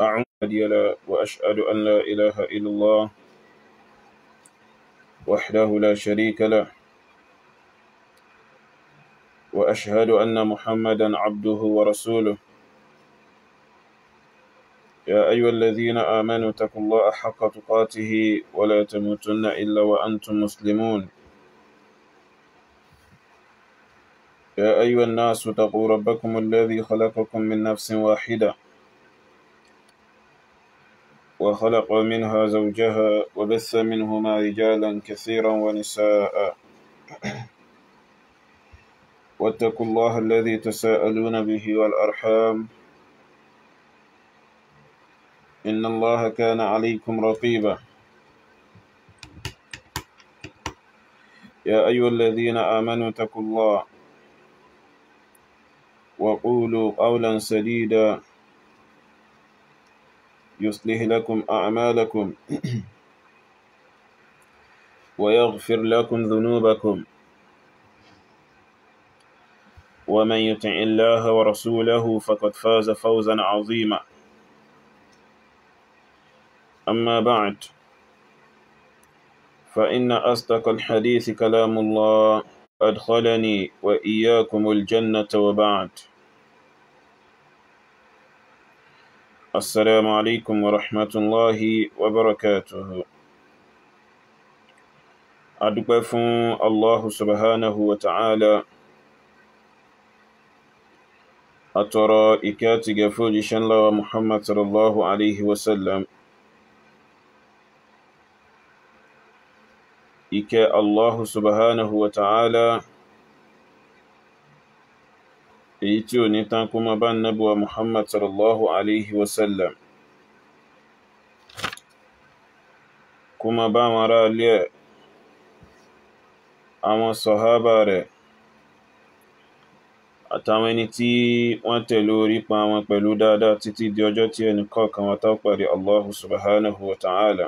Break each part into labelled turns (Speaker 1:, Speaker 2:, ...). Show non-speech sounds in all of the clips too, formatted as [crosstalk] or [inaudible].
Speaker 1: أعوذ يلا وأشهد أن لا إله إلا الله وحده لا شريك له وأشهد أن محمدا عبده ورسوله يا أيها الذين آمنوا تقوا الله حق تقاته ولا تموتن إلا وأنتم مسلمون يا أيها الناس تقوا ربكم الذي خلقكم من نفس واحدة وخلق منها زوجها وبث منهما رجالا كثيرا ونساء [clears throat] واتقوا الله الذي تساءلون به والأرحام إن الله كان عليكم رقيبا يا أيها الذين آمنوا اتقوا الله وقولوا قولا سديدا يصلح لكم أعمالكم ويغفر لكم ذنوبكم ومن يطع الله ورسوله فقد فاز فوزا عظيما أما بعد فإن أصدق الحديث كلام الله أدخلني وإياكم الجنة وبعد السلام عليكم ورحمة الله وبركاته adúpẹ́ fún allahu subhanahu wa ta'ala àtọrọ ìkẹ́ àti gẹ̀ fún òjíṣẹ́ ńlá wa muhammad sallallahu alaihi wasallam ìkẹ́ allahu subhanahu wa ta'ala èyí tí ò ní tán kó má bá nábúwa muhammad sallallahu alaihi wasallam kó má bá wọn ará ilé ẹ̀ àwọn sọ̀hábà rẹ̀ àtàwọn ẹni tí wọ́n tẹ̀lé orí pa wọn pẹ̀lú dáadáa títí di ọjọ́ tí ẹni kọ̀ọ̀kan wọn tó pàdé Allahu subhanahu wa ta'ala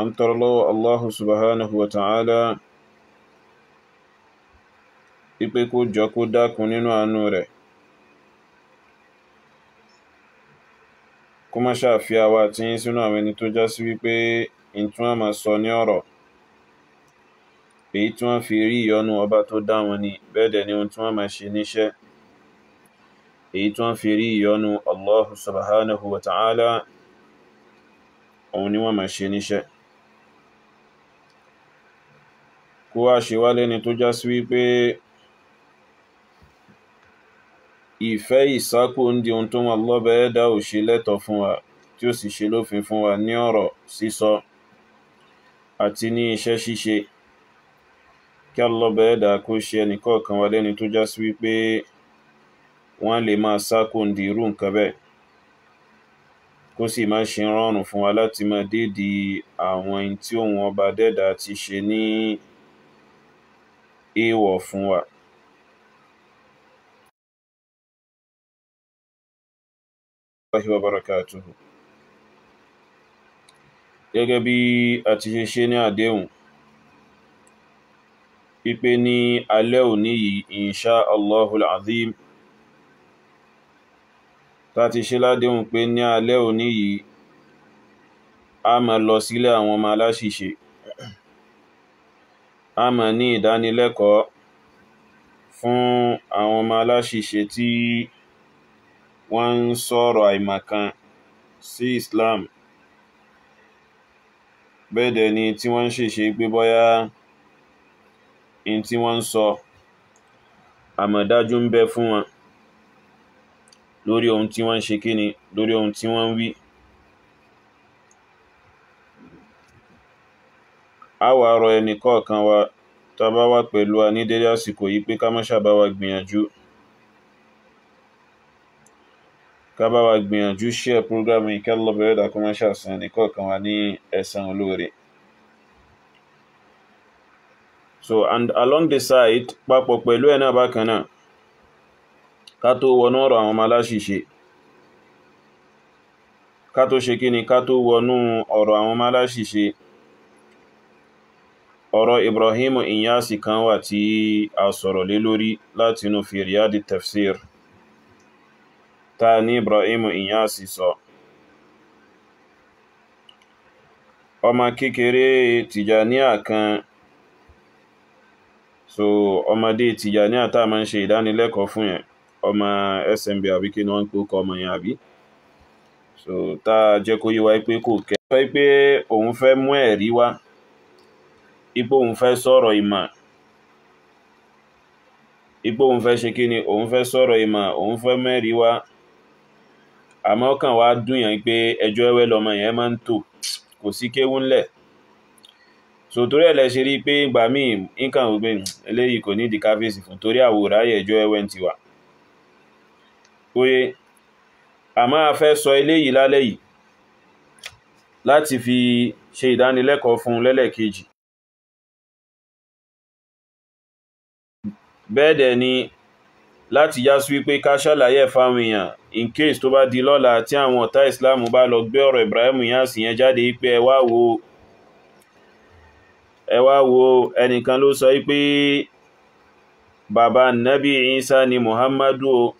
Speaker 1: an tọrọ lọ́wọ́ Allahu subhanahu wa ta'ala wípé kó jọ kó dákun nínú àánú rẹ̀ kó má ṣàfi àwa àti yín sínú àwọn ẹni tó já sí wípé ìtún àmà sọ ní ọ̀rọ̀ èyí tí wọ́n fi rí ìyọ́nú ọba tó dá ni bẹ́ẹ̀ dẹ̀ ni ohun tí wọ́n máa ṣe níṣẹ́ èyí tí wọ́n fi rí ìyọ́nú Allahu subhanahu wa ta'ala òun ni wọ́n máa ṣe níṣẹ́ kó wá ṣe wá lẹ́ni tó já sí wípé ìfẹ́ ìsákò ń di ohun tó wọn lọ́bẹ̀ ẹ́dà ò ṣe lẹ́tọ̀ fún wa tí ó sì ṣe lófin fún wa ní ọ̀rọ̀ sísọ àti ní iṣẹ́ ṣíṣe kí alọ́bẹ̀ ẹ́dà kó ṣe ẹnìkọ̀ọ̀kan wa lẹ́ni tó já wípé wọ́n lè máa sákò ń di irú nǹkan bẹ́ẹ̀ kó sì má ṣe rọrùn fún wa láti máa dédi àwọn tí òun ọba dẹ́dà ti ṣe ní èèwọ̀ fún wa. الله وبركاته gẹ́gẹ́ bí a ti ṣe ṣe ní àdéhùn ìpè ní alẹ́ òní yìí insha allahul azim ta ti ṣe ládéhùn pé ní alẹ́ òní yìí a máa lọ sílé àwọn ọmọ aláṣìṣe a máa ní ìdánilẹ́kọ̀ọ́ fún àwọn ọmọ aláṣìṣe tí wọ́n ń sọ̀rọ̀ àìmọ̀kan sí Islam bẹ́ẹ̀ dẹ̀ ni tí wọ́n ń ṣèṣe pé bọ́yá in tí wọ́n ń sọ àmọ̀dájú ń bẹ fún wọn lórí ohun tí wọ́n ń ṣe kíni lórí ohun tí wọ́n ń wí a wà rọ ẹnì kọ̀ọ̀kan wa tá bá wà pẹ̀lú wa ní dédé àsìkò yìí pé ká má ṣàbáwá gbìyànjú ká bá wa gbìyànjú share program yìí ká lọ́bẹ̀ ẹ̀dá kó máa ṣàṣàn nìkọ̀ọ̀kan wa ní ẹ̀san olóore. so and along the side papọ̀ pẹ̀lú ẹ̀ náà bákan náà ká tó wọnú ọ̀rọ̀ àwọn ọmọ aláṣìṣe ká tó ṣe kí ni ká tó wọnú ọ̀rọ̀ àwọn ọmọ aláṣìṣe ọ̀rọ̀ Ibrahim Inyasi kan wà tí a sọ̀rọ̀ lé lórí látinú fi Riyadi Tafsir. tá ní Ibrahim sọ ọmọ kékeré Tìjàníà kan so ọmọdé Tìjàníà tá máa ń ṣe ìdánilẹ́kọ̀ọ́ fún ọmọ SMB àbí ni wọ́n ń ọmọ yẹn àbí so tá a jẹ́ kó yíwa pé kò kẹ́ sọ pé òun fẹ́ mú ẹ̀rí wá ipò òun fẹ́ sọ̀rọ̀ ìmọ̀ ipò àmọ́ kàn wá dùn yàn pé ẹjọ́ ẹwẹ́ lọmọ yẹn máa ń tò kò sí kéwú ńlẹ̀ sòtórí ẹ̀ lẹ ṣe rí i pé ìgbà míì nǹkan ògbé eléyìí kò ní ìdí káfíìsì fún torí àwòrán ayé ẹjọ́ ẹwẹ́ ń tiwa oye àmọ́ a fẹ́ sọ eléyìí lálẹ́ yìí láti fi ṣe ìdánilẹ́kọ̀ọ́ fún lẹ́lẹ́kejì bẹ́ẹ̀ dẹ̀ ni láti yá sí wípé ká ṣàlàyé fáwọn èèyàn in case tó bá di lọ́la tí àwọn ọ̀tá islam bá lọ gbé ọ̀rọ̀ Ibrahim Inyas yẹn jáde pé ẹ wo ẹnìkan ló sọ pé bàbá nabi Isa ni Muhammadu o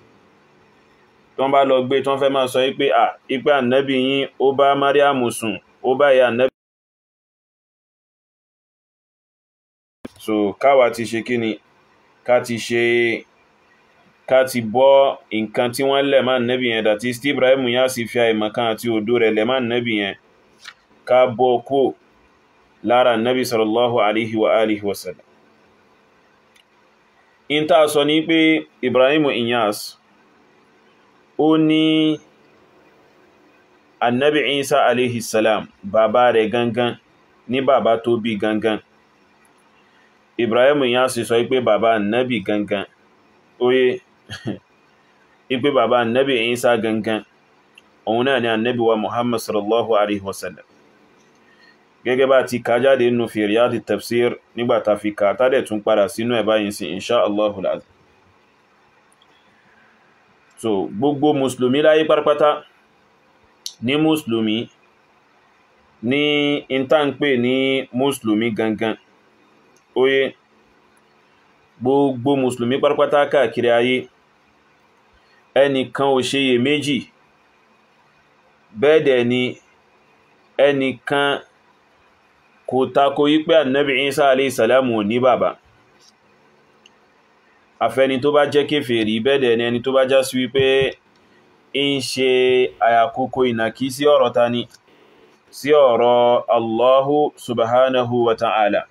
Speaker 1: tán bá lọ gbé tán fẹ́ máa sọ pé à ipé ànábì yín ó bá Mariamu sùn ó bá ìyá ànábì so káwa ti ṣe kí ni ká ti ṣe ká ti bọ́ nǹkan tí wọ́n lẹ̀ máa nẹ́bì yẹn dàtí tí Ibrahim yá sì fi àìmọ̀ kan àti odó rẹ̀ lẹ̀ máa nẹ́bì yẹn ká bọ́ kó lára nẹ́bì sallallahu alaihi wa alihi wa sallam in ta sọ ní pé Ibrahim Inyas ó ní annabi Isa alaihi salam bàbá rẹ̀ gangan ní bàbá tó bí gangan Ibrahim Inyas sọ pé bàbá annabi gangan oye ipe bàbá annabi Isa gangan òun náà ni annabi wa muhammad sallallahu alaihi wasallam gẹ́gẹ́ bá ti ká jáde nínú fi riyadi tafsir nígbàtà fi ká tádẹ̀ tún padà sínú ẹ̀ báyìí sí insha allahu alazim so gbogbo mùsùlùmí láyé pátápátá ní mùsùlùmí ní intanpe ní mùsùlùmí gangan oye gbogbo mùsùlùmí pátápátá káàkiri ayé ẹnìkan ò yè méjì bẹ́ẹ̀dẹ̀ ni ẹnìkan kò tako yí pé annabi isa aléìsàlámù ní bàbá àfẹni tó bá jẹ́ kéfèrí bẹ́ẹ̀dẹ̀ ni ẹni tó bá já sí wípé ń ṣe àyàkókò sí ọ̀rọ̀ ta ni sí ọ̀rọ̀ allahu subhanahu wa ta'ala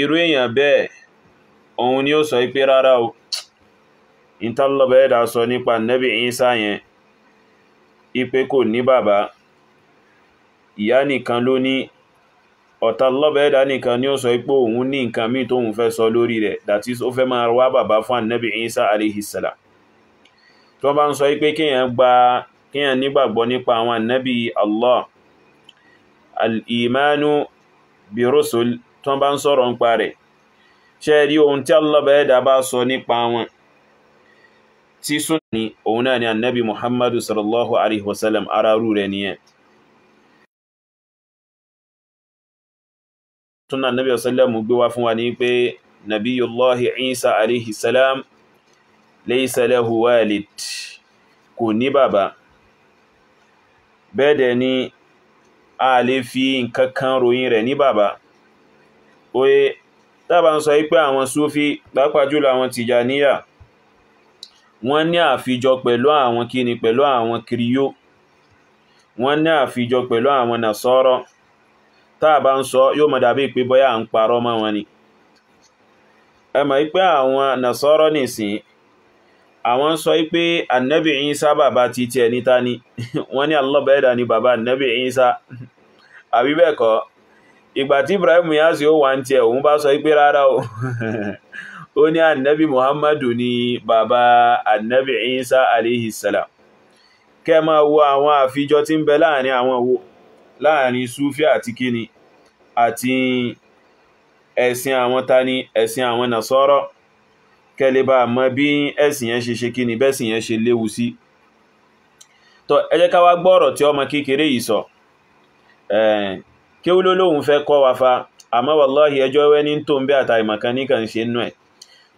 Speaker 1: Iru èèyàn bẹ́ẹ̀ òun ni ó sọ ipé rárá ìtànlọ́bẹ̀ ẹ̀dà sọ nípa nẹ́bì Ìsá yẹn ipé kò ní bàbá ìyá nìkan ló ní ọ̀tànlọ́bẹ̀ ẹ̀dà nìkan ni ó sọ ipò òun ní nǹkan míì tóun fẹ́ sọ lórí rẹ̀ dàtí ó fẹ́ máa wá bàbá fún nẹ́bì Ìsá aléhìsàlá tó bá ń sọ ipé kíyàn gba nígbàgbọ́ nípa àwọn nẹ́bì Allah al-imanu bi rusul tó bá ń sọ̀rọ̀ ń parẹ̀ ṣe rí ohun tí Allah bẹ̀ẹ́dà bá sọ nípa wọn tí súnni òun náà ni annabi muhammadu sallallahu alaihi wasallam ara rú rẹ̀ nìyẹn tún náà nabi wasallam gbé wá fún wa ní pé nabiyullahi isa alaihi salam laysa lahu walid kò ní bàbá bẹ́ẹ̀ dẹ̀ ni a lè fi nǹkan kan ròyìn rẹ̀ ní bàbá oye tábà ń sọ wípé àwọn súfí pàápàá jùlọ àwọn tìjàníyà wọ́n ní àfijọ pẹ̀lú àwọn kíni pẹ̀lú àwọn kiriyó wọ́n ní àfijọ pẹ̀lú àwọn nàsọ́rọ̀ táà bá ń sọ yóò mọ̀ dàbí pé bọ́yá ń parọ́ mọ́ wọn ni ẹ mọ̀ pé àwọn nàsọ́rọ̀ nìsín àwọn sọ pé annabi Isa bàbá ti tiẹ̀ níta ni [laughs] wọ́n ní Allah bẹ́ẹ̀dà ni bàbá annabi [laughs] Isa àbí kọ́ ìgbà tí Ibrahim Inyas ó wà ń tiẹ̀ òun bá sọ pé rárá o [laughs] ó ní annabi muhammadu ni bàbá annabi isa aleyhisselam kẹ máa wo àwọn àfijọ tí ń bẹ láàrin àwọn wo láàrin sufi àti kíni àti ẹ̀sìn àwọn tani ẹ̀sìn àwọn nasọ́rọ̀ kẹlẹ́bà mọ̀ bí ẹ̀sìn yẹn ṣe ṣe kíni bẹ́sìn yẹn ṣe léwu sí tọ́ ẹ jẹ́ ká wá gbọ́rọ̀ tí ọmọ kékeré yìí sọ kí ó lólóhun fẹ́ kọ́ wa fa àmọ́ wàláhì ẹjọ́ wẹ́ ní tó ń bẹ́ àtàìmọ̀kan níkan ṣe nú ẹ̀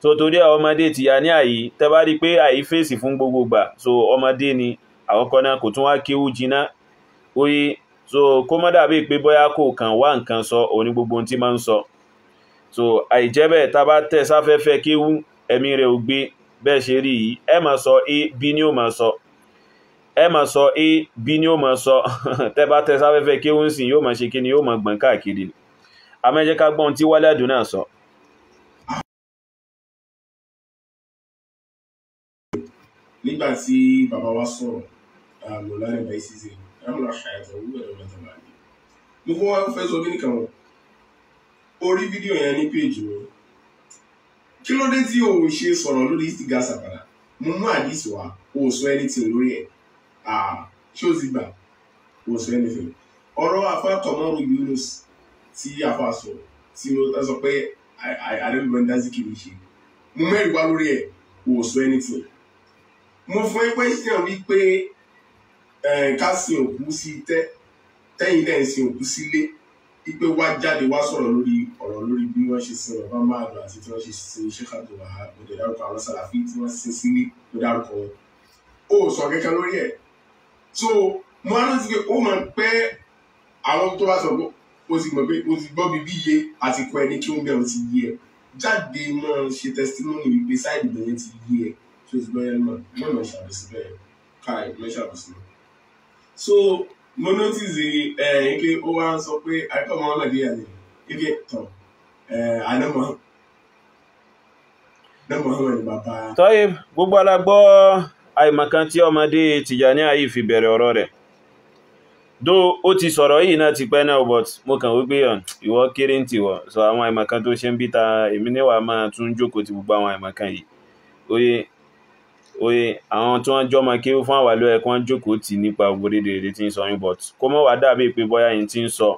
Speaker 1: so torí àwọn ọmọdé ti ya ní àyí tẹ́bá rí pé àyí fèsì fún gbogbo gbà so ọmọdé ni àkọ́kọ́ náà kò tún wá kéwú jiná oye so kó mọ́ dàbí pé bóyá kò kàn wá nǹkan sọ òní gbogbo ohun tí máa ń sọ so àìjẹ́ bẹ́ẹ̀ tá bá tẹ̀ sáfẹ́fẹ́ kéwú ẹ̀mí rẹ̀ ò gbé bẹ́ẹ̀ ṣe rí yìí ẹ máa sọ a b ni ó máa sọ ẹ máa sọ a b ni ó máa sọ [laughs] tẹ́ bá tẹ̀ sáfẹ́fẹ́ kéwú sìn yóò máa ṣe kí ni yóò máa gbọ̀n káàkiri àmọ́ ká gbọ́n tí wálé àdùn sọ. So.
Speaker 2: nígbà tí bàbá wa sọ̀rọ̀ Mawlana Bayesize ramla hayata owó ẹ̀rọ mẹ́ta máa ní. mo
Speaker 3: fọwọ́ fẹ́ sọ kíní kan orí fídíò yẹn ní péèjì wọn kí ló dé tí o ò ṣe sọ̀rọ̀ lórí ìsìgá sàbàlà mo mú àdìsí wa o ò sọ ẹni tí o lórí ẹ̀ ṣé o ti gbà o ò sọ ẹni fẹ́ ọ̀rọ̀ afa tọmọrù Yunus tí afa sọ tí o sọ pé àdébùbọ̀ ń dá sí kìí mo mẹ́rin wá lórí ẹ̀ o ò sọ ẹni tí o mo fún yín question wípé ká sin òkú sí tẹ́ tẹ́yìn náà ń sin òkú sílé wípé wá jáde wá sọ̀rọ̀ lórí ọ̀rọ̀ lórí bí wọ́n ṣe sin bàbá Màálù àti tí wọ́n ṣe sin Sheikh Abdul Wahab mo dẹ̀ dárúkọ àwọn Sàlàfí tí wọ́n sin sílé mo dárúkọ wọn ó sọ kankan lórí ẹ̀ so mo á rántí pé ó máa ń pẹ́ àwọn tó bá sọ pé o ti mọ̀ pé o ti gbọ́ bíbí iye àti kọ ẹni kí ó ń bẹ̀rù ti yé ẹ jáde máa ṣe testimony wípé sáìdì bẹ̀rẹ̀ ti yé ẹ please loyal man mọ̀nà ṣàbẹ̀sí bẹ́ẹ̀ káì lọ ṣàbẹ̀sí. so mo notice ẹ eh, ike ó wá ń sọ
Speaker 1: pé àìkọ́ ọmọ nàìjíríà ni ike tọ̀ ẹ ànámọ́ ànámọ́ eh, àwọn ìgbà bá. tọ́yìn gbogbo alágbọ́ àìmọ̀kan tí ọmọdé Tìjàní ayé fi bẹ̀rẹ̀ ọ̀rọ̀ rẹ̀ dó ó ti sọ̀rọ̀ yìí náà ti pẹ́ náà but mo kàn wípé ìwọ kéré ń tiwọ̀ sọ àwọn àìmọ̀kan tó ṣe ń bí ta èmi níwàá máa tún jókòó ti gbogbo àwọn àìmọ̀kan yìí oye oye àwọn tí wọ́n jọ́mọ kí ó fún àwàlú ẹ̀ kí wọ́n jókòó tì nípa ògbó dédèrèdè tí ń sọ yín bọ̀t kó mọ̀ wá dàbí pé bóyá yín ti ń sọ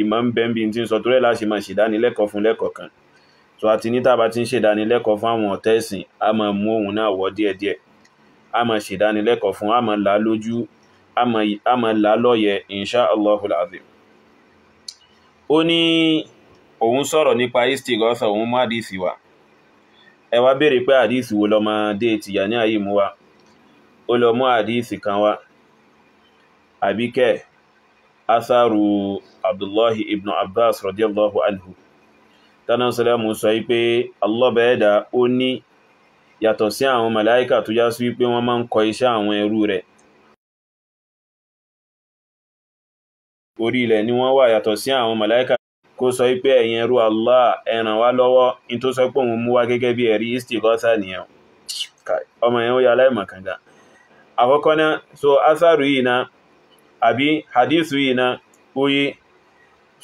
Speaker 1: ìmọ̀ ń bẹ́ẹ̀ bí ti ń sọ torí ẹ̀ láti máa ṣèdánilẹ́kọ̀ọ́ fún lẹ́kọ̀ọ́ kan tó àti níta bá ti ń ṣèdánilẹ́kọ̀ọ́ fún àwọn ọ̀tẹ́ ẹ̀sìn a máa mú òun náà wọ́ díẹ̀díẹ̀ a máa ṣèdánilẹ́kọ̀ọ́ fún a máa là á lójú a máa là á lọ́yẹ insha Allahul azim ó ní òun sọ̀rọ̀ nípa istigọ́sọ̀ òun má dìísì wà ẹ wá béèrè pé àdíìsì wo lọmọdé Tìjàní yìí mú wa ó lọ mú àdíìsì kan wá àbíkẹ́ asaru abdullahi ibn abbas radiyallahu anhu tánà sọlẹ́mù sọ wípé allọ́bẹ̀ẹ́dà ó ní yàtọ̀ sí àwọn màláíkà tó já sí wípé wọ́n máa ń kọ iṣẹ́ àwọn ẹrú rẹ̀ orí ilẹ̀ ni wọ́n wà yàtọ̀ sí àwọn màláíkà kó sọ pé ẹ̀yin ẹrú Allah ẹ ràn wá lọ́wọ́ in tó sọ pé òun mú wá gẹ́gẹ́ bí ẹ̀rí istighatha nìyẹn ọmọ yẹn ó yà aláìmọ̀kànga àkọ́kọ́ náà so asaru yìí náà àbí hadithu yìí náà ó yí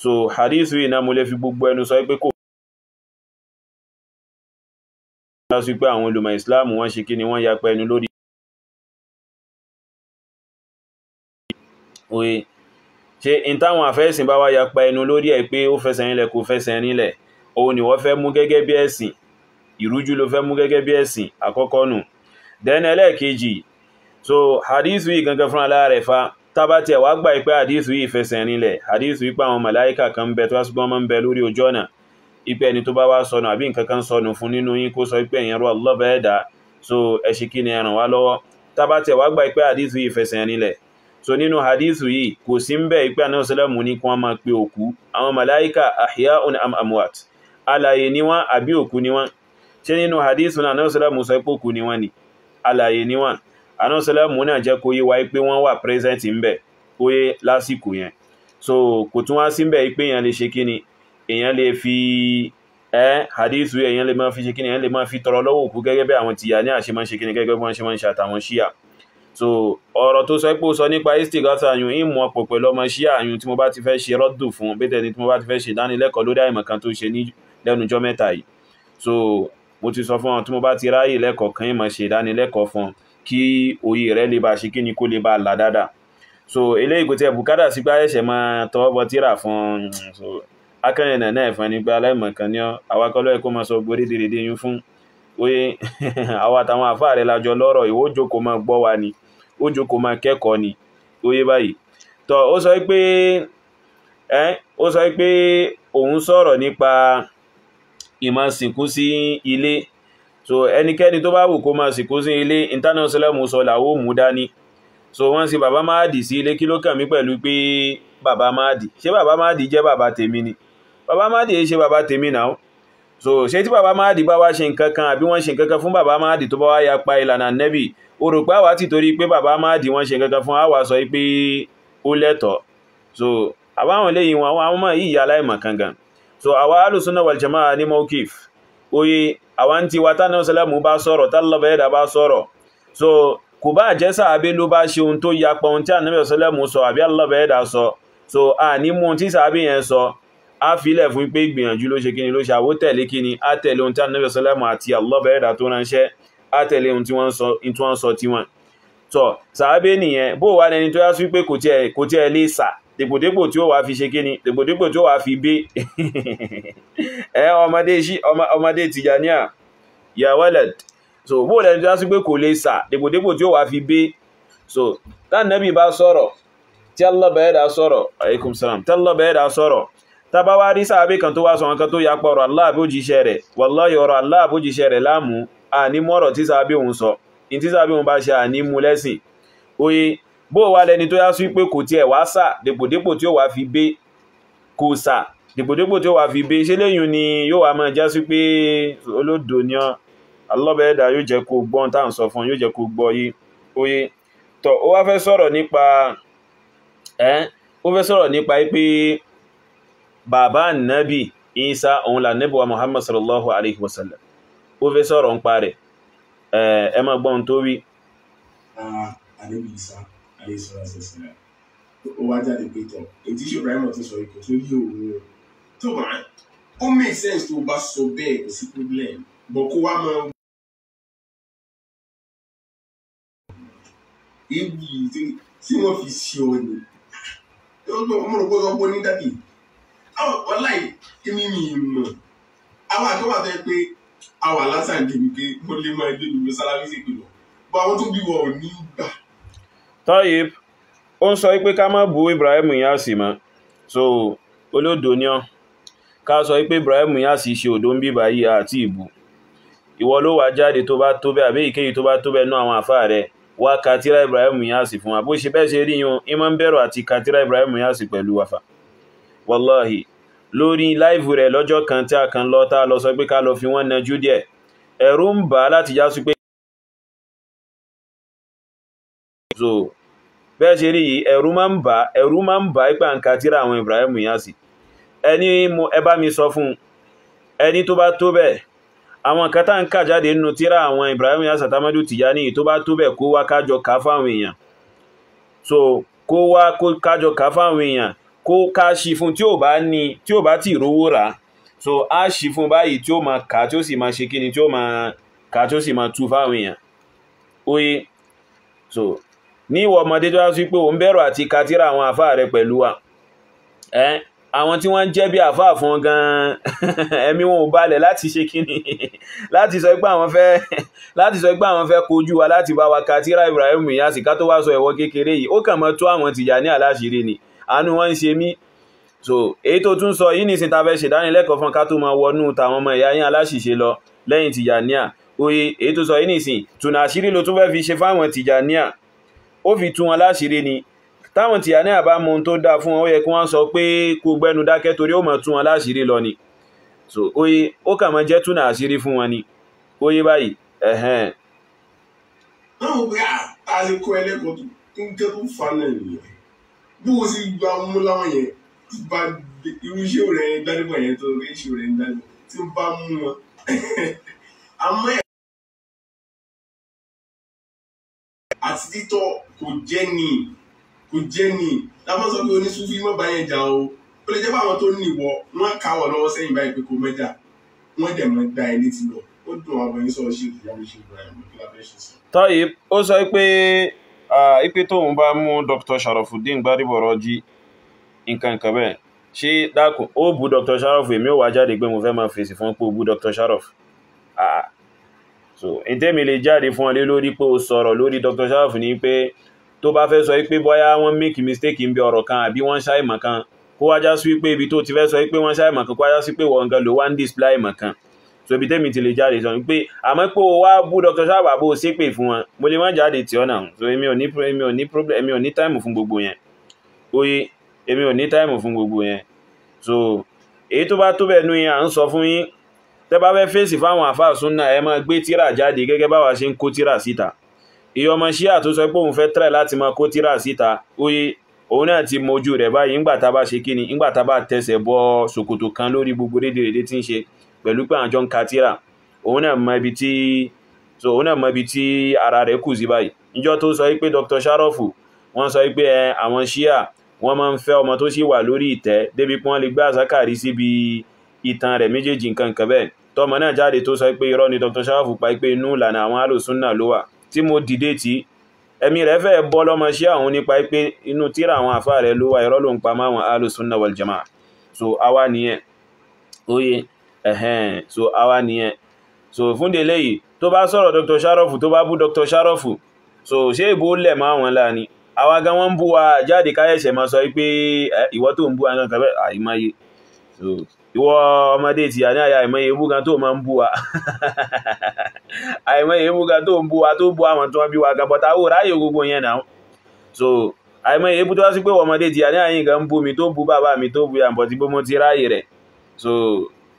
Speaker 1: so hadithu yìí náà mo lè fi gbogbo ẹnu sọ pé kò
Speaker 2: lásù pé àwọn olùmọ̀ islam wọ́n ṣe kí ni wọ́n ya pẹ́nu lórí
Speaker 1: ṣe in táwọn àfẹ́sìn bá wá ya pa ẹnu lórí ẹ̀ pé ó fẹsẹ̀ rinlẹ̀ kò fẹsẹ̀ rinlẹ̀ òun ni wọ́n fẹ́ mú gẹ́gẹ́ bí ẹ̀sìn ìrújú ló fẹ́ mú gẹ́gẹ́ bí ẹ̀sìn àkọ́kọ́ nù then ẹlẹ́ẹ̀kejì so hadith yìí gangan fún ara rẹ̀ fa tábà tiẹ̀ wá gbà pé hadith yìí fẹsẹ̀ rinlẹ̀ hadith yìí pa àwọn màláìkà kan bẹ tó wá máa ń bẹ lórí ojú ọ̀nà ipe ẹni tó bá wá sọnù àbí nǹkan kan sọnù fún nínú yín kó sọ pé ẹ̀yin rọ lọ́bẹ̀ẹ́dà so ẹ̀ṣin kí ni ẹ ràn wá lọ́wọ́ tábà tiẹ̀ wá gbà pé hadith yìí fẹsẹ̀ rinlẹ̀ so nínú hadithu yìí kò sí ń bẹ̀ ìpé àná sọ́lọ́mù ní kí wọ́n máa pe òkú àwọn màláíkà àhíyá on am amuat alàyè ni wọ́n àbí òkú ni wọ́n ṣe nínú hadithu náà àná sọ́lọ́mù sọ pé òkú ni wọ́n ni alàyè ni wọ́n àná sọ́lọ́mù náà jẹ́ kó yé wa wọ́n wà present ń bẹ̀ ó yé lásìkò yẹn so kò tún wá sí ń bẹ̀ pé èèyàn lè ṣe kíni èèyàn lè fi ẹ hadithu èèyàn lè máa fi ṣe kíni èèyàn lè máa fi tọrọ lọ́wọ́ òkú gẹ́gẹ́ bí àwọn tìyà ní àṣemáṣe kíni gẹ́gẹ́ bí wọ́n ṣe máa ń ṣe àtàwọn ṣíyà so ọ̀rọ̀ tó sọ pé ó sọ nípa istighatha àyùn ìmú ọ̀pọ̀ pẹ̀lú ọmọ sí àyùn tí mo bá ti fẹ́ ṣe rọ́dù fún un bẹ́tẹ̀ ni tí mo bá ti fẹ́ ṣe ìdánilẹ́kọ̀ọ́ lórí àìmọ̀ kan tó ṣe ní lẹ́nujọ́ mẹ́ta yìí so mo ti sọ fún ọ tí mo bá ti ráyè lẹ́kọ̀ọ́ kan ìmọ̀ ṣe ìdánilẹ́kọ̀ọ́ fún un kí òye rẹ̀ lè bá ṣe kí ni kó lè bá là dáadáa so eléyìí kò tiẹ̀ bùkátà sí gbá ẹ̀ṣẹ̀ máa tọwọ́ bọ tíra fún so akẹ́yìn náà ẹ̀fọn nígbà aláìmọ̀ kan ní awakọ́lọ́ ẹ̀kọ́ máa sọ gborí dèrèdè yín fún oye [laughs] àwọn àtàwọn àfáà rẹ̀ lájọ lọ́rọ̀ ìwọ́jọ́ kò máa gbọ́ wa ni ó jókòó máa kẹ́kọ̀ọ́ ni ó yé báyìí tọ́ ó sọ pé ẹ́ ó sọ pé òun sọ̀rọ̀ nípa ìmọ̀ sìnkú sí ilé so ẹnikẹ́ni tó bá wù kó máa sìnkú sí ilé international sọ làwọn mú dání so wọ́n sì bàbá Mahadi sí ilé kí ló kàn mí pẹ̀lú pé bàbá Mahadi ṣé bàbá Mahadi jẹ́ bàbá tèmi ni bàbá Mahadi ṣe bàbá tèmi náà so ṣé tí bàbá Mahdi bá wá ṣe nǹkan kan àbí wọ́n ṣe nǹkan kan fún bàbá Mahdi tó bá wá ya pa ìlànà nẹ́bì o rò pé àwa ti torí pé bàbá Mahdi wọ́n ṣe nǹkan kan fún àwa sọ pé ó lẹ́tọ̀ọ́ so àbáwọn eléyìí wọn àwọn ọmọ yìí yà láìmọ̀ kankan so àwa alùsùnà wàlìjàmá ní mokif oye àwa ń ti wa tánà sẹlẹ̀mù bá sọ̀rọ̀ tálọ́bẹ̀ẹ́dà bá sọ̀rọ̀ so kò bá jẹ́ sàábé ló bá ṣe ohun tó yapa ohun tí ànábì sẹlẹ̀mù sọ àbí alọ́bẹ̀ẹ́dà sọ so a ní mú ohun tí sàábé yẹn sọ a filẹ̀ fún pé ìgbìyànjú ló ṣe kíni ló ṣe àwótẹ̀lé kíni a tẹ̀lé ohun tí Ànábì sọ́lẹ́mù àti Allah bẹ̀rẹ̀dà tó ránṣẹ́ a tẹ̀lé ohun tí wọ́n sọ tí wọ́n tọ̀ sàábé nìyẹn bó wà lẹni tó yá sí pé kò tiẹ̀ lè sà dèpòdépò tí ó wà fi ṣe kíni dèpòdépò tí ó wà fi bé [laughs] ẹ ọmọdé sí ọmọdé Tijaniya ya walad so bó lẹni tó yá sí pé kò lè sà dèpòdépò tí ó wà fi bé so tánàbì bá sọ̀rọ̀ tí Allah bẹ̀rẹ̀dà sọ̀rọ̀ alaikum salam tí Allah bẹ̀rẹ̀dà sọ̀rọ̀ tábá wá rí sàábé kan tó wá sọ nǹkan tó yapa ọ̀rọ̀ Allah àbójíṣẹ́ rẹ̀ wallahi ọ̀rọ̀ Allah àbójíṣẹ́ rẹ̀ láàmú ànímú ọ̀rọ̀ tí sàábé òun sọ ní tí sàábé òun bá ṣe ànímú lẹ́sìn oye bó wà lẹni tó yá sí pé kò tiẹ̀ wá sà dèpòdépò tí ó wà fi bẹ́ kò sà dèpòdépò tí ó wà fi bẹ́ ṣé lẹ́yìn ni yóò wá máa já sí pé olódò ni ọ alọ́bẹ̀ẹ́dà yóò jẹ́ kó gbọ́n tá ń sọ fún yóò jẹ́ kó gbọ́ yí oye tọ́ ó wá fẹ́ sọ̀rọ̀ nípa ẹ́ ó fẹ́ sọ̀rọ̀ nípa pé bàbá nàbì isa òun là nàbì wa muhammad sallallahu alaihi wasallam ó fẹ́ sọ̀rọ̀ ń parẹ̀ ẹ máa gbọ́n tó wí. ànábì isa alaihi wasallam
Speaker 3: ó wá jáde pé tán ètí ṣe ibrahim ti sọ ikọ̀
Speaker 2: tó yé o tó bá ó make sense tó bá sọ bẹ́ẹ̀ kò sí problem bọ̀ kó wá máa ewu yìí tí wọ́n fi ṣe ọ ni ọmọ rògbòdò ọgbọ́n ní dàbí
Speaker 3: ọláyé oh, èmi mi mọ̀ àwọn àtọ́wà tẹ́ pé àwà lásán tèmi pé mo lè máa gbé gbogbo sálábí sí ìpìlọ̀ bọ́ àwọn tó bí wọ̀ ò ní gbà.
Speaker 1: Toyib ó ń sọ pé ká má bu Ibrahim Inyasi mọ́ so olódo ni ọ́ ká sọ pé Ibrahim Inyasi ṣe òdo ń bíbá yìí àti ìbù ìwọ ló wà jáde tó bá tó bẹ́ẹ̀ àbí èyíkéyìí tó bá tó bẹ́ẹ̀ ná àwọn àfáà rẹ̀ wá katira Ibrahim yasi fún wa bó ṣe bẹ́ẹ̀ ṣe rí yun ìmọ̀ ń bẹ̀rù àti katira Ibrahim Inyasi pẹ̀lú wàfà wàláhìí lórí láìvù rẹ̀ lọ́jọ́ kan tí a kan lọ tá a lọ sọ pé ká lọ fi wọ́n najú díẹ̀ ẹ̀rù ń bà á láti já sí pé bẹ́ẹ̀ ṣe rí ẹ̀rù máa ń bà ẹ̀rù máa ń bà ipa nǹkan tíra àwọn Ibrahim Inyasi ẹni mo ẹ bá mi sọ fún un ẹni tó bá tó bẹ́ẹ̀ àwọn nǹkan tá ń kà jáde nínú tíra àwọn Ibrahim Inyasi Ahmadu Tijani tó bá tó bẹ́ẹ̀ kó wá kájọ ká fáwọn èèyàn so kó wá kájọ ká fáwọn èèyàn kó ká ṣí fún tí ò bá ní tí ò bá ti rówó rà so á ṣí fún báyìí tí ó máa kà tí ó sì máa ṣe kíni tí ó máa kà tí ó sì máa tú fáwọn èèyàn oye so ní ìwọ ọmọdé tó wá sí pé òun bẹ̀rù àti katira àwọn àfá rẹ pẹ̀lú wa ẹ àwọn tí wọ́n ń jẹ́ bí àfá fún gan-an [laughs] ẹ̀mí wọn ò balẹ̀ láti ṣe kíni [laughs] láti sọ pé àwọn fẹ́ [laughs] láti sọ pé àwọn fẹ́ kojú wa láti bá wa katira Ibrahim Inyas ká tó wá sọ ẹ̀wọ́ kékeré yìí ó kàn mọ́ tó àwọn tìjà ní aláṣírí ni àánú wọn ń ṣe mí so èyí tó tún sọ yìí nìsín tafẹ́ ṣèdánilẹ́kọ̀ọ́ fún ká tó máa wọnú tàwọn ọmọ ìyá yín aláṣìṣe lọ lẹ́yìn tìjàníà oye èyí tó sọ yìí nìsín tùnà àṣírí ló tún fẹ́ fi ṣe fáwọn tìjàníà ó fi tú wọn láṣìírí ni táwọn tìjàníà bá mú un tó dáa fún wọn ó yẹ kí wọ́n sọ pé kó gbẹnu dákẹ́ torí ó mọ̀ tú wọn láṣìírí lọ ni so oye ó kàn máa jẹ́ tùnà àṣírí fún wọn ni oye báyìí ẹ̀hẹ́n.
Speaker 3: báwo bí tó ń tẹ́kùn fánà nìyẹn bí wo sì gba mú láwọn yẹn tí bá
Speaker 2: irú iṣẹ́ rẹ̀ gbádùn yẹn tó rí iṣẹ́ rẹ̀ gbádùn tí ó bá mú wọn. [laughs] àmọ́ ẹ̀ àti títọ́ kò jẹ́ ni kò jẹ́ ni lábọ́ sọ pé oníṣúfì má bá yẹn jà o ó lè
Speaker 3: jẹ́ pé àwọn tó ní ìwọ wọ́n ká wọ̀ lọ́wọ́ sẹ́yìn báyìí pé kò mẹ́jà wọ́n dẹ̀ mọ́ gba ẹ létí lọ ó dùn àwọn ẹni sọ̀rọ̀ ṣe ìyá mi ṣe ìgbà yẹn mo lábẹ́ ṣe
Speaker 1: sọ. tọ́yì ó sọ pé ipe tóun bá mú Dr. Sharafudin Gbadebọ̀rọ̀jì nǹkan nǹkan bẹ́ẹ̀ ṣé dákun ó bu Dr. Sharaf èmi ò wá jáde pé mo fẹ́ máa fèsì fún pé ó bu Dr. Sharaf so ìtẹ́mi lè jáde fún ọ lé lórí pé o sọ̀rọ̀ lórí Dr. Sharaf ní pé tó bá fẹ́ sọ pé bóyá wọ́n make mistake ń bí ọ̀rọ̀ kan àbí wọ́n ṣàìmọ̀ kan kó wájá sí pé ibi tó ti fẹ́ sọ pé wọ́n ṣàìmọ̀ kan kó wájá sí pé wọ́n gan ló wá display ìmọ̀ kan so ibi tẹ́mi ti lè jáde sọ pé àmọ́ pé o wá bú Dr. Sawaba bó o ṣe pè fún wọn mo lè má jáde tí ọ̀nà so èmi ò ní èmi ò ní problem èmi ò ní time fún gbogbo yẹn oye èmi ò ní táìmù fún gbogbo yẹn so èyí tó bá tó bẹ̀ nu yín à ń sọ fún yín tẹ́ bá fẹ́ fèsì fáwọn àfáà súnà ẹ máa gbé tíra jáde gẹ́gẹ́ báwa ṣe ń kó tíra síta ìyá ọmọ ṣíà tó sọ pé òun fẹ́ tẹ̀rẹ̀ láti máa kó tíra síta oye òun náà ti mojú rẹ̀ báyìí ńgbà tá a bá ṣe kíni ńgbà tá a bá tẹsẹ̀ bọ ṣòkòtò kan lórí gbogbo rédèrèdè tí ń ṣe pẹ̀lú pé àjọ ń ka tíra òun náà mọ ibi tí so òun náà mọ ibi tí ara rẹ̀ kù sí báyìí níjọ́ tó sọ pé Dr. Sharofu wọ́n sọ pé ẹ àwọn ṣíà wọ́n máa ń fẹ́ ọmọ tó ṣì wà lórí ìtẹ́ débi pé wọ́n lè gbé àsákàrí síbi ìtàn rẹ̀ méjèèjì nǹkan kan bẹ́ẹ̀ tọmọ náà jáde tó sọ pé irọ́ ni Dr. Sharofu pa pé inú ìlànà àwọn alòsúnnà ló wà tí mo dìde tí ẹ̀mí rẹ̀ fẹ́ bọ́ lọ́mọ ṣíà òun nípa pé inú tíra àwọn àfáà rẹ̀ ló wà irọ́ ló ń pa máwọn alòsúnnà wal jamaa so àwa nìyẹn oye ẹ̀hẹ́n so àwa nìyẹn so fún délé yìí tó bá sọ̀rọ̀ dr sharofu tó bá bú dr sharofu so ṣé ìbò lẹ̀ máa wọn láàní àwa gan wọ́n ń bú wa jáde káyẹ̀ṣẹ̀ máa sọ pé ìwọ tó ń bú bẹ́ẹ̀ so ìwọ ọmọdé ti àní àyà àìmọye ebú gan tó máa ń bú wa [laughs] àìmọye ebú gan tó ń bú wa tó bú àwọn tó wọn bí wa gan bọ́tà wò ráyè gbogbo yẹn so tó wá sí pé ọmọdé ti àní mi tó bú bàbá mi tó bú mo ti so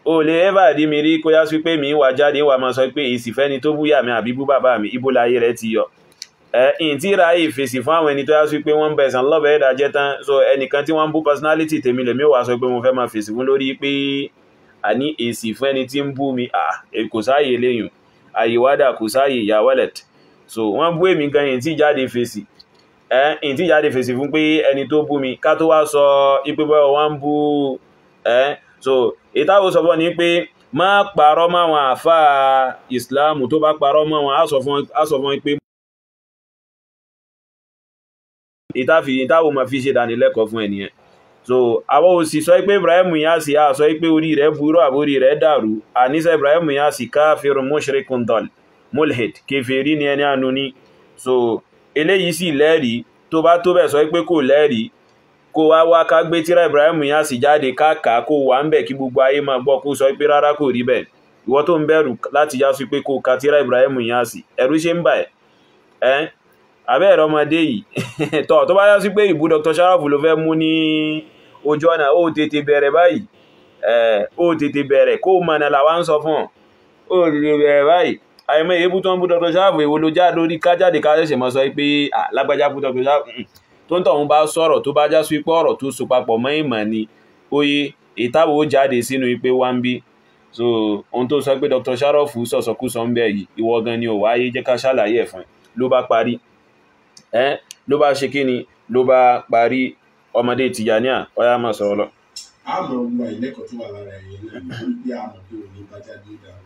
Speaker 1: o lè ẹ́bà dí mi rí kó yá sí pé mi wà jáde wà máa sọ pé ìsìfẹ́ ni tó búyà mi àbí bú bàbá mi ibo láyé rẹ ti yọ ẹ̀yìn tí ra ìfèsì fún àwọn ẹni tó yá sí pé wọ́n ń bẹ̀sán lọ́bẹ̀ ẹ̀dà jẹ́ tán so ẹnìkan tí wọ́n ń bú personality tèmi lèmi wà sọ pé mo fẹ́ máa fèsì fún lórí pé àní èsì fún ẹni tí ń bú mi e kò sáàyè léyìn àyíwádà kò sáàyè ìyá wallet so wọ́n bú èmi gan ẹ̀yìn tí jáde fèsì ẹ̀yìn tí jáde fèsì fún pé ẹni tó bú mi ká tó wá sọ ipé bọ́ wọ́n ń bú so ìtawò sọ fún ni pé má parọ́ máwọn àfà ìsìláàmù tó bá parọ́ máwọn aṣọ fún pé ìtawò ma fi ṣe dánilẹ́kọ̀ọ́ fún ẹniyẹn so àwọn òsì sọ pé Ibrahim Inyas sọ pé orí rẹ̀ burú àbórí rẹ̀ dàrú àníṣẹ́ Ibrahim Inyas káfíru mushrikun dal mulhid kèfèrí ni ẹni ànú ni so eléyìí sì lẹ́rìí tó bá tó bẹ̀ sọ pé kò lẹ́rìí kó wá wá ká gbé tíra Ibrahim Inyas jáde káàkà kó wà ń bẹ̀ kí gbogbo ayé máa gbọ́ kó sọ pé rárá kò rí bẹ́ẹ̀ ìwọ tó ń bẹ̀rù láti já sí pé kó ka tíra Ibrahim Inyas ẹ̀rú ṣe ń bà ẹ́ abẹ́ ẹ̀rọ ọmọdé yìí [laughs] tọ̀ tó bá já sí pé ìbú Dr. Sharafu ló fẹ́ mú ní ojú ọ̀nà ó tètè bẹ̀rẹ̀ báyìí ó tètè bẹ̀rẹ̀ kó mọ̀nà làwa ń sọ fún ọ ó tètè bẹ̀rẹ̀ báyìí àìmọ́ èébú tó ń bú Dr. Sharafu èwo ló já lórí ká jáde ká ṣẹ̀ṣẹ̀ mọ́ sọ pé lágbájá bú Dr. Sharafu tó ń tọ̀hún bá sọ̀rọ̀ tó bá jásí pé ọ̀rọ̀ tó so papọ̀ mọ́ ìmọ̀ ni oye ìtawò jáde sínú ipe wá ń bí so ohun tó sọ pé Dr. Sharof sọ̀sọ̀kúsọ ń bẹ̀ yìí ìwọ gan ni ò wáyé jẹ́ ká ṣàlàyé ẹ̀ fún ẹ ló bá parí ẹ ló bá ṣe kíni ló bá parí ọmọdé Tijaniya ọyá máa sọ̀rọ̀ lọ.
Speaker 3: a mọ̀ ọgbà ìlẹ́kọ̀ọ́ tó wà lára ẹ̀yẹ náà ní bí a mọ̀ pé òní bá jáde dáa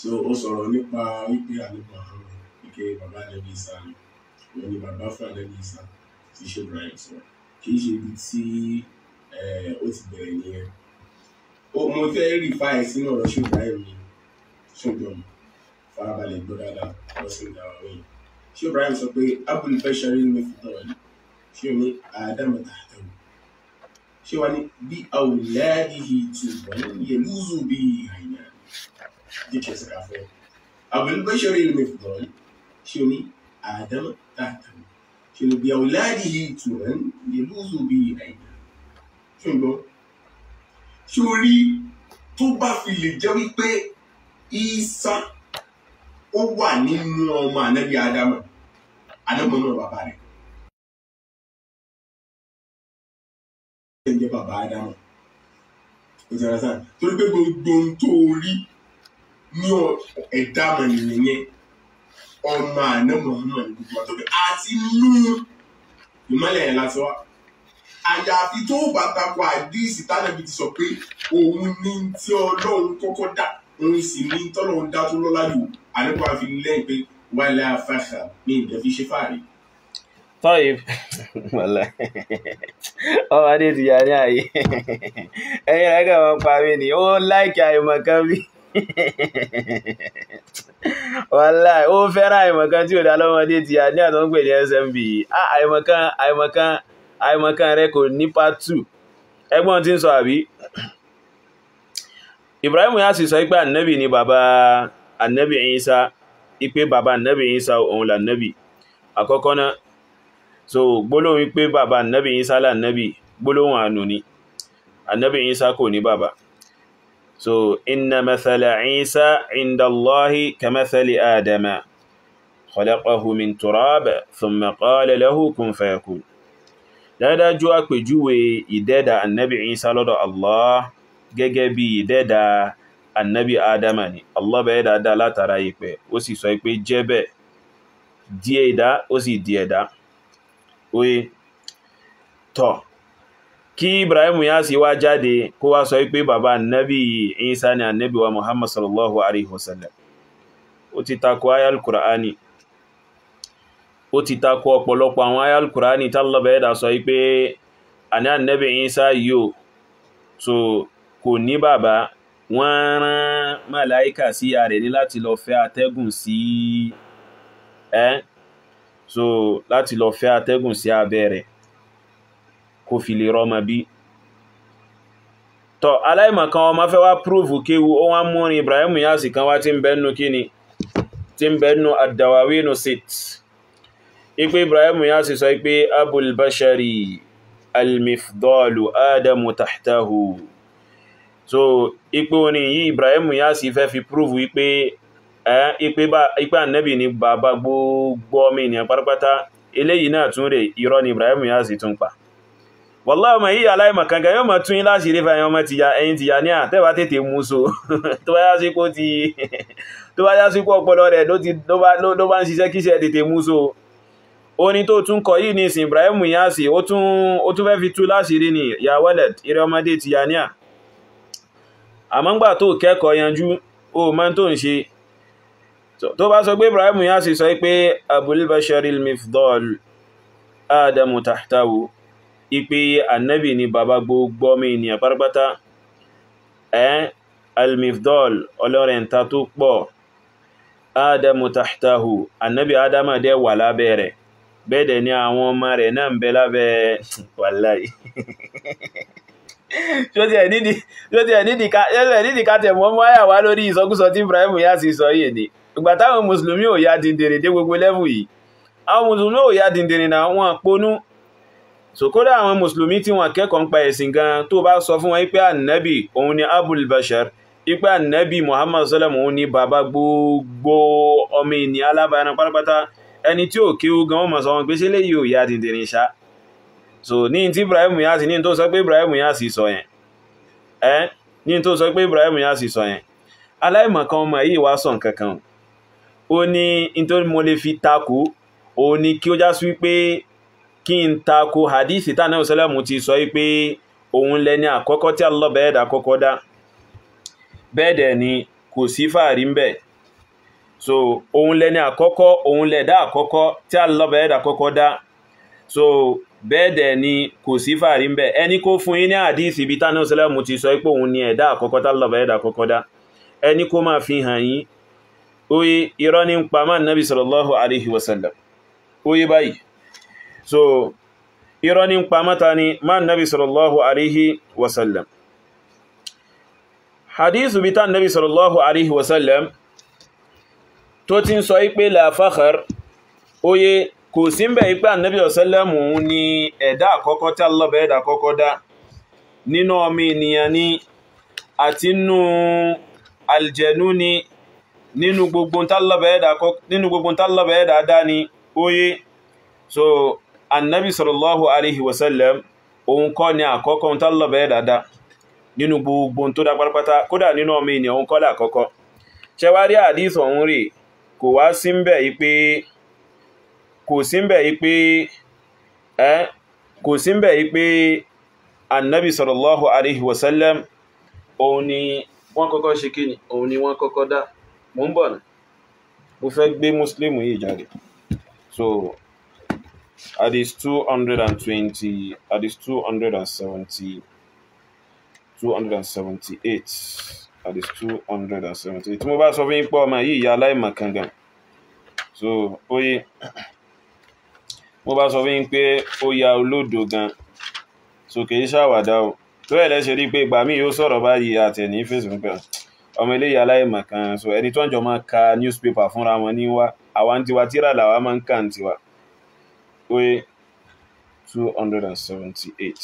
Speaker 3: so ó sọ̀rọ̀ nípa wípé àlùmọ̀ àwọn ike bàbá àlẹ́bí ìsà ni òní bàbá fún àlẹ́bí ìsà ti ṣe ibrahim sọ kì í ṣe ibi tí ó ti bẹ̀rẹ̀ nìyẹn mo fẹ́ rí fáyẹ̀ sínú ọ̀rọ̀ ṣe ibrahim ni ṣùgbọ́n farabalẹ̀ gbọ́ dáadáa lọ sí ìdáwà wẹ̀yìn ṣe ibrahim sọ pé abul bashari ní fìtọ́rọ̀ ni ṣé o ní àádámọ̀ tààtàn ṣé wàá ní bí
Speaker 2: àwòlẹ́yàdìhì tùbọ̀ ní yẹlúzù bí àyìnà díkẹ̀
Speaker 3: káfọ́ abul bashari ní fìtọ́rọ̀ ni ṣé o ní àádámọ̀ tààtàn. شنو بأولاده تمن يلوذ به أيضا ṣùgbọ́n sórí tó bá fi lè jẹ́ wípé Ìsá
Speaker 2: ó wà nínú ọmọ ànábì Ádámù Ádámù náà bàbá rẹ̀ ó jẹ́ bàbá Ádámù ó jẹ́ ara sáà torí pé gbogbo ohun tó rí ní
Speaker 3: ẹ̀dá mọ̀ nìyẹn ọmọ àná Muhammad gbogbo àtọ́bẹ̀ àti nú ìmọ̀lẹ̀ yẹn lásán wa àyàfi tó bá takò àdíìsì tánàbí ti sọ pé òun ní tí ọlọ́run kọ́kọ́ dá òun sì ní tọ́lọ́run dá tó lọ́lá yòó àdékò àfi lẹ́yìn pé wàhálà fàṣà ní ìjẹ́ fi ṣe fàárẹ̀.
Speaker 1: tọ́yì wàlá ọmọ adé ti yà ní àyè ẹ̀yin rẹ̀ kàn máa ń pa mí ni ó ń láìkì àyèmọ̀ kan bíi wàláì ó fẹ́ràn àìmọ̀kan tí ò dá lọ́mọdé ti àní àtọ́ ń pè ní smb ah, àìmọ̀kan àìmọ̀kan àìmọ̀kan rẹ kò ní part two ẹgbọ́n tí ń sọ àbí Ibrahim yà sì sọ pé ànábì ni bàbá ànábì Ìsá ipe bàbá ànábì Ìsá òun lànábì àkọ́kọ́ náà so gbólóhùn pé bàbá ànábì Ìsá lànábì gbólóhùn ànú ni ànábì Ìsá kò ní bàbá so inna mathala isa inda allahi kamathali adama khalaqahu min turab thumma qala lahu kun fayakun dáadájú àpèjúwe ìdẹ́dà annabi isa lọ́dọ̀ allah gẹ́gẹ́ bí ìdẹ́dà annabi adama ni allah bẹ̀ẹ́ dáadáa látara ìpẹ́ ó sì sọ pé jẹ́bẹ̀ díẹ̀ ó sì díẹ̀ oye tọ́ kí ibrahim Inyas wá jáde kó wá sọ pé bàbá ànábì Isa ni ànábì wa muhammad sallallahu alaihi wasallam ó ti takò ayal kùránì ó ti takò ọ̀pọ̀lọpọ̀ àwọn ayal kùránì tálọ́bẹ̀ ẹ̀dà sọ pé àní ànábì Isa yóò so kò ní bàbá wọ́n rán màláíkà sí ààrẹ ní láti lọ fẹ́ atẹ́gùn sí ẹ́ so láti lọ fẹ́ atẹ́gùn sí abẹ́ rẹ̀ kó fi lè rọ́mọ bí tọ́ aláìmọ̀kan ọmọ fẹ́ wá púrúfù kéwu ó wá mú rin Ibrahim Inyas kan wá tí ń bẹ́nu kíni tí ń bẹ́nu àdàwàwínú sit ipe Ibrahim Inyas sọ pé abul almifdọ́lù adamu tahtahu so ipe orin yìí Ibrahim Inyas fẹ́ fi púrúfù ipe ipe ànẹ́bì ní bàbá gbogbo ọmọ ènìyàn pátápátá eléyìí náà tún rè irọ́ ni Ibrahim Inyas tún pa wọ́lá ọmọ yìí aláìmọ̀kanga yóò mọ̀ tún yín láti rí fàyàn ọmọ tìyà ẹ̀yìn tìyà ní à tẹ́wàá tètè mú so [laughs] tó bá yásí pó ti [laughs] tó bá yásí pó ọpọlọ rẹ̀ ló bá ń ṣiṣẹ́ kíṣẹ́ tètè mú so ó ní tó tún kọ yìí ní ìsìn Ibrahim Inyasi ó tún fẹ́ fi tú láti rí ni ya walad eré ọmọdé tìyà ní à àmọ́ ngbà tó kẹ́kọ̀ọ́ yanjú ó máa tó ń ṣe tó bá sọ pé Ibrahim Inyasi sọ pé abul bashari al-mifdal adamu tahtawu ipe annabi ni bàbá gbogbo ọmọ ènìyàn pátápátá ẹ́ almifdol ọlọ́rẹ̀ntà tó pọ̀ adamu tahtahu annabi adama dẹ̀ wà lábẹ́ rẹ̀ bẹ́ẹ̀dẹ̀ ni àwọn ọmọ rẹ̀ náà ń bẹ lábẹ́ [laughs] wàláì [laughs] tí ó ti ẹ̀ nídìí ká tẹ̀ mọ́ wáyà wá lórí ìsọkúsọ tí Ibrahim yá sí sọ yìí ni ìgbà táwọn mùsùlùmí ò yá dìndìnrìn dé gbogbo lẹ́vù yìí àwọn mùsùlùmí ò yá dìndìnrìn náà wọn ponú sòkódà àwọn mùsùlùmí tí wọ́n kẹ́kọ̀ọ́ ń pa ẹ̀sìn gan tó bá sọ fún wọn pé ànábì òun ni abul bashar ipa ànábì muhammad sallam òun ni bàbá gbogbo ọmọ ènìyàn alábàárán pátápátá ẹni tí ò kéwu gan wọ́n mọ̀ sọ wọn pé sílé yìí ò yá dìndìnrín ṣá so ní tí ibrahim yasi ní tó sọ pé ibrahim yasi sọ yẹn ẹ ní tó sọ pé ibrahim yasi sọ yẹn aláìmọ̀kan ọmọ yìí wá sọ nǹkan kan ó ní nítorí mo lè fi takò òun ni kí ó já sí pé kí n tako hadithi tá náà sálàmù ti sọ wípé òun lẹni àkọ́kọ́ tí Allah bẹ́ẹ̀dà kọ́kọ́ dá bẹ́ẹ̀dẹ̀ ni kò sí fàárí ń bẹ̀ so òun lẹni àkọ́kọ́ òun lẹ̀dá àkọ́kọ́ tí Allah bẹ́ẹ̀dà kọ́kọ́ dá so ni kò sí fàárí ń bẹ̀ ẹni kó fún yín ní hadithi ibi tá ti sọ òun ni ẹ̀dá àkọ́kọ́ tí Allah bẹ́ẹ̀dà kọ́kọ́ dá ẹni fi hàn yín oye irọ́ ní ń pa máa oye báyìí so irọ́ ní pamata ni ma nabi sallallahu alaihi wasallam hadithu bi ta nabi sallallahu alaihi wasallam tó ti ń sọ ipé la fakhar oye kò sí ń bẹ̀ ipé annabi sallallahu òun ni ẹ̀dá àkọ́kọ́ tí allọ́bẹ̀ ẹ̀dá àkọ́kọ́ dá nínú ọmọ ènìyàn ni àti nínú aljẹ̀nú ni nínú gbogbo tálọ́bẹ̀ ẹ̀dá dá ni oye so annabi sallallahu alaihi wasallam òun kọ́ ni àkọ́kọ́ ohun tá lọ́bẹ̀ẹ́ dáadáa nínú gbogbo ohun tó dá pátápátá kódà nínú ọmọ ènìyàn òun kọ́ là àkọ́kọ́ ṣẹwárí àdìsọ̀ ọ̀hún rè kò wá sí ń bẹ̀ yí pé kò sí ń bẹ̀ yí pé ẹ́ kò sí ń bẹ̀ yí annabi sallallahu alaihi wasallam òun ni wọ́n kọ́kọ́ ṣe kí ni òun ni wọ́n kọ́kọ́ dá mò ń bọ̀ mo fẹ́ gbé muslim yìí jáde so at is 220 at is 270 278 at is 270 tí mo bá sọ fún yín pé ọmọ yìí ìyá aláìmọ̀kan gan so ó yé mo bá sọ fún yín pé ó ya olódo gan so kì í ṣàwàdà o tó ẹ̀ lẹ́sẹ̀ rí pé ìgbà míì yóò sọ̀rọ̀ báyìí àtẹ̀ ní Facebook ọmọ eléyìí aláìmọ̀kan so ẹni tó ń jọ máa ka newspaper fúnra wọn ní wá àwa ń tiwa tíra làwa máa ń kà ń tiwa weigh seventy-eight.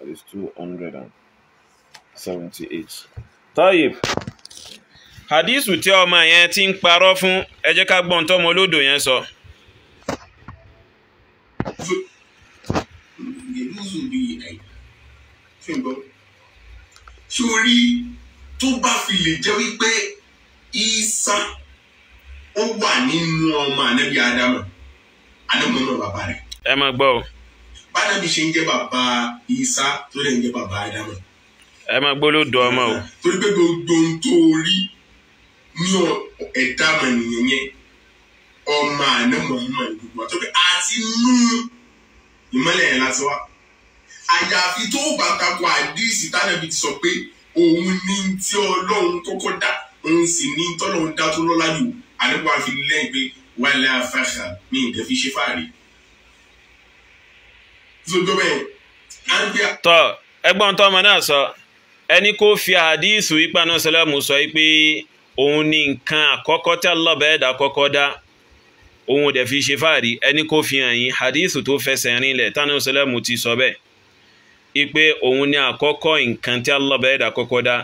Speaker 1: that is two 278 tayib hadithu tí ọmọ yẹn ti ń parọ́ fún ẹ jẹ́ ká gbọ́n tọ́mọ olódò yẹn sọ. sórí
Speaker 3: tó bá fi lè jẹ́ wípé isa ó wà nínú ọmọ ànábì Adamu àdàmọ́ náà bàbá
Speaker 1: rẹ̀. ẹ máa gbọ́ o.
Speaker 3: bàdà bí ṣe ń jẹ́ bàbá Ìsá tó lè ń jẹ́ bàbá Ádámù.
Speaker 1: ẹ máa gbọ́ ló dọ̀ ọmọ o.
Speaker 3: torí pé gbogbo ohun tó rí ní ẹ̀dá ọmọnìyàn yẹn ọmọ àná mọ̀ọ́mọ́ ìgbìmọ̀ tó pé àti nú ìmọ́lẹ̀ yẹn lásán wá. àyàfi tó bá takò àdìsí tánàbí ti sọ pé òun ní tí Ọlọ́run kọ́kọ́ dá
Speaker 1: òun sì ní tọ́lọ́run dá tó lọ́lá yòó àdébọ̀ àfi lẹ́yìn pé wàlẹ́ àfàṣà mi nǹkan fi ṣe fàárì. tọ́ ẹgbọ́n tó ọmọ náà sọ ẹni kó fi àdíìsù ìpanu sọlẹ́mù sọ pé òun ni nǹkan àkọ́kọ́ tí alọ́bẹ̀ẹ́dà kọ́kọ́ dá òun dẹ̀ fi ṣe fàárì ẹni kó fi hàn yín àdíìsù tó fẹsẹ̀ rinlẹ̀ tánú sọlẹ́mù ti sọ bẹ́ẹ̀ ipe òun ni àkọ́kọ́ nǹkan tí alọ́bẹ̀ẹ́dà kọ́kọ́ dá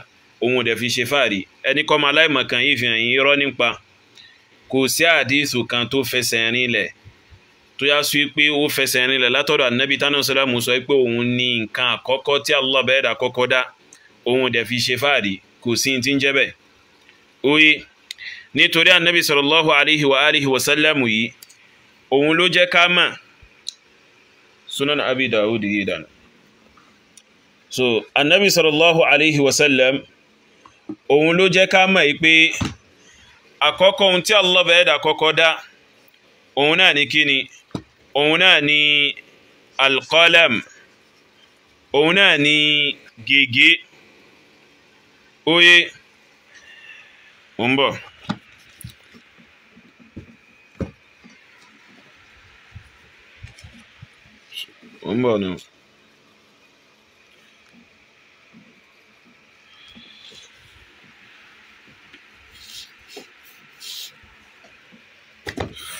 Speaker 1: òun dẹ̀ fi ṣe fàárì ẹni kọ́ máa láìmọ̀kàn yìí fi hàn yín irọ́ nípa kò sí àdísù kan tó fẹsẹ̀ rinlẹ̀ tó yá sí pé ó fẹsẹ̀ rinlẹ̀ látọ̀dọ̀ ànábì tánà sọ́lámù sọ pé òun ní nǹkan àkọ́kọ́ tí Allah bẹ́ẹ̀ dà kọ́kọ́ dá òun dẹ̀ fi ṣe fáàrí kò sí ti ń jẹ́ oye nítorí ànábì sallallahu alaihi wa alihi wa sallamu yìí òun ló jẹ́ ká mà sunan abi dawud yìí dànù so ànábì sallallahu alaihi wa sallam òun ló jẹ́ ká mà yìí pé àkọ́kọ́ ohun tí Allah bẹ̀ẹ́dà kọ́kọ́ dá òun náà ni kíni òun náà ní alqalam òun náà ní gègé óyé ń bọ̀ náà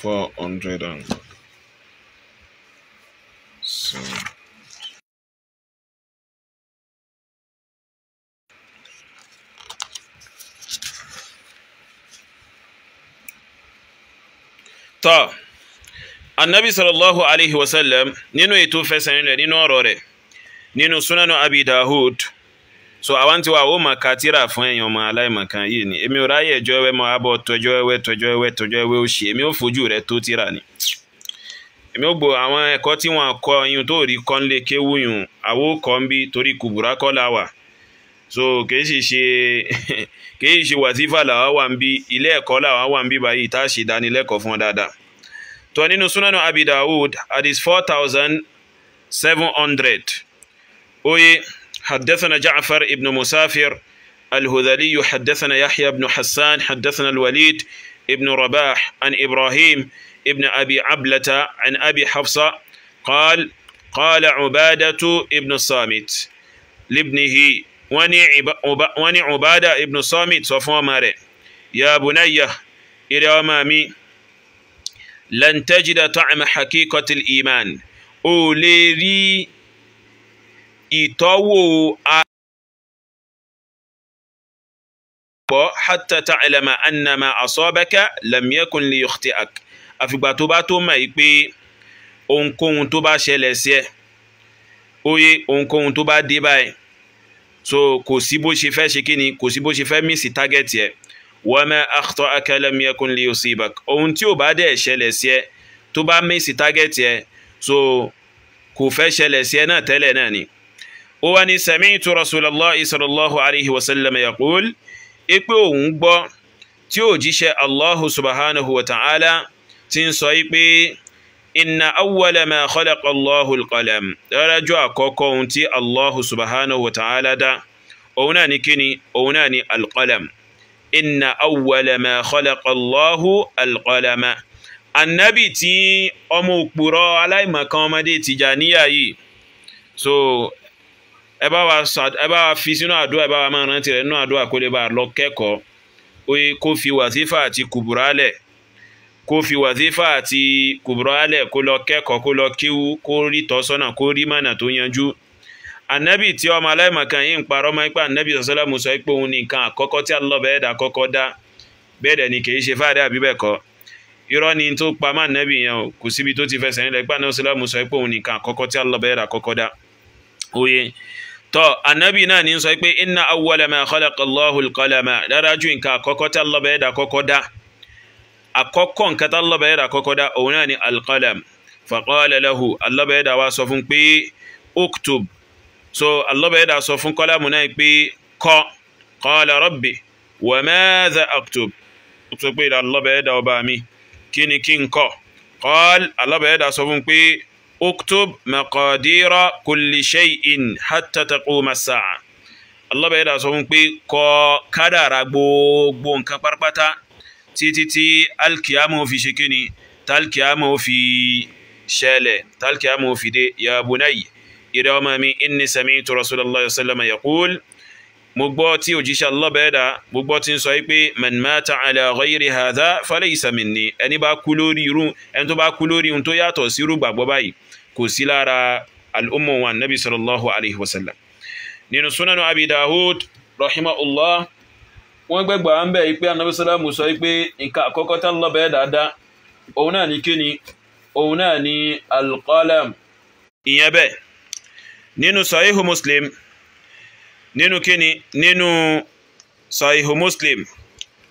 Speaker 1: four hundred and so tọ́ anabi sallallahu alayhi wa sallam nínú ètò fẹsẹ̀ rẹ̀ nínú ọ̀rọ̀ rẹ̀ nínú sunanu abi dahud so àwọn tiwa àwọn máa ka tíra fún ẹ̀yin ọmọ aláìmọ̀kan yìí ni èmi ò ráyè ẹjọ́ ẹwẹ́ mọ́ abọ́ tọjọ́ ẹwẹ́ tọjọ́ ẹwẹ́ tọjọ́ ẹwẹ́ ó ṣe èmi ò fojú rẹ̀ tó tíra ni èmi ò gbọ́ àwọn ẹ̀kọ́ tí wọ́n kọ́ yín tó rí kọ́ńlé kéwúyùn àwọn ò kọ́ ń bí torí kùbùrá kọ́ la wà so kì í ṣe [laughs] kì í ṣe wàtífà làwa wà ń bí ilé ẹ̀kọ́ làwa wà ń bí báyìí tá a ṣe ìdánilẹ́kọ̀ọ́ fún dáadáa tó nínú súnánù Abi Dawud hadith four thousand seven hundred oye. حدثنا جعفر ابن مسافر الهذلي حدثنا يحيى بن حسان حدثنا الوليد ابن رباح عن إبراهيم ابن أبي عبلة عن أبي حفصة قال قال عبادة ابن الصامت لابنه وني عبادة ابن الصامت صفوة ماري يا بني إلى أمامي لن تجد طعم حقيقة الإيمان أوليري ìtọ́wò àgbọ̀ hatta ta'lama annama asabaka lam yakun li yukhti'ak àfìgbà tó bá tó mọ̀ yìí pé ohunkóhun tó bá ṣẹlẹ̀ sí ẹ oye ohunkóhun tó bá dé báyìí so kò sí bó ṣe fẹ́ ṣe kí ni kò sí bó ṣe fẹ́ mísì tágẹ́tì ẹ̀ wa ma akhta'aka lam yakun li yusibak ohun tí ò bá dẹ̀ ṣẹlẹ̀ sí ẹ tó bá mísì tágẹ́tì ẹ so kò fẹ́ ṣẹlẹ̀ sí ẹ náà tẹ́lẹ̀ náà ni ó wá ní sami'tu rasulallahi sallallahu alayhi wa sallam yaqul ipe òun gbọ́ tí òjíṣẹ́ allahu subhanahu wa ta'ala ti ń sọ pé inna awwala ma khalaqa allahu alqalam dárájọ́ àkọ́kọ́ ohun tí allahu subhanahu wa ta'ala dá òun náà ni kíni òun ni alqalam inna awwala ma khalaqa allahu alqalama annabi tí ọmọ òpùrọ́ aláìmọ̀kan ọmọdé Tìjàníyà yìí so ẹ bá wa sọ ẹ bá wa fi sínú àdúrà ẹ bá wa máa rántí rẹ̀ nínú àdúrà kó lè bá a lọ kẹ́kọ̀ọ́ oye kó fi wàsífà àti kùbùrà lẹ̀ kó fi wàsífà àti kùbùrà lẹ̀ kó lọ kẹ́kọ̀ọ́ kó lọ kíwú kó rí tọ́sọ́nà kó rí mọ̀nà tó yanjú anabi tí ọmọ aláìmọ̀kan yìí ń parọ́ mọ́ ipa anabi sọ́sọ́lá musa pé òun ní nǹkan àkọ́kọ́ tí Allah bẹ́ẹ̀ dá kọ́kọ́ dá bẹ́ẹ̀ dẹ̀ ni kì í ṣe fáadé àbí bẹ́ẹ̀ kọ́ irọ́ ni tó pa mọ́ anabi yẹn o kò síbi tó ti fẹsẹ̀ nílẹ̀ ipa anabi sọ́sọ́lá musa pé òun ní nǹkan àkọ́kọ́ tí Allah bẹ́ẹ̀ dá kọ́kọ́ dá òye tọ́ anabi náà ní sọ pé inna awwala ma khalaqa Allahu al-qalama dájú nǹkan àkọ́kọ́ tá lọ́bẹ̀ ẹ̀dá kọ́kọ́ dá àkọ́kọ́ nǹkan tá lọ́bẹ̀ ẹ̀dá kọ́kọ́ dá òun náà ní al-qalam faqala lahu alọ́bẹ̀ ẹ̀dá wa sọ fún pé uktub so alọ́bẹ̀ ẹ̀dá sọ fún kọ́lámù náà pé kọ́ qala rabbi wa madha aktub sọ pé alọ́bẹ̀ ẹ̀dá ọba mi kí ni kí n kọ́ qala alọ́bẹ̀ ẹ̀dá sọ fún pé اكتب مقادير كل شيء حتى تقوم الساعة Allah bẹ̀rẹ̀ dà sọ fún pé kọ kádàrà gbogbo nǹkan pátápátá títí tí alkiyama ò fi ṣe kíni talkiyama ò fi ṣẹlẹ̀ talkiyama ò fi dé ya bunay ìrẹ́ ọmọ mi inni sami'tu Rasulullah sallam yaqul mo gbọ́ tí òjíṣẹ́ Allah bẹ̀rẹ̀ dà mo gbọ́ tí ń sọ pé man mata ala ghayri hadha falaysa minni ẹni tó bá kú lórí ohun tó yàtọ̀ sí irú gbàgbọ́ báyìí kò sí lára al'umma wa nabi sallallahu alaihi wasallam nínú sunanu abi dawud rahimahullah wọ́n gbẹ́gbà ń bẹ̀ pé anabi sallallahu sọ pé nǹkan àkọ́kọ́ tán lọ bẹ́ẹ̀ dáadáa òun náà ni kíni òun náà ni alqalam ìyẹn bẹ́ẹ̀ nínú sahihu muslim nínú kíni nínú sahihu muslim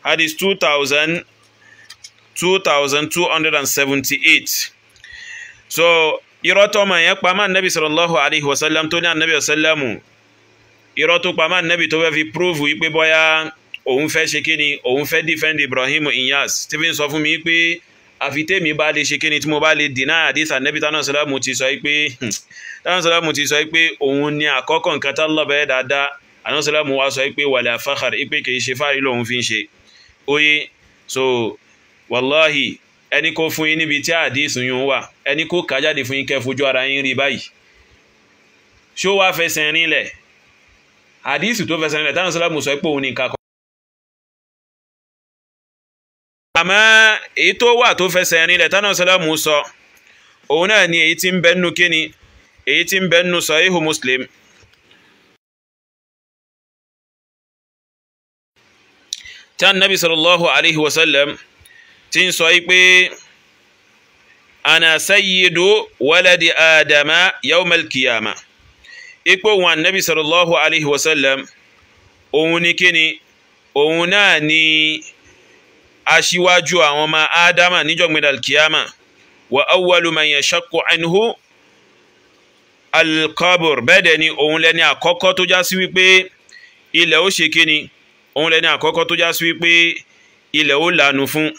Speaker 1: hadith two 2278 so irọ́ tó ọmọ yẹn pa máa nẹ́bí sallallahu alaihi wasallam tó ní ànẹ́bí ọ̀sálàmù irọ́ tó pa máa nẹ́bí tó fẹ́ fi próòfù wípé bọ́yá òun fẹ́ ṣe kíni òun fẹ́ defend Ibrahim Inyas tí fi ń sọ fún mi pé àfitẹ́mi bá lè ṣe kíni tí mo bá lè dènà àdìsá nẹ́bí tánà sọ́lámù ti sọ pé hmm, tánà sọ́lámù ti sọ pé òun ni àkọ́kọ́ nǹkan tá lọ́bẹ̀ẹ́ dáadáa àná so wàláhì ẹni kó fún yín níbi tí àdísù yún wà ẹni kó kà jáde fún yín kẹ́ fojú ara yín rí báyìí ṣó wá fẹsẹ̀ rinlẹ̀ àdísù tó fẹsẹ̀ rinlẹ̀ táwọn sọ́lámù sọ pé òun ní nǹkan àmọ́ èyí tó wà tó fẹsẹ̀ rinlẹ̀ táwọn sọ́lámù sọ òun náà ni èyí tí ń bẹ́nu kíni èyí tí ń bẹ́nu Sahihu Muslim. tí a nàbì sallallahu alaihi wa tí ń sọ pé ana sayyidu waladi adama yawmal kiyama ipò wọn anabi sallallahu alayhi wa sallam òun ni kíni òun náà ni aṣíwájú àwọn ọmọ adama níjọ́gbìn alkiyama wa awwalu man yashaqqu anhu alkabur bẹ́ẹ̀ dẹ̀ ni òun lẹni àkọ́kọ́ tó já sí wípé ilẹ̀ ó ṣe kíni òun lẹni àkọ́kọ́ tó já sí wípé ilẹ̀ ó lanu fún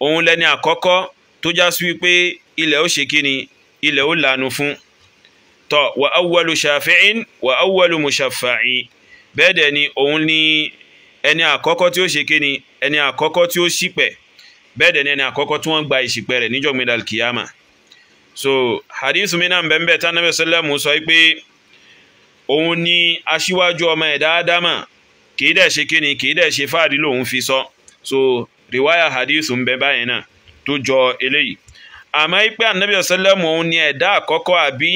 Speaker 1: òun lẹni àkọ́kọ́ tó já sí wípé ilẹ̀ ó ṣe kíni ilẹ̀ ó lanu fún tọ wà awwalu shafi'in wà awwalu mushaffa'in bẹ́ẹ̀ dẹ̀ ni òun ni ẹni àkọ́kọ́ tí ó ṣe kíni ẹni àkọ́kọ́ tí ó ṣìpẹ̀ bẹ́ẹ̀ ni ẹni àkọ́kọ́ tí wọ́n gba ìṣìpẹ̀ rẹ̀ níjọ́ gbẹ̀dẹ̀ alkiyama so hadithu mi náà ń bẹ́ẹ̀ tán nàbẹ̀ sọ́lẹ́mù sọ pé òun ni aṣíwájú ọmọ ẹ̀dá ádámà kì í dẹ̀ ṣe kíni kì í dẹ̀ ṣe fáàdì lòun fi sọ so rìwáyà hadith ń báyìí náà tó jọ eléyìí àmọ́ ipe anabi ọ̀sẹ́lẹ̀mù òun ni ẹ̀dá àkọ́kọ́ àbí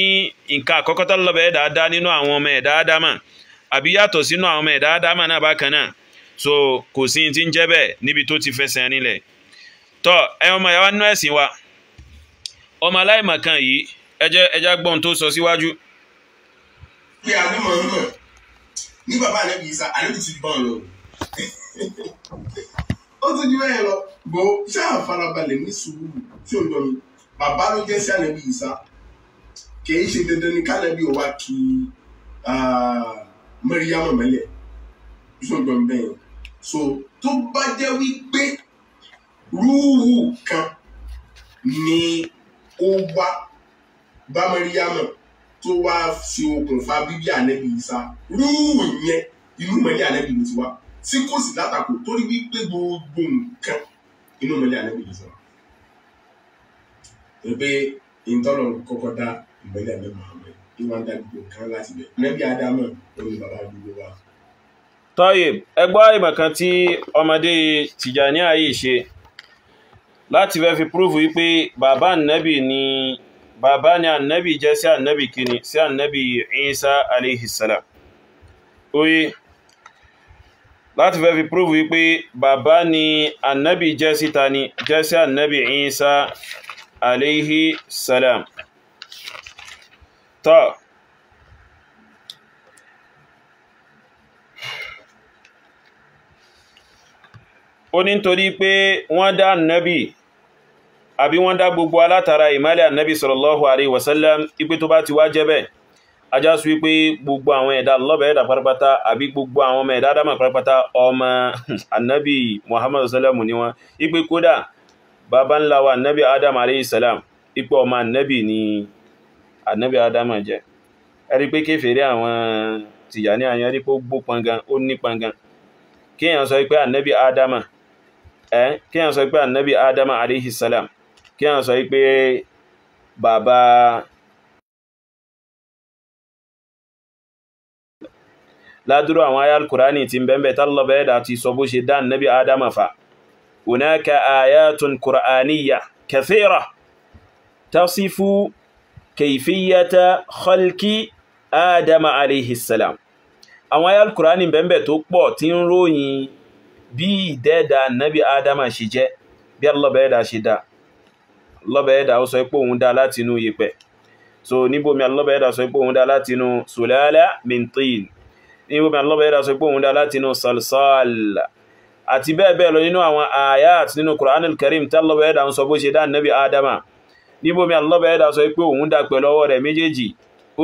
Speaker 1: nǹkan àkọ́kọ́ tó lọ́bẹ̀ ẹ̀dá dá nínú àwọn ọmọ ẹ̀dá dámà àbí yàtọ̀ sínú àwọn ọmọ ẹ̀dá dámà náà bákan náà so kò sí ti ń jẹ́ bẹ́ẹ̀ níbi tó ti fẹsẹ̀ tọ́ ẹ ọmọ nínú ẹ̀sìn wa ọmọ yìí ẹjẹ́ ẹjẹ́ gbọ́n tó sọ síwájú.
Speaker 3: ní bàbá àlẹ́ [laughs] ó tún ju bẹ́ẹ̀ lọ bò ṣáà farabalẹ̀ ní sùúrù tí ò jọ mi bàbá ló jẹ́ sí ànábì ìsá kìí ṣe dandan ní kánàbí ò wá kí mẹ́ríyàmù mẹ́lẹ̀ tí ò jọ mi bẹ́ẹ̀ so tó bá jẹ́ wípé rúùhù kan ni ó wá
Speaker 2: bá mẹ́ríyàmù tó wá ṣe okùnfà bíbí ànábì ìsá
Speaker 3: rúùhù yẹn inú mẹ́lẹ̀ ànábì ló ti wá tí kò sì látakò torí wípé gbogbo nǹkan inú mi lé ànábì yìí sọ̀rọ̀ torí pé ìtọ́nà kọ́kọ́ dá ìmọ̀lẹ́ ànábì Muhammad ìwà ń dá gbogbo nǹkan láti bẹ̀ ànábì Ádámù òun ni bàbá gbogbo wa.
Speaker 1: Tọ́yìb ẹ gbọ́ ìmọ̀ kan tí ọmọdé Tìjàní ayé ṣe láti fẹ́ fi púrúfù wípé bàbá ànábì ni bàbá ni ànábì jẹ́ sí ànábì kìíní sí ànábì Ìsá alayhi salam. Oye láti fẹ́ fi prove wípé bàbá ni annabi jẹ́ síta ni jẹ́ sí annabi Isa alayhi salam tọ́ ó ní nítorí pé wọ́n dá annabi àbí wọ́n dá gbogbo alátara ìmálẹ̀ annabi sallallahu alaihi wasallam ipé tó bá ti wá jẹ́ ajá sọ wípé gbogbo àwọn ẹ̀dá lọ́bẹ̀ ẹ̀dá pátápátá àbí gbogbo àwọn ọmọ ẹ̀dá ádámà pátápátá ọmọ anabi [laughs] muhammadu salamu ni wọn ipe kódà bàbá ńlá wa anabi adam aleyhi salam ipe ọmọ anabi ni anabi adam jẹ ẹ̀rí pé kéfèrè àwọn tìyàní àyàn rí pé ó gbó pangan ó ní pangan kéèyàn sọ pé anabi adam ẹ kéèyàn sọ pé anabi adam aleyhi salam kéèyàn sọ pé bàbá. ládúró àwọn ayá alkùránì ti bẹ́ẹ̀bẹ̀ tálọ́bẹ̀ ẹ̀dà ti sọ bó ṣe dán nábì adama fa hunaka ayatun qur'aniyya kathira tasifu kayfiyata khalqi adama alayhi salam àwọn ayá alkùránì bẹ́ẹ̀bẹ̀ tó pọ̀ tí ń ròyìn bí ìdẹ́ẹ̀dà nábì adama ṣe jẹ́ bí alọ́bẹ̀ ẹ̀dà ṣe dá lọ́bẹ̀ ẹ̀dà ó sọ pé òun dá látinú yẹ̀pẹ̀ so níbo mi alọ́bẹ̀ ẹ̀dà sọ pé òun dá látinú sulala min ní gbogbo àwọn ọlọ́bàá yẹ́dà sọ pé òun dá láti inú salsal àti bẹ́ẹ̀ bẹ́ẹ̀ lọ nínú àwọn ayat nínú Qur'anul Karim tí ọlọ́bàá yẹ́dà ń sọ bó ṣe dá Nabi Adama ní gbogbo àwọn ọlọ́bàá yẹ́dà sọ pé òun dá pẹ̀lú ọwọ́ rẹ̀ méjèèjì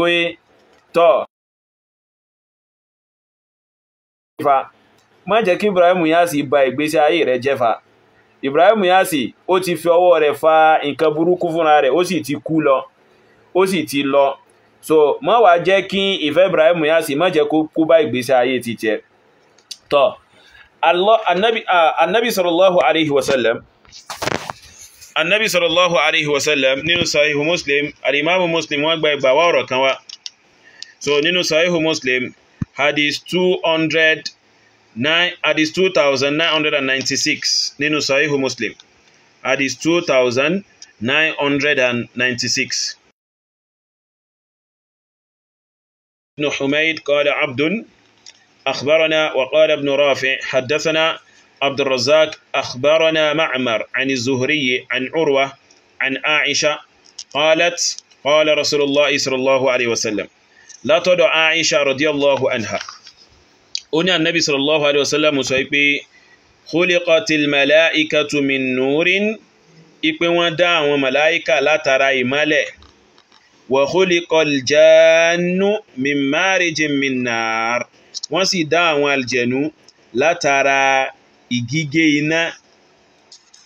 Speaker 1: oye tọ́ má jẹ́ kí Ibrahim Inyasi ba ìgbésí ayé rẹ̀ jẹ́fà Ibrahim Inyasi ó ti fi ọwọ́ rẹ̀ fa nǹkan burúkú fúnra rẹ̀ ó sì ti kú lọ ó sì ti lọ so má wàá jẹ́ kí ìfẹ́ Ibrahim Inyas má jẹ́ kó kó bá ìgbésí ayé ti tiẹ̀ tọ́ anabi sallallahu alayhi wa sallam anabi sallallahu alayhi wa sallam nínú sahihu muslim alimamu muslim wọ́n gba ìgbà wá ọ̀rọ̀ kan wá so nínú sahihu muslim hadith two hundred nine hadith two thousand nine hundred and ninety six nínú sahihu muslim hadith two thousand nine hundred and ninety six. بن حميد قال عبد أخبرنا وقال ابن رافع حدثنا عبد الرزاق أخبرنا معمر عن الزهري عن عروة عن عائشة قالت قال رسول الله صلى الله عليه وسلم لا تدع عائشة رضي الله عنها أن النبي صلى الله عليه وسلم سيبي خلقت الملائكة من نور إبن ودع وملائكة لا ترى ملائكة wa khuliqa al-jannu min marijin min nar wọ́n sì dá àwọn àlìjẹ̀nú látara ìgígé iná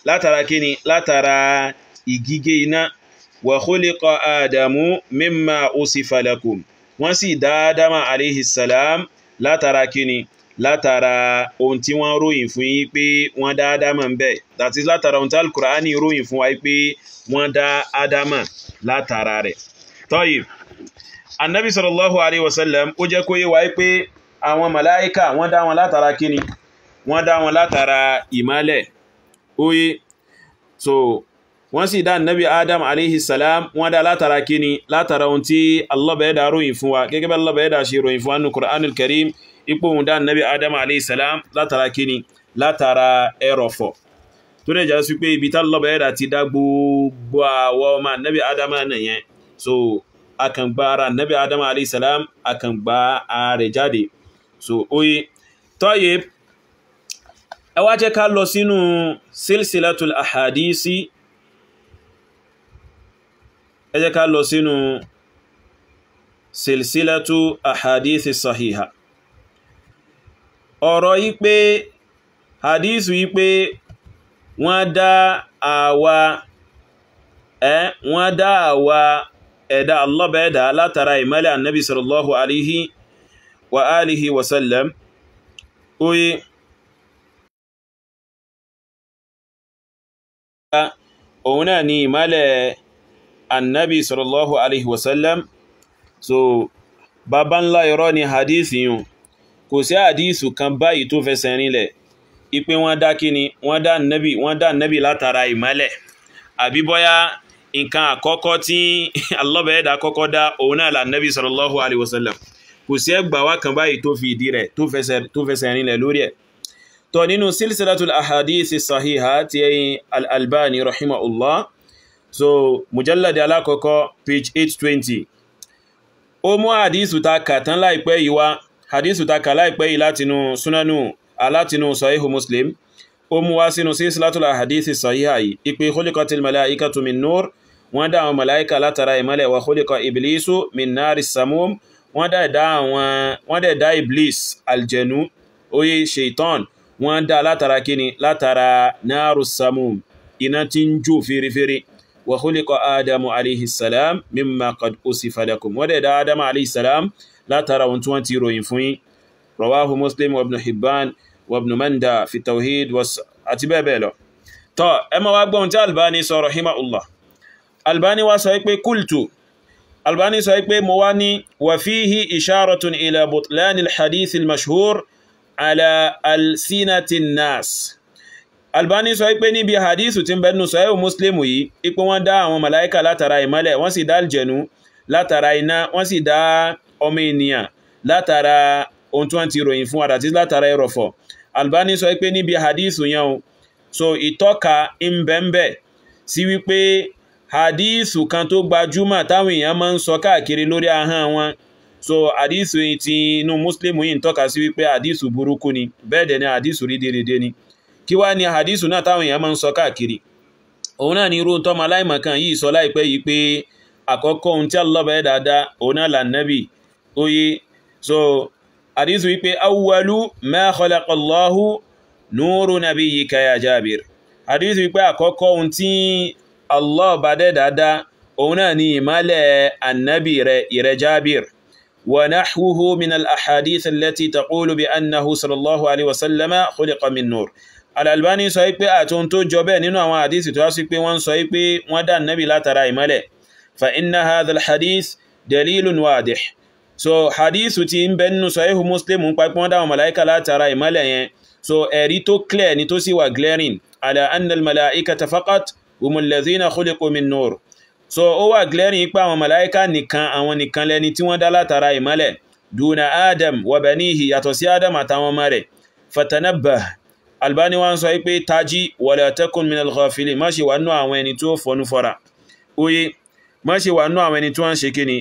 Speaker 1: látara kíni látara ìgígé iná wa khuliqa ádámù mimma usifa lakum wọ́n sì dá ádámà alayhi salam látara kíni látara ohun tí wọ́n ròyìn fún yín pé wọ́n dá ádámà ń bẹ̀ that látara ohun tí al-Qur'ani ròyìn fún wa pé wọ́n dá ádámà látara rẹ̀ tọ́yìb anabi sallallahu alayhi wa sallam ó jẹ́ kó yé wa pé àwọn màláíkà wọ́n dá wọn látara kíni wọ́n dá wọn látara ìmálẹ̀ oye so wọ́n sì dá nabi adam alayhi salam wọ́n dá látara kíni látara ohun tí Allah bá dá ròyìn fún wa gẹ́gẹ́ bá Allah bá dá ṣe ròyìn fún wa nínú Qur'anul Karim ipò ohun dá nabi adam alayhi salam látara kíni látara ẹrọ̀fọ̀ tó dẹ̀ já sí pé ibi tá Allah ti dá gbogbo àwọ̀ ọmọ nabi adam nìyẹn so akan gba ara nabi adam alayhi salam akan gba ara jáde so oye tọ́yẹ ẹ wá jẹ́ ká lọ sínú silsilatul ahadisi ẹ jẹ́ ká lọ sínú silsilatu ahadisi sahiha ọ̀rọ̀ yí pé hadisu yí pé wọ́n dá àwa ẹ́ wọ́n dá àwa ẹ̀dá Allah bá ẹ̀dá látara ìmọ́lẹ̀ annabi sallallahu alaihi wa alihi wasallam oye òun náà ni ìmọ́lẹ̀ annabi sallallahu alaihi wasallam so bàbá ńlá irọ́ ni hadith yìí kò sí hadith kan báyìí tó fẹsẹ̀ rinlẹ̀ ipe wọ́n dá kíni wọ́n dá annabi wọ́n dá annabi látara ìmọ́lẹ̀ àbí nǹkan àkọ́kọ́ tí [laughs] alọ́bẹ̀ẹ́dà kọ́kọ́ dá òun náà là nẹ́bí sallallahu alaihi wasallam kò sí ẹgbà wá kan báyìí tó fi ìdí rẹ̀ tó fẹsẹ̀ rinlẹ̀ lórí ẹ̀ tọ́ nínú silsilatul ahadith sahiha ti ẹyin al-albani rahimahullah so mujalladi alákọ̀ọ́kọ́ page 820 ó mú hadithu ta kà tán láìpẹ́ yìí wá hadithu ta kà láìpẹ́ yìí látinú sunanu alátinú sahihu muslim ó mú wá sínú silsilatul ahadith sahiha yìí ipe khuliqatil malaikatu min nur wọ́n dá àwọn màláíkà látara ìmọ́lẹ̀ wa khuliqa iblisu min nari samum wọ́n dẹ̀ dá àwọn wọ́n dẹ̀ dá iblis aljẹnu oyè shaitan wọ́n dá látara kíni látara naru samum iná tí ń jò fèrèfèrè wa khuliqa adamu alayhi salam mimma qad usifa wọ́n dẹ̀ dá adamu alayhi látara ohun tí wọ́n ti ròyìn fún yín rawahu muslim wa hibban wa manda fi tawhid àti bẹ́ẹ̀ bẹ́ẹ̀ lọ tọ́ ẹ máa wá gbọ́n tí albani sọ rahimahullah albani wá sọ pé kultu albani sọ pé mo wá ní wà fíhí isharatun ila butlani alhadith almashhur ala alsinatin nas albani sọ pé níbi hadithu tí ń bẹnu sọ́yẹ́ muslimu yìí ipé wọ́n dá àwọn màláíkà látara ìmọ́lẹ̀ wọ́n sì dá aljẹnu látara iná wọ́n sì dá ọmọ ènìyàn látara ohun tí wọ́n ti ròyìn fún àdàtí látara ẹrọ̀fọ̀ albani sọ pé níbi hadithu yẹn o so ìtọ́ka ń bẹ́ẹ̀ sí wípé hadithu kan tó gbajúmọ̀ táwọn èèyàn máa ń sọ káàkiri lórí ahọ́n wọn so hadithu yìí ti inú muslimu yìí ń tọ́ka sí wípé hadithu burúkú ni bẹ́ẹ̀ dẹ̀ ni hadithu rídèrèdè ni kí wá ni hadithu náà táwọn èèyàn máa ń sọ káàkiri òun náà ni irú tọ́mọ aláìmọ̀kan yìí sọ láìpẹ́ yìí pé àkọ́kọ́ ohun tí alọ́bà ẹ̀ dáadáa òun náà là nẹ́bì oye so hadithu wípé awwalu ma khalaqallahu nuru nabiyika ya Jabir hadithu wípé àkọ́kọ́ ohun tí Allah bá dẹ́ dáadáa òun náà ni ìmálẹ̀ annabi rẹ̀ ìrẹ̀ Jabir wa nahwuhu min al-ahadith allati taqulu bi annahu sallallahu alaihi wasallam khuliqa min nur al-Albani sọ pé àtún tó jọ bẹ́ẹ̀ nínú àwọn àdísì tó sọ pé wọ́n sọ pé wọ́n dá annabi látara ìmálẹ̀ fa inna hadha al-hadith dalilun wadih so hadithu ti ń bẹnu sahihu muslim ń papọ́n dáwọn mala'ika látara ìmálẹ̀ yẹn so ẹ̀rí tó clear ni tó sì wà glaring ala annal mala'ika ta faqat umulẹ̀zínà kólíkomi nùr so ó wà glaring ipa àwọn màláíkà nìkan àwọn nìkan lẹni tí wọ́n dá látara ìmọ́lẹ̀ duna adam wabanihi yàtọ̀ sí adam àtàwọn ọmọ rẹ̀ fatanabba albani wọ́n sọ pé tají wala takun minal ghafili má ṣe wà nú àwọn ẹni tó fọnú fọ́ra oye má ṣe wà nú àwọn ẹni tó ń ṣe kíni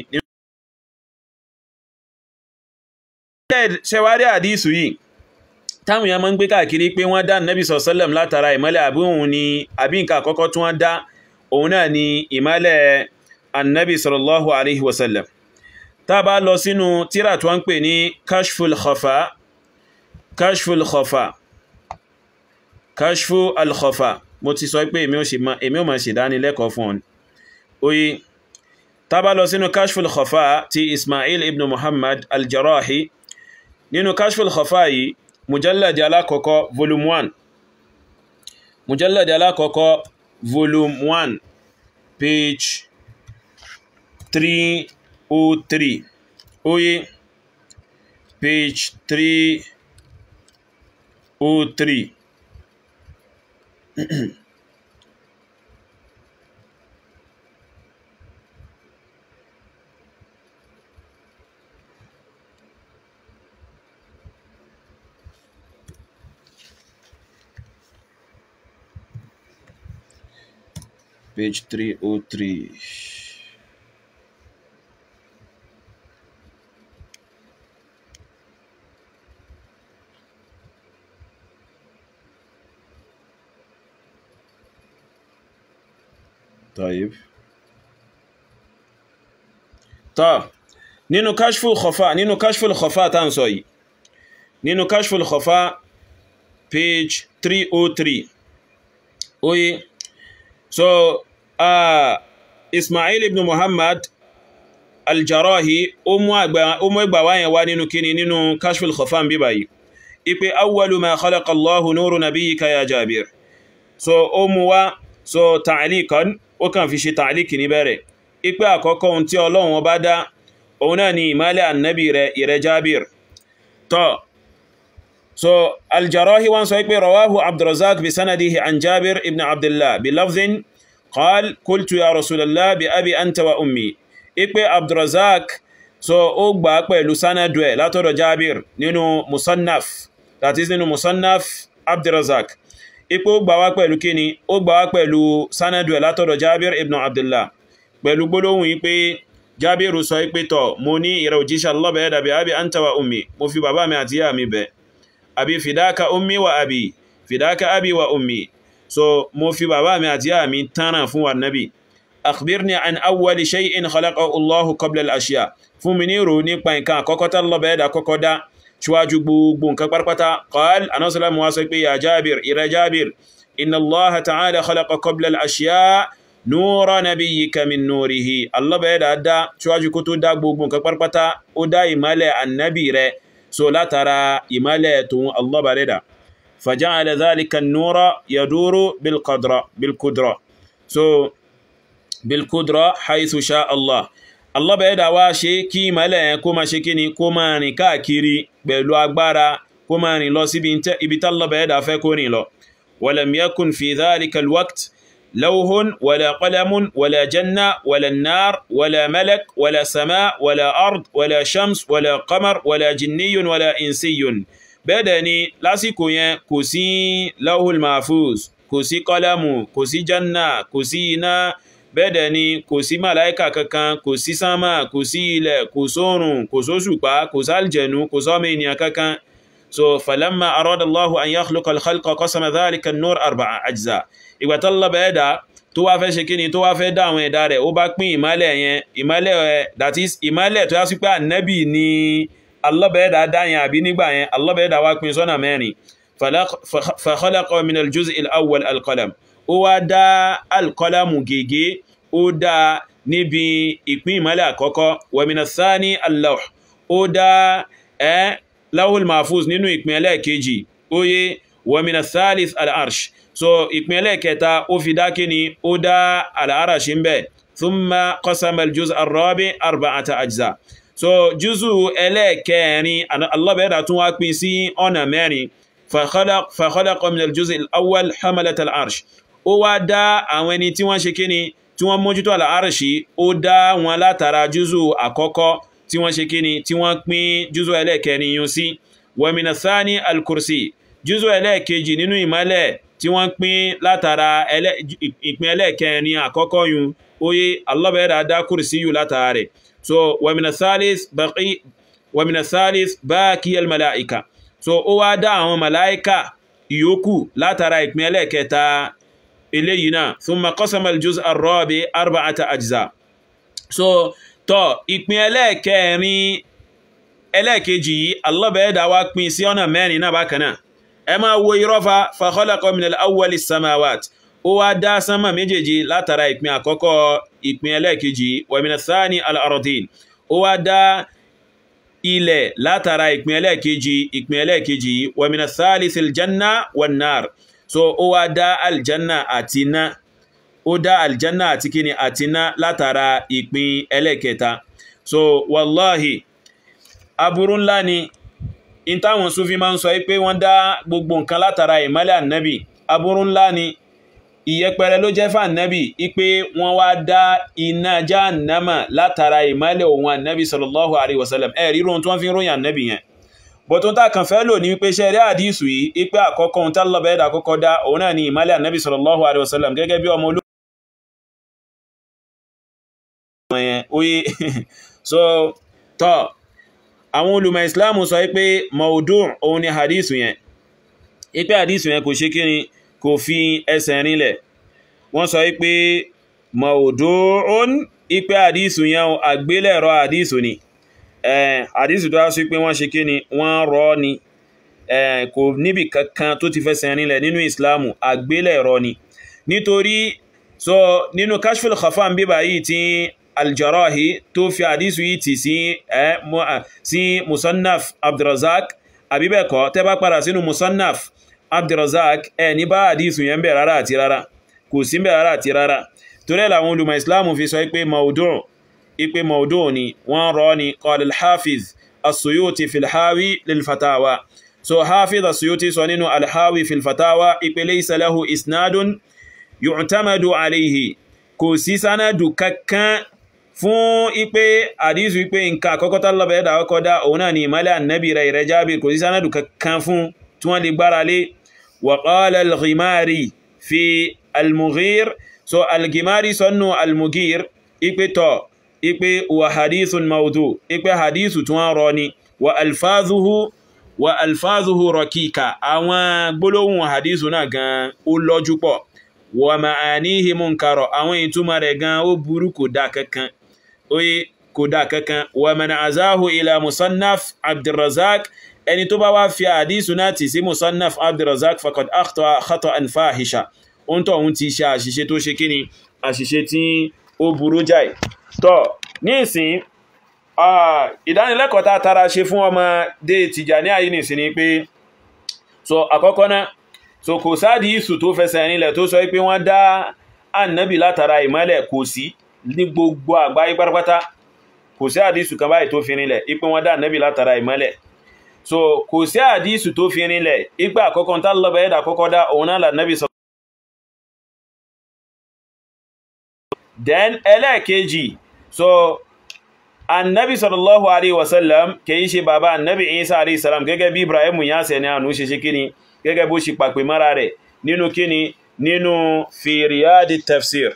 Speaker 1: ṣẹwárí àdísù yìí táwọn èèyàn máa ń gbé káàkiri pé wọ́n dá nẹ́bí sọ̀sọ́lẹ̀m látara ìmọ́lẹ̀ àbí òun ni àbí nǹkan àkọ́kọ́ tí wọ́n dá òun náà ni ìmọ́lẹ̀ annabi sallallahu alaihi wasallam tá a bá lọ sínú tíra tí wọ́n ń pè ní kashful khafa kashful khafa kashfu al-khafa mo ti sọ pé èmi ò máa ṣe dánilẹ́kọ̀ọ́ fún oyi tá a bá lọ sínú kashful khafa ti ismail ibn muhammad al nínú kashful khafa yìí mujalladi alákọ̀ọ́kọ́ volume 1 mujalladi alákọ̀ọ́kọ́ volume 1 page 303 oye page 303 [clears throat] page 303. طيب طب nínú kashful khofa nínú kashful khofa tá ń sọ yìí nínú kashful khofa page 303 oye so Uh, Ismail ibn Muhammad al-Jarahi ó mú ìgbà wáyẹn wá nínú kíni nínú kashful khufan bí báyìí ipe awwalu ma khalaqa Allahu nuru nabiyyika ya Jabir so ó mú wá so ta'liqan ó kàn fi ṣe ta'liq ní bẹ̀rẹ̀ ipe àkọ́kọ́ ohun tí Ọlọ́run ọba dá òun náà ni ìmálẹ̀ annabi rẹ̀ ìrẹ́ Jabir tó so al-Jarahi sọ pé rawahu Abdurrazzaq bi sanadihi an Jabir ibn Abdullah bi lafdhin قال قلت يا رسول الله بأبي أنت وأمي ipe abdulrazak so ó gbà pẹ̀lú sanadu ẹ̀ látọ̀dọ̀ jabir nínú musannaf that is nínú musannaf abdulrazak ipe ó gbà wá pẹ̀lú kíni ó gbà wá pẹ̀lú sanadu ẹ̀ látọ̀dọ̀ jabir ibn abdullah pẹ̀lú gbólóhùn ipe jabir sọ ipe tọ̀ mo ní ìrẹ̀ òjíṣẹ́ lọ́bẹ̀ẹ́ dàbí abi anta wa ummi mo fi bàbá mi àti ìyá mi bẹ̀ àbí fìdáka ummi wa abi fìdáka abi wa ummi so mo fi bàbá mi àti ìyá mi tánràn fún wa nabi akhbirni an awwali shay'in khalaqa Allahu qabla al-ashya fún mi ní rò nípa nǹkan àkọ́kọ́ tá lọ́bẹ̀ẹ́ dà kọ́kọ́ dá ṣíwájú gbogbo nǹkan pátápátá qal anasala mu wá sọ pé ya Jabir ira Jabir inna Allah ta'ala khalaqa qabla al-ashya nura nabiyyika min nurihi alọ́bẹ̀ẹ́ dà dá ṣíwájú kó tó dá gbogbo nǹkan pátápátá ó dá ìmálẹ̀ annabi rẹ̀ so látara ìmálẹ̀ tòun alọ́bẹ̀ẹ́ dà فجعل ذلك النور يدور بالقدرة بالقدرة so بالقدرة حيث شاء الله الله bẹ̀ẹ́ واشي كي ملأ كوما شكيني كوما نكا كيري بلو kí كوما نلو máa rìn káàkiri pẹ̀lú agbára لو ولم يكن في ذلك الوقت لوه ولا قلم ولا جنة ولا النار ولا ملك ولا سماء ولا أرض ولا شمس ولا قمر ولا جني ولا إنسي bẹ́ẹ̀dẹ̀ ni lásìkò yẹn kò sí lahul mahfuz kò sí kọ́lámù kò sí janna kò sí iná bẹ́ẹ̀dẹ̀ ni kò sí màláìkà kankan kò sí sánmà kò sí ilẹ̀ kò sóòrùn kò sóṣùpá kò sálìjẹ̀nu kò sọ́mọ ènìyàn kankan so falamma arada an yakhluqa al-khalqa qasama dhalika an-nur arba'a ajza ìgbà tọ́lọ́ bẹ́ẹ̀ dá tó wá fẹ́ ṣe kí ni tó wá fẹ́ dá àwọn ẹ̀dá rẹ̀ ó bá pín ìmálẹ̀ yẹn ìmálẹ̀ that is ìmálẹ̀ tó yá sí pé ànábì ni Allah bẹ́ẹ̀ dá dá yẹn àbí nígbà yẹn Allah bẹ́ẹ̀ dá wá pín sọ́nà mẹ́rin fa khalaqa min al-juz' al-awwal al-qalam ó wá dá al-qalam gègé ó dá níbi ìpín ìmọ́lẹ̀ àkọ́kọ́ wa min ath-thani so ìpín ẹlẹ́ẹ̀kẹta ó fi dá kíni ó dá al-arsh ń bẹ̀ thumma qasama al so júzù ẹlẹ́ẹ̀kẹrin Allah bẹ̀rẹ̀ tún wá pín sí ọ̀nà mẹ́rin fa khalaqa min al-juz' al-awwal hamalat al-arsh ó wá dá àwọn ẹni tí wọ́n ṣe kíni tí wọ́n mójútó al-arshi ó dá wọn látara júzù àkọ́kọ́ tí wọ́n ṣe kíni tí wọ́n pín júzù ẹlẹ́ẹ̀kẹrin yún sí wa min ath-thani al-kursi júzù ẹlẹ́ẹ̀kejì nínú ìmọ́lẹ̀ tí wọ́n pín látara ìpín ẹlẹ́ẹ̀kẹrin àkọ́kọ́ yún ó yé Allah so wa mina salis baqi wa malaika so ó wá dá àwọn malaika ìyókù látara ìpín ẹlẹ́kẹta eléyìí náà thumma qasama al-juz' arba'ata ajza so tó ìpín ẹlẹ́kẹrin ẹlẹ́kejì yìí Allah bá dá wa pín sí ọ̀nà mẹ́rin náà bákan náà ẹ máa wo irọ́fa fa khalaqa min al-awwali as-samawat ó wá dá sánmà méjèèjì látara ìpín àkọ́kọ́ ìpín ẹlẹ́ẹ̀kejì wàmínàsáàní al-ardin ó wá dá ilẹ̀ látara ìpín ẹlẹ́ẹ̀kejì ìpín ẹlẹ́ẹ̀kejì wàmínàsáàlì siljanna wannar so ó wá dá aljanna àti iná ó dá aljanna àti kíni àti iná látara ìpín ẹlẹ́ẹ̀kẹta so wàláhì aburú ńlá ni in sufi máa ń sọ pé wọ́n dá gbogbo nǹkan látara ìmọ́lẹ̀ ànábì aburú ńlá ni ìyẹpẹrẹ ló jẹ́ fànẹ́bì ipe wọ́n wá dá iná jahannama látara ìmọ́lẹ̀ òun ànẹ́bì sallallahu alaihi wasallam ẹ̀ rírun tó ń fi ròyìn ànẹ́bì yẹn bọ̀tún tá kan fẹ́ lò ní wípé ṣe rí àdísù yìí ipe àkọ́kọ́ ohun tálọ́bẹ̀ ẹ̀dà àkọ́kọ́ dá òun náà ni ìmọ́lẹ̀ ànẹ́bì sallallahu alaihi gẹ́gẹ́ bí ọmọ olú [laughs] so tọ́ àwọn olùmọ̀ ìsìláàmù sọ pé maudu' òun ni àdísù yẹn ipe àdísù yẹn kò ṣe kíni kò fi ẹsẹ̀ rinlẹ̀ wọ́n sọ wípé maudu'un ipe àdísù yẹn àgbélẹ̀rọ àdísù ni àdísù tó á sí pé wọ́n ni wọ́n rọ ni kò níbi kankan tó ti fẹsẹ̀ rinlẹ̀ nínú ìsìláàmù àgbélẹ̀rọ ni nítorí so nínú kashful khafan bíbá yìí tí aljarahi tó fi àdísù yìí tì sí musannaf abdulrazak àbíbẹ̀kọ́ tẹ́ bá padà sínú musannaf abdulrasaq ẹ̀ ní bá àdìsùn yẹn bẹ̀ rárá àti rárá kò sí bẹ̀ rárá àti rárá torí ẹ̀ làwọn olùmọ̀ ìsìláàmù fi sọ pé maudu ipe maudu ni wọ́n rọ́ ni qala al-hafiz as-suyuti filhawi lilfatawa so hafiz as-suyuti sọ nínú alhawi filfatawa ipe laysa lahu isnadun yu'tamadu alayhi kò sí sánádù kankan fún ipe àdísù ipe nǹkan àkọ́kọ́ tá lọ́bẹ̀ẹ́dà ọkọ̀ dá òun náà ni ìmọ́lẹ̀ ànẹ́bì tí wọ́n lè gbára lé وقال الغماري في المغير so الغماري sọ́nù المغير ipe tọ́ ipe wa hadithun maudu ipe hadithu tún wọ́n rọ ni wa alfazuhu wa alfazuhu rakika àwọn gbólóhùn hadithu náà gan ó lọ́jú pọ̀ wa ma'anihi munkarọ̀ àwọn ìtumọ̀ rẹ̀ gan ó burú kò dá kankan oye kò dá kankan wa man azahu ila musannaf abdulrazak ẹni tó bá wá fi àdísù náà tì sí musannaf abdulrazak fakad akhta khatan fahisha ohun tó ohun ti ṣe àṣìṣe tó ṣe kíni àṣìṣe tí ó burú jáì tó ní ìsìn ìdánilẹ́kọ̀ọ́ tá tara ṣe fún ọmọ dé Tìjàníyà yìí nìsín ni pé so àkọ́kọ́ náà so kò sáàdì ìsù tó fẹsẹ̀ nílẹ̀ tó sọ pé wọ́n dá ànábì látara ìmọ́lẹ̀ kò sí ní gbogbo àgbáyé pátápátá kò sí àdìsù kan báyìí tó fi nílẹ̀ ipé wọ́n dá ànábì látara ìmọ́lẹ̀ so kò sí àdísù tó fi rinlẹ̀ ipa àkọ́kọ́ tá lọ́bàá ẹ̀dà àkọ́kọ́ dá òun náà lànàbì sọ then ẹlẹ́ẹ̀kejì so annabi sallallahu alaihi wasallam kìí ṣe bàbá annabi isa alaihi salam gẹ́gẹ́ bí ibrahim ya sẹ ní àánú ṣe ṣe kíni gẹ́gẹ́ bó ṣe pàpè mara rẹ̀ nínú kíni nínú fi tafsir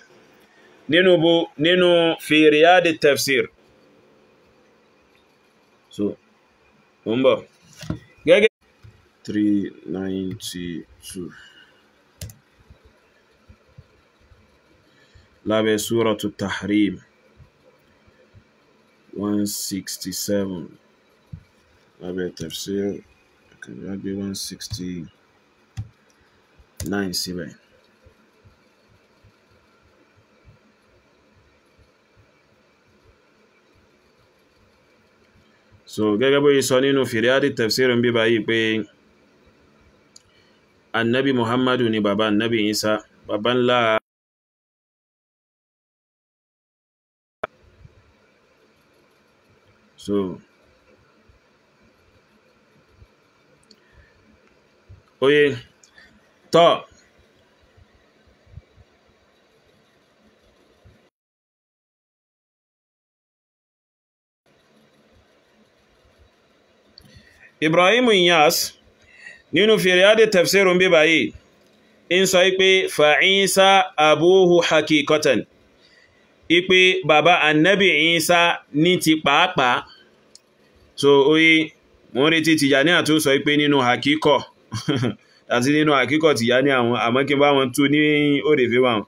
Speaker 1: nínú bu nínú fi tafsir so ń 392 surah to tahrim 167 lábẹ́ tafsir be 169 síbẹ̀ so gẹ́gẹ́ bó yí sọ nínú fìríádì tafsir ń bíbá yìí pé annabi muhammadu ni bàbá annabi isa bàbá ńlá so oye tọ́ Ibrahim Inyas nínú fìríádì tafsirun bí báyìí in sọ ipé fa'isa abúhù hakikotan ipé bàbá annabi isa ní ti pàápàá so oye wọ́n retí Tìjàní àtún sọ ipé nínú hakikọ [laughs] àti nínú hakikọ Tìjàní àwọn àmọ́kí bá wọn tún ní òrèfé wọn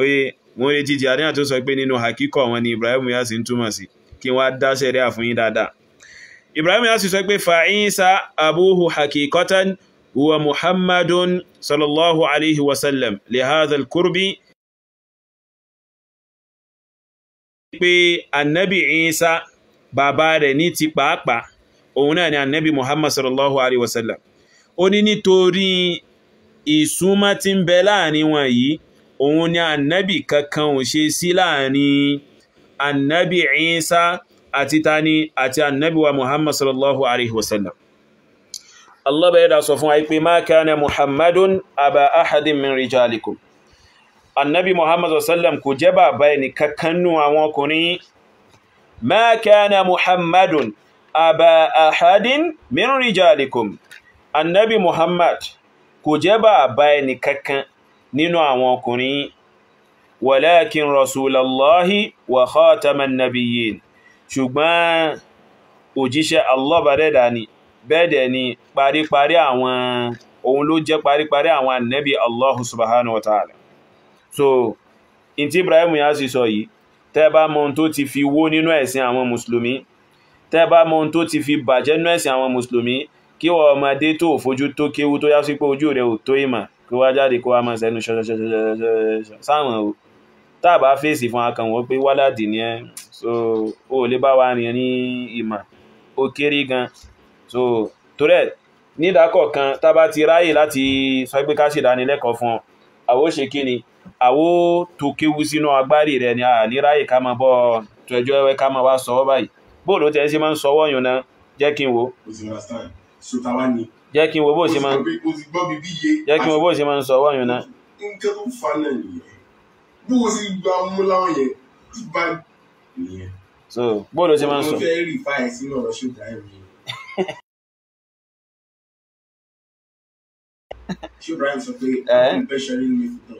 Speaker 1: oye wọ́n retí Tìjàní àtún sọ ipé nínú hakikọ wọn ni Ibrahim Inyas ń túmọ̀ sí kí wọ́n dá sẹ́rẹ́ àfúnyí dáadáa ibrahim yasi sọ pé fa'isa abuhu hakikatan huwa muhammadun sallallahu alaihi wasallam li hadhal kurbi pé annabi isa bàbá rẹ̀ ní ti pàápàá òun náà ni annabi muhammad sallallahu alaihi wasallam ó ní nítorí ìsúnmọ́ tí ń bẹ láàrin wọn yìí òun ni annabi kankan ò ṣe sí láàrin annabi isa àti tani àti annabiwa muhammad sallallahu alaihi wasallam allah bai da sọ fún àìpé ma kana muhammadun aba ahadin min rijalikum annabi muhammad sallam kò jẹ́ bàbá ẹni kakkanu àwọn ọkùnrin ma kana muhammadun aba ahadin min rijalikum annabi muhammad kò jẹ́ bàbá ẹni kankan nínú àwọn ọkùnrin walakin rasulallahi wa khataman nabiyyin ṣùgbọ́n òjíṣẹ́ Allah bá dẹ́dà ni bẹ́ẹ̀dẹ̀ ni paríparí àwọn òun ló jẹ́ paríparí àwọn ànábì Allah subhanahu wa ta'ala so in ti Ibrahim ya sì sọ yìí tẹ́ bá mọ ohun tó ti fi wó nínú ẹ̀sìn àwọn mùsùlùmí tẹ́ bá mọ ohun tó ti fi bàjẹ́ nínú ẹ̀sìn àwọn mùsùlùmí kí wọ́n ọmọdé tó fojú tó kéwú tó yá sí pé ojú rẹ̀ ò tó ìmọ̀ kí wọ́n jáde kó wá mọ̀ sẹ́nu ṣọṣọṣọṣọ tá a bá fèsì fún akàn wọ́n pé wáládì ni ẹ́ so o lè bá wa rìn ní ìmọ̀ ó kéré gan so torí ẹ̀ nídàkọ̀ọ̀kan tá a bá ti ráyè láti sọ pé ká ṣèdánilẹ́kọ̀ọ́ fún ọ àwo ṣe kí ni àwo tó kéwu sínú agbárí rẹ ni a ní ráyè ká máa bọ́ ọ tó ẹjọ́ ẹwẹ́ ká máa wá sọ ọ́ báyìí bóòlù tẹ́ ẹ ṣe máa ń sọ ọwọ́ yàn náà jẹ́ kí n wò jẹ́ kí n wò bó ṣe máa ń sọ ọwọ́ yàn náà.
Speaker 3: nǹkan tó fa náà nìyẹn bí wo sì gba mú láwọn yẹn tí bá
Speaker 1: nìyẹn. so bóòlù ṣe máa ń sọ. mo fẹ́
Speaker 2: rí ìfáyà sínú ọ̀rọ̀ ṣùgbọ́n àìmọ̀ Ibrahim sọ pé eh? ọmọ ìbẹ́ ṣẹlẹ̀ ní ìfúnpọ̀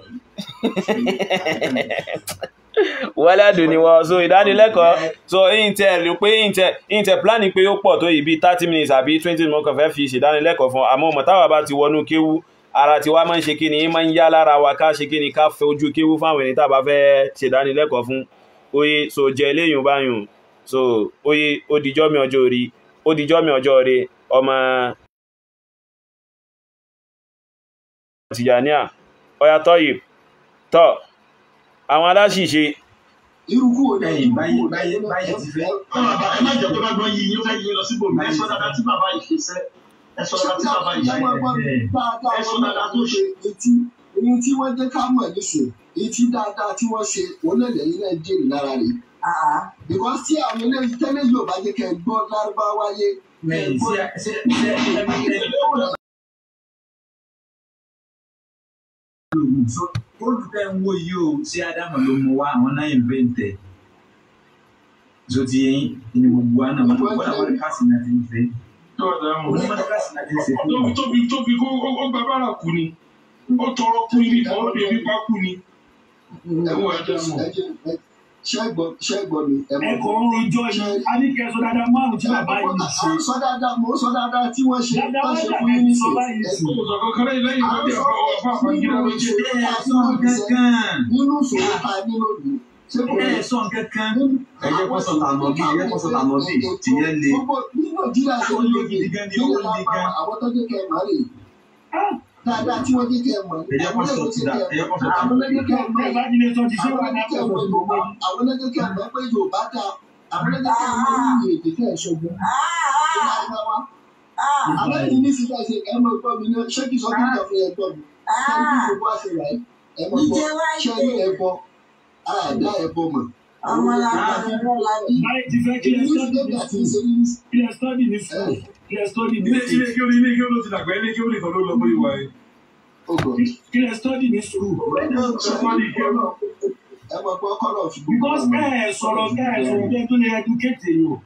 Speaker 1: [laughs] wẹ́lẹ́dùn ni wọ́n so ìdánilẹ́kọ̀ọ́ so intel pé intel intel plan pé ó pọ̀ tó yìí bíi thirty minutes àbí twenty minutes kan fẹ́ fi ṣèdánilẹ́kọ̀ọ́ fún àmọ́ ọmọ bá ti wọnú kéwú ara tí wá máa ń ṣe kí ni máa ń yá lára wa ká ṣe kí ni ká fẹ́ ojú kéwú fáwọn ẹni tá a bá fún oye so jẹ eléyìn báyùn so oye ó dijọ́ mi ọjọ́ orí ó dijọ́ mi ọjọ́ orí ọmọ tìjàníà ọya tọ́yì tọ́ àwọn aláṣìṣe
Speaker 2: irúkú ẹ̀yìn báyé báyé
Speaker 4: báyé ti fẹ́ ẹ má jẹ́ pé bá gbọ́ yìí yóò fẹ́ yìí lọ síbò mí ẹ sọ́dọ̀ bàbá ìfẹsẹ̀ ẹ èyí tí wọ́n jẹ́ ká mọ̀ nísìn èyí tí dáadáa tí wọ́n ṣe olóòlẹ́yìn náà jèrè lára rẹ̀. because
Speaker 2: tí àwọn eléyìí tẹ́lẹ̀ yóò bá jẹ́ kẹ́ ẹ gbọ́ lárúbáwá yé. olùkọ́ ń wo yìí o ṣé ádámù ló mú wa àwọn náà ń bẹ́ǹtẹ̀
Speaker 4: zodiyẹn ni gbogbo àná wọn kọ́ làwọn ti ń fẹ́ tóbi tóbi kó ó gba bára kú ni ó tọrọ kú ibi kan ó débi pa kú ni. ẹ̀wọ̀n ẹ̀jẹ̀ mọ̀ ṣẹ́gbọ̀n mi. ẹ̀kọ́ ń rojọ́ yìí a ní kẹ́ sọ dáadáa márùn tí bàbá yìí ní ṣe. sọ dáadáa mo sọ dáadáa tí wọ́n ṣe tó ṣe fún yín nísìn. ọ̀sán kankan lẹ́yìn lẹ́yìn lọ́dẹ̀ ọ̀pọ̀ ọ̀pọ̀ àfàgìrì ló jẹ́. nínú ìṣòro ta nínú ìlú ẹ sọ nǹkan kan ẹ jẹ́ kó sọ tànà bí ẹ jẹ́ kó sọ tànà bí tìyẹn le ó le gidi gan ni ó le gan. Dáadáa tí wọ́n jẹ́ kẹ́ ẹ mọ̀. Ẹ jẹ́ kó sọ ti dà ẹ jẹ́ kó sọ tànà bí. Àwọn ẹlẹ́jọ́ kẹ́ ẹ mọ̀ pé Yorùbá dá àwọn ẹlẹ́jọ́ kẹ́ ẹ mọ̀ ní èdè kẹ́ ẹ ṣogun. Àlẹ́ yìí ní sísá ṣe ẹ mọ̀ gbọ́ mi náà ṣé kì í sọ kí n kà fún ẹ gbọ́ mi. Ṣé kí gbogbo àṣẹ rà ẹ mọ̀ gbọ́ ṣé ẹ gbọ́ àdá ẹ̀bọ mọ̀. Àwọn aláàbí wọn la bí. Báyìí ti fẹ́ kí ẹ sọ́ọ̀dì ní sùkúl. Kí ẹ sọ́ọ̀dì ní sùkúl. Ilé kí ó ilé kí ó ló ti dàgbà ilé kí ó lè kọ́ ló lọ bóyá wa yìí. Kí ẹ sọ́ọ̀dì ní sùkúl. Sọ́ọ̀dì kí ó lọ. Ẹ máa gbọ́ kọ́lọ̀ ṣùgbọ́n. Because ẹ eh, sọ̀rọ̀ ẹ eh, sọ̀rọ̀ bí ẹ tó lè educate èèyàn.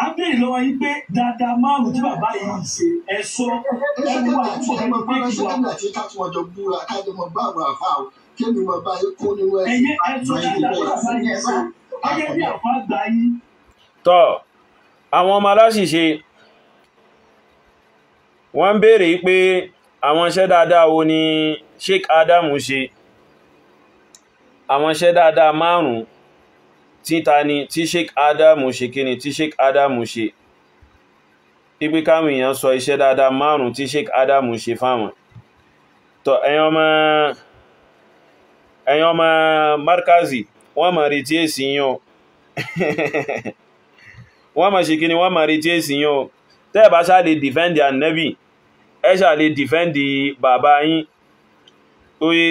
Speaker 4: À ń bèèrè lọ́wọ́ yín pé dáadáa márùn-ún tí bàbá yìí ṣe ẹ̀ sọ ẹ̀ wà tó ẹ̀ pé kí wà. Ẹ ṣe kí ẹ máa bá wọn jọ búra ká kémi máa bá yín kó nínú ẹ̀sìn
Speaker 1: tọ́ àwọn ọmọ aláṣìṣe wọ́n béèrè pé àwọn iṣẹ́ dáadáa wo ni Sheikh Adamu ṣe àwọn iṣẹ́ dáadáa márùn-ún títa ni tí Sheikh Adamu ṣe kíni tí Sheikh Adamu ṣe ibi káwọn èèyàn sọ iṣẹ́ dáadáa márùn tí Sheikh Adamu ṣe fáwọn tọ́ ẹ̀yàn máa ẹ̀yin ọmọ markazi wọ́n máa retí èsì yín o wọ́n máa ṣe kíni wọ́n máa retí èsì yín o tẹ́ ẹ̀ bá ṣáà defend ànábì ẹ ṣáà lè defend bàbá yín oye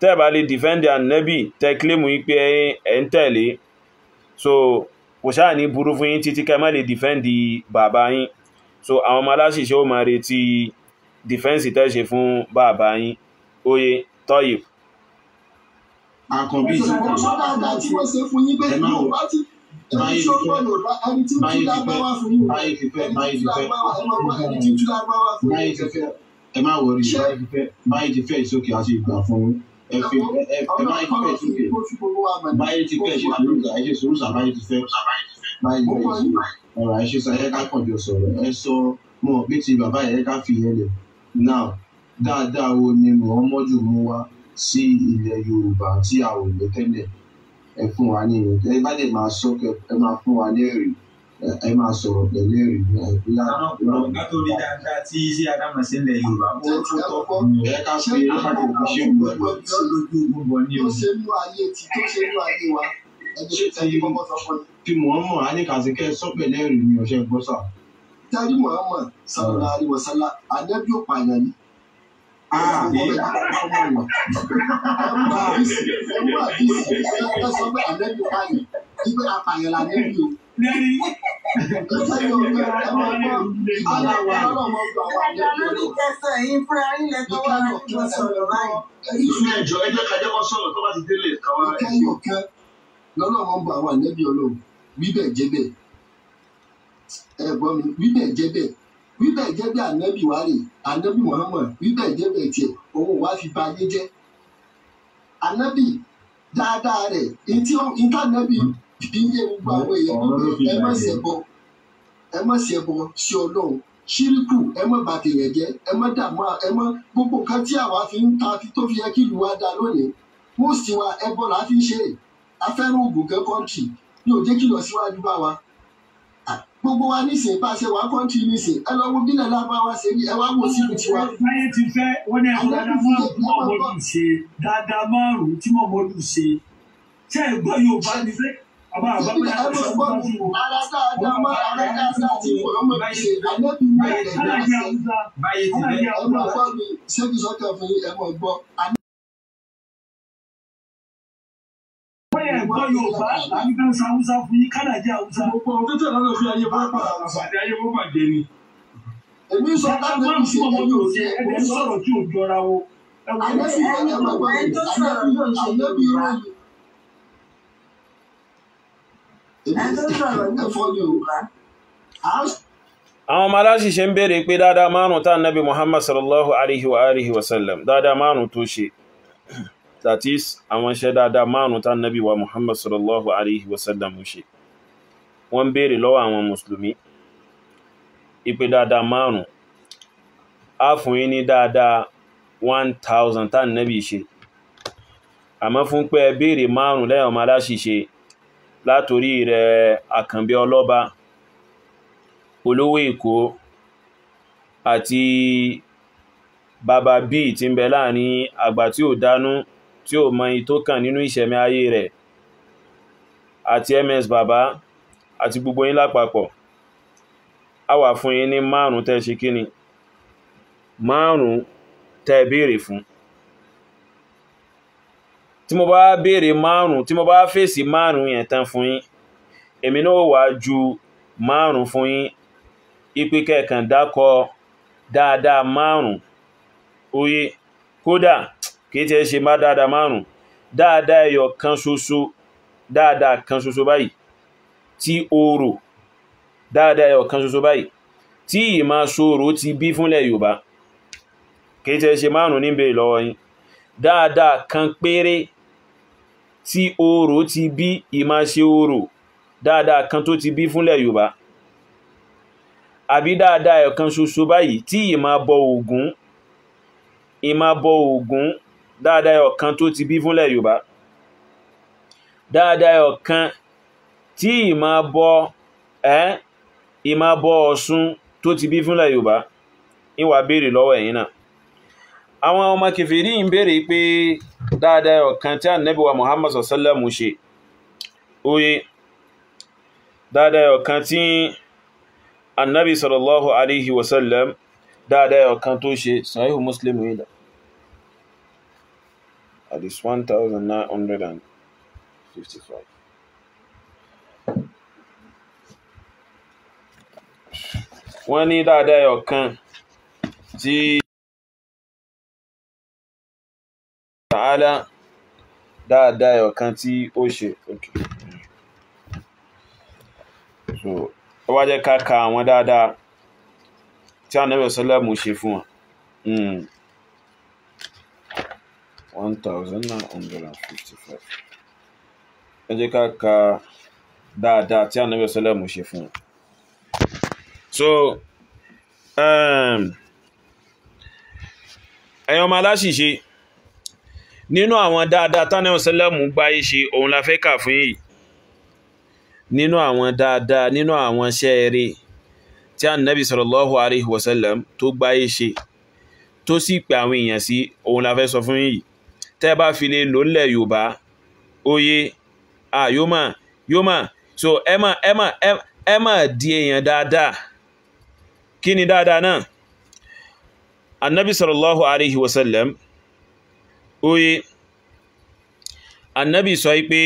Speaker 1: tẹ́ ẹ̀ lè defend ànábì tẹ́ kílèmù yín pé ẹ̀ ń tẹ̀lé so kò ṣáà ní burú fún yín títí kẹ́ má lè defend bàbá yín so àwọn ọmọ aláṣìṣẹ́ ó máa retí defense tẹ́ ṣe fún bàbá yín oye tọ́yìí
Speaker 4: àkànbí ìsìnkú sọdọ àgbà tí wọn ṣe fún yín pé yorùbá ti ẹni tí ó gbọ́ yorùbá ẹni tí ó tún lágbáwá fún yín ẹni tí ó tún lágbáwá ẹ máa gbọ́ ẹni tí ó tún lágbáwá fún yín. ẹ má wọrí báyìí ti fẹ́ ìsókè àti ìgbà fún
Speaker 1: ẹ fi ẹ báyìí ti
Speaker 4: fẹ́ ìsókè báyìí ti fẹ́ ìṣèlú ìgbà ẹ ṣe sùúrù sà báyìí ti fẹ́ báyìí ti fẹ́ ọ̀rọ̀ ẹ ṣe sà ẹ ká kàn jọ sọ̀rọ̀ ẹ sọ mọ̀ bí ti bàbá yẹn ká fi yẹn lẹ̀ now dáadáa wo ni mọ̀ọ́mọ́jú mú wa sí ilẹ̀ Yorùbá tí a ò lò tẹ́lẹ̀ ẹ fún wa ní ìrìn ẹ bá lè máa sọ ẹ máa fún wa ní èrè ẹ máa sọ̀rọ̀ pẹ̀lú èrè ní àìpínlẹ̀. àwọn ọ̀gá tó rí dáadáa tí iṣẹ́ adámọ̀ sí ilẹ̀ Yorùbá ó tó tọ́kọ̀ ní ẹ ká ṣe é láti fi ṣe ń bọ̀ lójú ogun bọ̀ ní o. tó ṣe ń mú ayé ti tó ṣe ń mú ayé wa ẹni tó ti kọ́kọ́ sọ fún mi. tí Muhammad anikasike sọ pẹ̀lú èrè ní ọ̀ṣẹ́ gbọ́sà. dájú Muhammad sallallahu àmì ọmọ yìí àbísí
Speaker 2: ẹnu àbísí ẹ sọ pé
Speaker 4: àlejò ayè ibi apàyẹlà níbi o. Ìjọ ẹjọ́ kájọ́ kan sọ̀rọ̀ tó bá ti délé káwá. Ìkẹyìn ọ̀kẹ́ lọ́nà wọn bọ àwọn àlẹ́bí ọlọ́run bíbẹ̀ jẹ́ bẹ́ẹ̀. Ẹ̀gbọ́n mi bíbẹ̀ jẹ́ bẹ́ẹ̀ bíbẹ̀ jẹ́ bí ànábì wá rè ànábì Muhammad bíbẹ̀ jẹ́ bẹ̀ tiẹ̀ òun wá fi ba ayé jẹ́ ànábì dáadáa rẹ̀ ntí ànábì fi yé gbogbo àwọn èèyàn wípé ẹ má ṣẹbọ ẹ má ṣẹbọ sí Ọlọ́run ṣíríkù ẹ má bà tèèyàn jẹ́ ẹ má dààmú ẹ má gbogbo nǹkan tí àwa fi ń ta tó fi yẹ kí ìlú wa dá lónìí mọ́ọ̀sì wa ẹbọ là á fi ń ṣe àfẹ́rù ògùn kan kọ́ńtì yóò lọ síwájú bá wa Ah, gbogbo wa níṣe bá a ṣe wá kọ́ńtì níṣe ẹ lọ wo bílẹ̀ lábáwá ṣe rí ẹ wá wò sí ìlú wa. báyẹn ti fẹ́ wọ́n ní ẹ̀kọ́ dáadáa márùn-ún ṣe dáadáa márùn-ún tí mọ̀mọ́dù ṣe ṣe é gbọ́ yóò bá ní fẹ́. àbá àbá bá yàtọ̀ sí ọmọ tó
Speaker 2: wù. ara ṣe ẹ̀gbọ́n Yorùbá àbí fẹ́ san Hausa fún yín kádà jẹ́ Hausa. gbogbo ọdún tẹ̀lé ló fi ayé bá pa àbàdé ayé bó bàjẹ́ ni.
Speaker 4: èmi sọ ká ló ń sọ ọmọ yóò ṣe ẹgbẹ́ sọ̀rọ̀ tí ò jọra wo. àwọn
Speaker 1: ọmọ aláṣìṣe ń béèrè pé dáadáa márùn-ún tá Ànábì Muhammad sallallahu alaihi wa alihi wa sallam dáadáa márùn-ún tó ṣe that is àwọn iṣẹ́ dáadáa márùn-ún tá nàbí wa muhammad sallallahu alayhi wa sallam ṣe wọ́n béèrè lọ́wọ́ àwọn mùsùlùmí ìpè dáadáa márùn-ún á fún yín ní dáadáa one thousand tá nàbí ṣe àmọ́ fún pé béèrè márùn-ún lẹ́yìn ọmọ aláṣìṣe látorí rẹ̀ àkànbí ọlọ́ba olówó èkó àti bàbá bíi ti ń bẹ láàrin àgbà tí ò dánú tí ò mọ ìtó kàn nínú ìṣẹ̀mí ayé rẹ̀ àti ms bàbá àti gbogbo yín lápapọ̀ a wà fún yín ní márùn tẹ́ ṣe kíni márùn tẹ́ béèrè fún tí mo bá béèrè márùn tí mo bá fèsì márùn yẹn tán fún yín èmi náà wá ju márùn fún yín ipe kẹ̀kan dákọ dáadáa márùn oye kódà kìí tẹ́ ṣe má dáadáa márùn dáadáa ẹyọ kan ṣoṣo dáadáa kan ṣoṣo báyìí tí oòrò dáadáa ẹyọ kan ṣoṣo báyìí tí ìmá ṣòro ti bí fúnlẹ̀ Yorùbá kìí tẹ́ ṣe márùn níbẹ̀ lọ́wọ́ yín dáadáa kan péré tí oòrò ti bí ìmá ṣe oòrò dáadáa kan tó ti bí fúnlẹ̀ Yorùbá àbí dáadáa ẹyọ kan ṣoṣo báyìí tí ìmá bọ Ògún ìmá bọ Ògún dáadáa ọ̀kan tó ti bí fúnlẹ̀ yorùbá dáadáa ọ̀kan tí ìmọ̀ bọ́ ẹ́ ìmọ̀ bọ́ ọ̀ṣun tó ti bí fúnlẹ̀ yorùbá ìwà béèrè lọ́wọ́ ẹ̀yin náà àwọn ọmọ kẹfìrí ń béèrè pé dáadáa ọ̀kan tí ànábì wa muhammad sallallahu ṣe oye dáadáa ọ̀kan tí ànábì sallallahu alaihi wasallam dáadáa ọ̀kan tó ṣe sahihu muslim yìí That is 1955. Wọ́n ní dáadáa ẹyọ
Speaker 2: kan tí
Speaker 1: dáadáa ẹyọ kan tí ó ṣe. So, ó wá jẹ́ ká ka àwọn dáadáa tí ànábì sọ́lá mú ṣe fún wọn one thousand nine hundred fifty five ẹ jẹ́ ká ka dáadáa tí ànábì sọlẹ́mù ṣe fún un so um, ẹ̀yin ọmọ aláṣìṣe nínú àwọn dáadáa tánàbì sọlẹ́mù gbáyé ṣe òun la fẹ́ kà fún yìí nínú àwọn dáadáa nínú àwọn ṣẹ́ẹ̀rẹ́ tí ànábì sallallahu alaihi wasallam tó gbáyé ṣe tó sì pè àwọn èèyàn sí òun la fẹ́ sọ fún yìí tẹ́ bá fi lè lò ńlẹ̀ yorùbá oyè àyọ́mà yọ́mà so ẹ mà ẹ mà ẹ mà di èèyàn dáadáa kí ni dáadáa náà annabi sallallahu alaihi wasallam oyè annabi sọ pé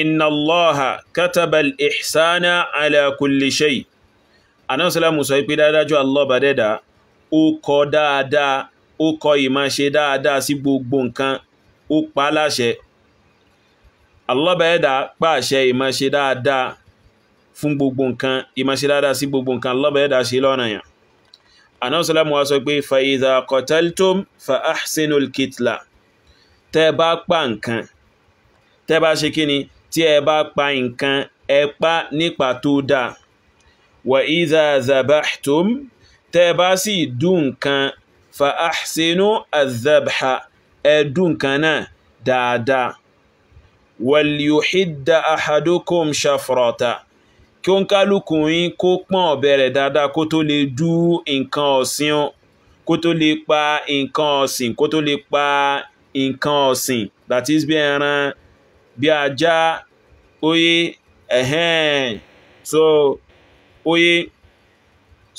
Speaker 1: inna allaha kataba al-ihsana ala kulli shay annabi sallallahu alaihi wasallam sọ pé dáadáa jọ allah bá dẹ́dàá ó kọ dáadáa ó kọ ìmọ̀ ṣe dáadáa sí gbogbo nǹkan ó pa láṣẹ alọ́bẹ̀ẹ́dà pàṣẹ ìmọ̀ ṣe dáadáa fún gbogbo nǹkan ìmọ̀ ṣe dáadáa sí gbogbo nǹkan alọ́bẹ̀ẹ́dà ṣe lọ́nà yàn anọ́sọ́lámù wa sọ pé fa idha qataltum fa ahsinul kitla tẹ́ bá pa nǹkan tẹ́ bá ṣe kíni tí ẹ bá pa nǹkan ẹ pa nípa tó dáa wa idha tẹ́ bá sì dùn nǹkan fa ahsinu adhabha ẹ̀dùn kan náà dáadáa wal yuhidda ahadukum shafrata kí ó ń kálukú yín kó pọ́n ọ̀bẹ rẹ̀ dáadáa kó tó lè dú nǹkan ọ̀sìn kó tó lè pa nǹkan ọ̀sìn kó tó lè pa nǹkan ọ̀sìn that is bí ẹran bí ajá oyé ẹ̀hẹ́n so oyé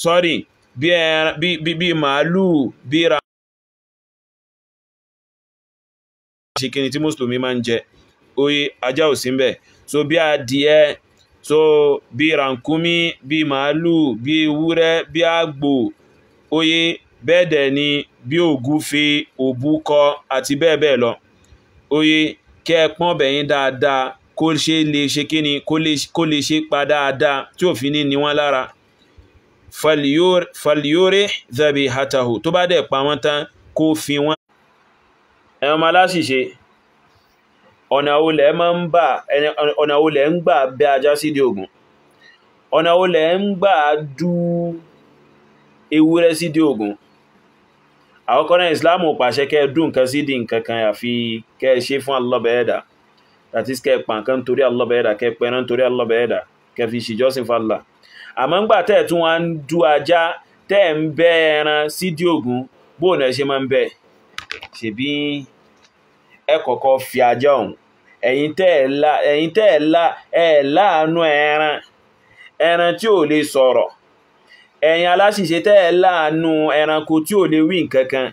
Speaker 1: sorry bí ẹran bí bí bí màálùú bí ra ṣe kí ni tí mùsùlùmí máa ń jẹ oye ajá ò sí ń bẹ̀ so bí adìẹ so bí rànkúmí bí màálùú bí ewúrẹ́ bí àgbò oye bẹ́ẹ̀ dẹ̀ ni bí ògúfe òbúkọ àti bẹ́ẹ̀ bẹ́ẹ̀ lọ oye kẹ́ ẹ pọ́n bẹ̀yìn dáadáa kó ṣe lè ṣe kí ni kó lè ṣe pa dáadáa tí òfin ní ni wọ́n lára falyore zabi hatahu tó bá dẹ̀ pa wọ́n tán kó fi wọ́n. ẹ̀wọ̀n máa láṣìṣe ọ̀nà olè ń gbà bẹ́ ajá sídìí ògùn ọ̀nà olè ń gbà dú ewúrẹ́ sídìí ògùn àkọ́kọ́ náà islam ò pàṣẹ kẹ́ dùn nǹkan sídìí nǹkan kan àfi kẹ́ ṣe fún alọ́bẹ̀ẹ́dà that is kẹ́ torí alọ́bẹ̀ẹ́dà kẹ́ pẹran torí alọ́bẹ̀ẹ́dà kẹ́ fi ṣìjọ́sìn fún àmọ́ ńgbà tẹ́ ẹ̀ tún wá ń du ajá tẹ́ ẹ̀ ń bẹ́ ẹran sídì ògún bóun ẹ̀ ṣe máa ń bẹ̀ ṣèbí ẹ kọ́kọ́ fi ajá ọ̀hún ẹ̀yin tẹ́ ẹ̀ la ẹ̀ la ẹ̀ láàánú ẹran ẹran tí ò lè sọ̀rọ̀ ẹ̀yin aláṣìṣe tẹ́ ẹ̀ láàánú ẹranko tí ò lè wí nǹkan kan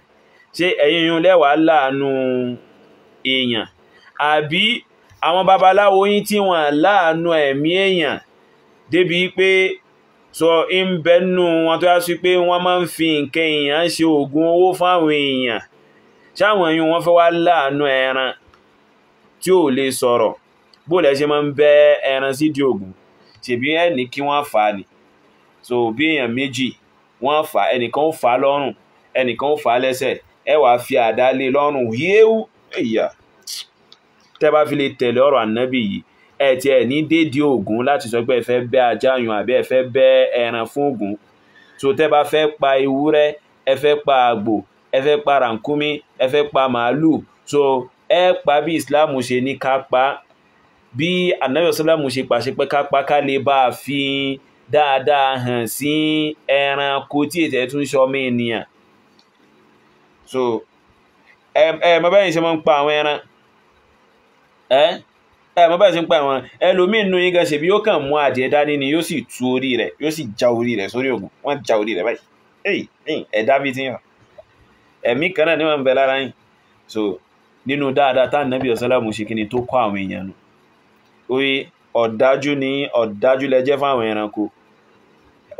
Speaker 1: ṣé ẹ̀yin yun lẹ́wàá láàánú èèyàn àbí àwọn babaláwo yín tí wọ́n láàánú ẹ̀mí èèyàn débi pé so ń bẹ́nu wọn tó yá sí pé wọ́n máa ń fi nǹkan èèyàn ṣe oògùn owó fáwọn èèyàn ṣáwọn èèyàn wọ́n fẹ́ wá láàánú ẹran tí ò lè sọ̀rọ̀ bó lẹ́ ṣe máa ń bẹ́ ẹran sí di oògùn ṣèbí ẹnì kí wọ́n fà á ni so bí èèyàn méjì wọ́n fà á ẹnìkan ó fà á lọ́rùn ẹnìkan ó fi àdá lé lọ́rùn yéwu èyà tẹ́ bá fi lè tẹ̀lé ọ̀rọ̀ ànábì yìí ẹ tiẹ̀ ní déédé ògùn láti sọ pé ẹ fẹ́ bẹ́ ajá yun àbí ẹ fẹ́ bẹ́ ẹran fún ògùn tó tẹ́ bá fẹ́ pa ewúrẹ́ ẹ fẹ́ pa àgbò ẹ fẹ́ pa rànkúmí ẹ fẹ́ pa màálù so ẹ pa bí islam ṣe ní ká pa bí anabi ṣe pàṣẹ pé ká pa ká lè bá a fi dáadáa hàn sí ẹranko tí ètò ẹ̀ tún ṣọmọ ènìyàn so ẹ ẹ mọ bẹ́ẹ̀ ṣe máa ń pa àwọn ẹran ẹ. Eh? ẹ mọ báyìí sí ń pa ìwọn ẹlòmíín nu yín gan ṣèbí yóò kàn mú dání ni yóò sì tu orí rẹ yóò sì ja orí rẹ sórí ògùn wọn ja orí rẹ báyìí ẹ̀dá bíi ti yàn ẹ̀mí kan náà ni wọn ń bẹ lára yìí so nínú dáadáa tá nàbí ṣe kí ni tó kọ́ àwọn èèyàn oye ọ̀dájú ni ọ̀dájú lẹjẹ fáwọn ẹranko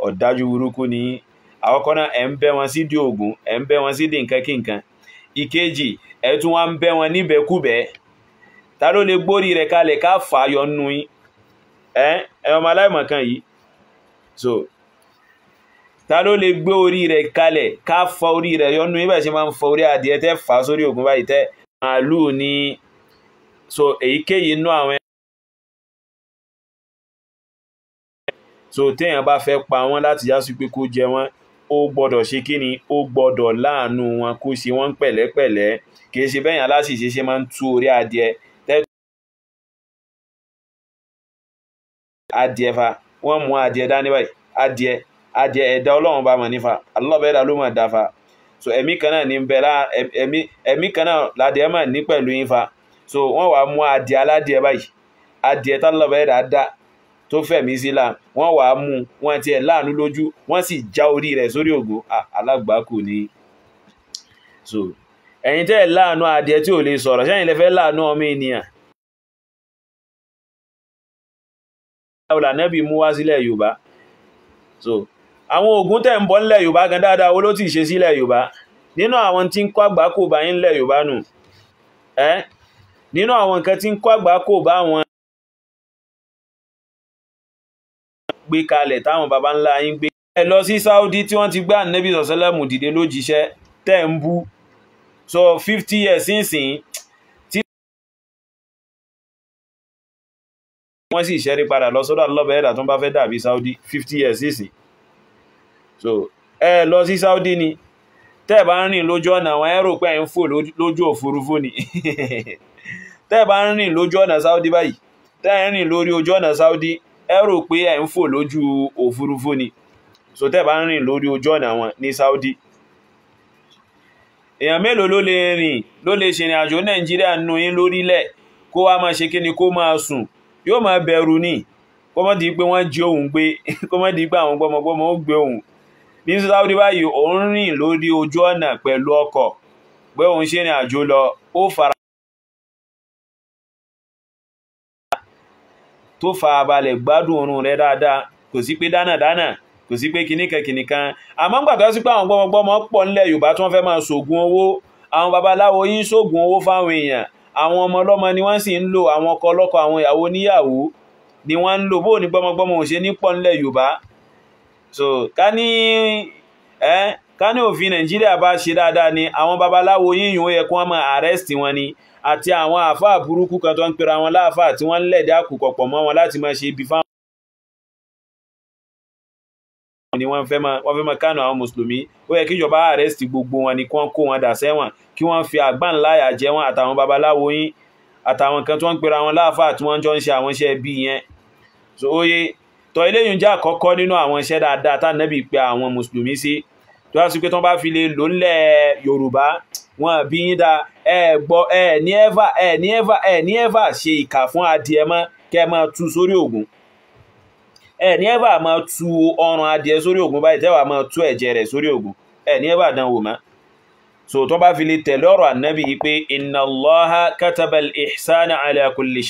Speaker 1: ọ̀dájú burúkú ni àkọ́kọ́ náà ń wọn ta ló lè gbórí rẹ̀ kalẹ̀ ká fà á yọnu yín ẹ̀ ọmọ aláìmọ̀kan yìí so ta ló lè gbé orí rẹ̀ kalẹ̀ ká fà orí rẹ̀ yọnu yín bẹ́ẹ̀ ṣe máa ń fọ orí adìẹ tẹ́ fà sórí ògùn báyìí tẹ́ màálù ní so èyíkéyìí inú àwọn so téèyàn bá fẹ́ pa wọ́n láti já sí pé kó jẹ wọ́n ó gbọ́dọ̀ ṣe kí ni ó gbọ́dọ̀ láàánú wọn kó ṣe wọ́n pẹ̀lẹ́pẹ̀lẹ́ kì í ṣe bẹ́yàn aláṣìṣe ṣe máa ń tú orí adìẹ adìẹ fa wọ́n mú adìẹ dání báyìí adìẹ adìẹ ẹ̀dá ọlọ́run bá mọ̀ nífa alọ́bẹ̀ẹ́dá ló mọ̀ dáfa so ẹ̀mí kan náà ní bẹ́ẹ̀ lá ẹ̀mí ẹ̀mí kan náà ládìẹ mọ̀ ní pẹ̀lú yín fa so wọ́n wàá mú adìẹ aládìẹ báyìí adìẹ tálọ́bẹ̀ẹ́dá dá tó fẹ̀mí sí la wọ́n wàá mú wọn tiẹ̀ láàánú lójú wọ́n sì já orí rẹ̀ sórí ògo alágbàákù ni so ẹ̀yin tẹ́ láàánú adìẹ tí ò lè sọ̀rọ̀ sẹ́yìn lè fẹ́ láàánú ọmọ ènìyàn ọ̀là nẹ́bì mú wá sílẹ̀ yorùbá so àwọn ogun tẹ̀ ń bọ́ nílẹ̀ yorùbá gan dáadáa owó ló ti ṣe sílẹ̀ yorùbá nínú àwọn tí ń kó àgbákò bá yín nílẹ̀ yorùbá nù ẹ́ nínú àwọn nǹkan tí ń kó àgbákò bá wọn gbé kalẹ̀ táwọn baba ńlá yín gbé ẹ lọ sí Saudi tí wọ́n ti gbá nẹ́bí sọ̀sẹ́lẹ̀mù dìde lójíṣẹ́ tẹ̀ ń bú so fifty years sínsìn wọ́n sì ṣẹ́rí padà lọ sọ́dọ̀ lọ́bẹ̀ ẹ̀dà tó bá fẹ́ dàbí Saudi 50 years sísìn so ẹ lọ sí Saudi ni tẹ́ bá ń rìn lójú ọ̀nà àwọn ẹ̀rọ pé ẹ̀ ń fò lójú òfurufú ni [laughs] tẹ́ bá ń rìn lójú ọ̀nà Saudi báyìí tẹ́ ń rìn lórí ojú ọ̀nà Saudi ẹ̀rọ pé ẹ̀ ń fò lójú òfurufú ni so tẹ́ bá ń rìn lórí ojú ọ̀nà wọn ní Saudi èèyàn mélòó ló lè rìn ló lè ṣèrìn àjò Nàìjíríà nù yín lórílẹ̀ kó wá máa ṣe kí kó máa sùn yóò máa bẹ̀rù ní kọ́mọ́dì pé wọ́n jí òun gbé [laughs] kọ́mọ́dì pé àwọn gbọ́mọgbọ́mọ ó gbé òun ní sáwọ́dí báyìí òun rìn lórí ojú ọ̀nà pẹ̀lú ọkọ̀ pé òun ṣe ní àjò lọ ó fara tó farabalẹ̀ gbádùn oorun rẹ̀ dáadáa kò sí pé dáná dáná kò sí pé kìnnìkan kìnnìkan àmọ́ ń gbàgbọ́ sí pé àwọn gbọ́mọgbọ́mọ pọ̀ nílẹ̀ Yorùbá tí wọ́n fẹ́ máa ṣògùn owó àwọn babaláwo yín ṣògùn owó fáwọn èèyàn àwọn ọmọ ọlọ́mọ ni wọ́n sì ń lò àwọn ọkọ ọlọ́kọ àwọn ìyàwó níyàwó ni wọ́n ń lò bóò ní gbọ́mọgbọ́mọ ò ṣe ní pọ̀ nílẹ̀ yorùbá so ká ní ẹ ká ní òfin nàìjíríà bá ṣe dáadáa ni àwọn babaláwo yíyún yẹ kí wọ́n máa arrest wọn ni àti àwọn àáfàá burúkú kan tó ń pera wọn láàfáà tí wọ́n ń lẹ̀dá kù mọ́ wọn láti máa ṣe ibi fáwọn ni wọ́n fẹ́ máa wọ́n fẹ́ máa kánú àwọn mùsùlùmí ó yẹ kí ìjọba arrest gbogbo wọn ni kí wọ́n kó wọn dà sẹ́wọ̀n kí wọ́n fi àgbàǹláyà jẹ wọn àtàwọn babaláwo yín àtàwọn kan tí wọ́n ń pera wọn láàfáà tí wọ́n jọ ń ṣe àwọn iṣẹ́ bí yẹn so ó yẹ tọ eléyìí jẹ́ àkọ́kọ́ nínú àwọn iṣẹ́ dáadáa tá nẹ́bì pé àwọn mùsùlùmí sí tó yà sí pé tí wọ́n bá fi lè lò ńlẹ̀ yorùbá wọn bí yín dáa ẹ gbọ́ ẹ ní ẹ́fà ẹ ní ẹ́fà ẹ ní ẹ́fà ṣe ìkà fún adìẹ mọ́ kẹ́ ẹ máa tú sórí ògùn ẹ ní ẹ bá máa tu ọrùn adìẹ sórí ògùn báyìí tẹ́ wàá máa tú ẹ̀jẹ̀ rẹ̀ sórí ògùn ẹ ní ẹ bá dán wò mọ́ so tó bá fi lè tẹ̀lé ọ̀rọ̀ ànábì yìí pé inna Allaha katabal ihsana ala kulli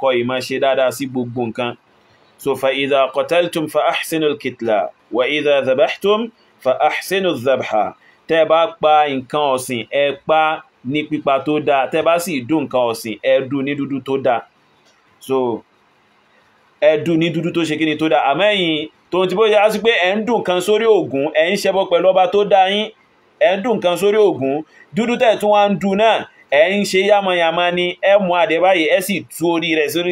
Speaker 1: kọ ìmọ̀ ṣe dáadáa sí gbogbo nǹkan so fa idha fa ahsinul kitla wa idha dhabahtum fa ahsinul dhabha tẹ́ bá pa nǹkan ọ̀sìn ẹ pa ní pípa tó dáa tẹ́ bá sì dùn nǹkan ọ̀sìn ẹ dùn ní dúdú tó dáa so ẹ̀dùn ní dúdú tó ṣe kí ni tó dá àmẹ́yìn tòun ti bó yá sí pé ẹ̀ ń dùn kan sórí ògùn ẹ̀ ń ṣẹbọ pẹ̀lú ọba tó dá yín ẹ̀ ń dùn kan sórí ògùn dúdú tẹ̀ tún wá ń dùn náà ẹ̀ ń ṣe yámọ̀yámọ́ ni ẹ̀ mú adé báyìí ẹ̀ sì tú orí rẹ̀ sórí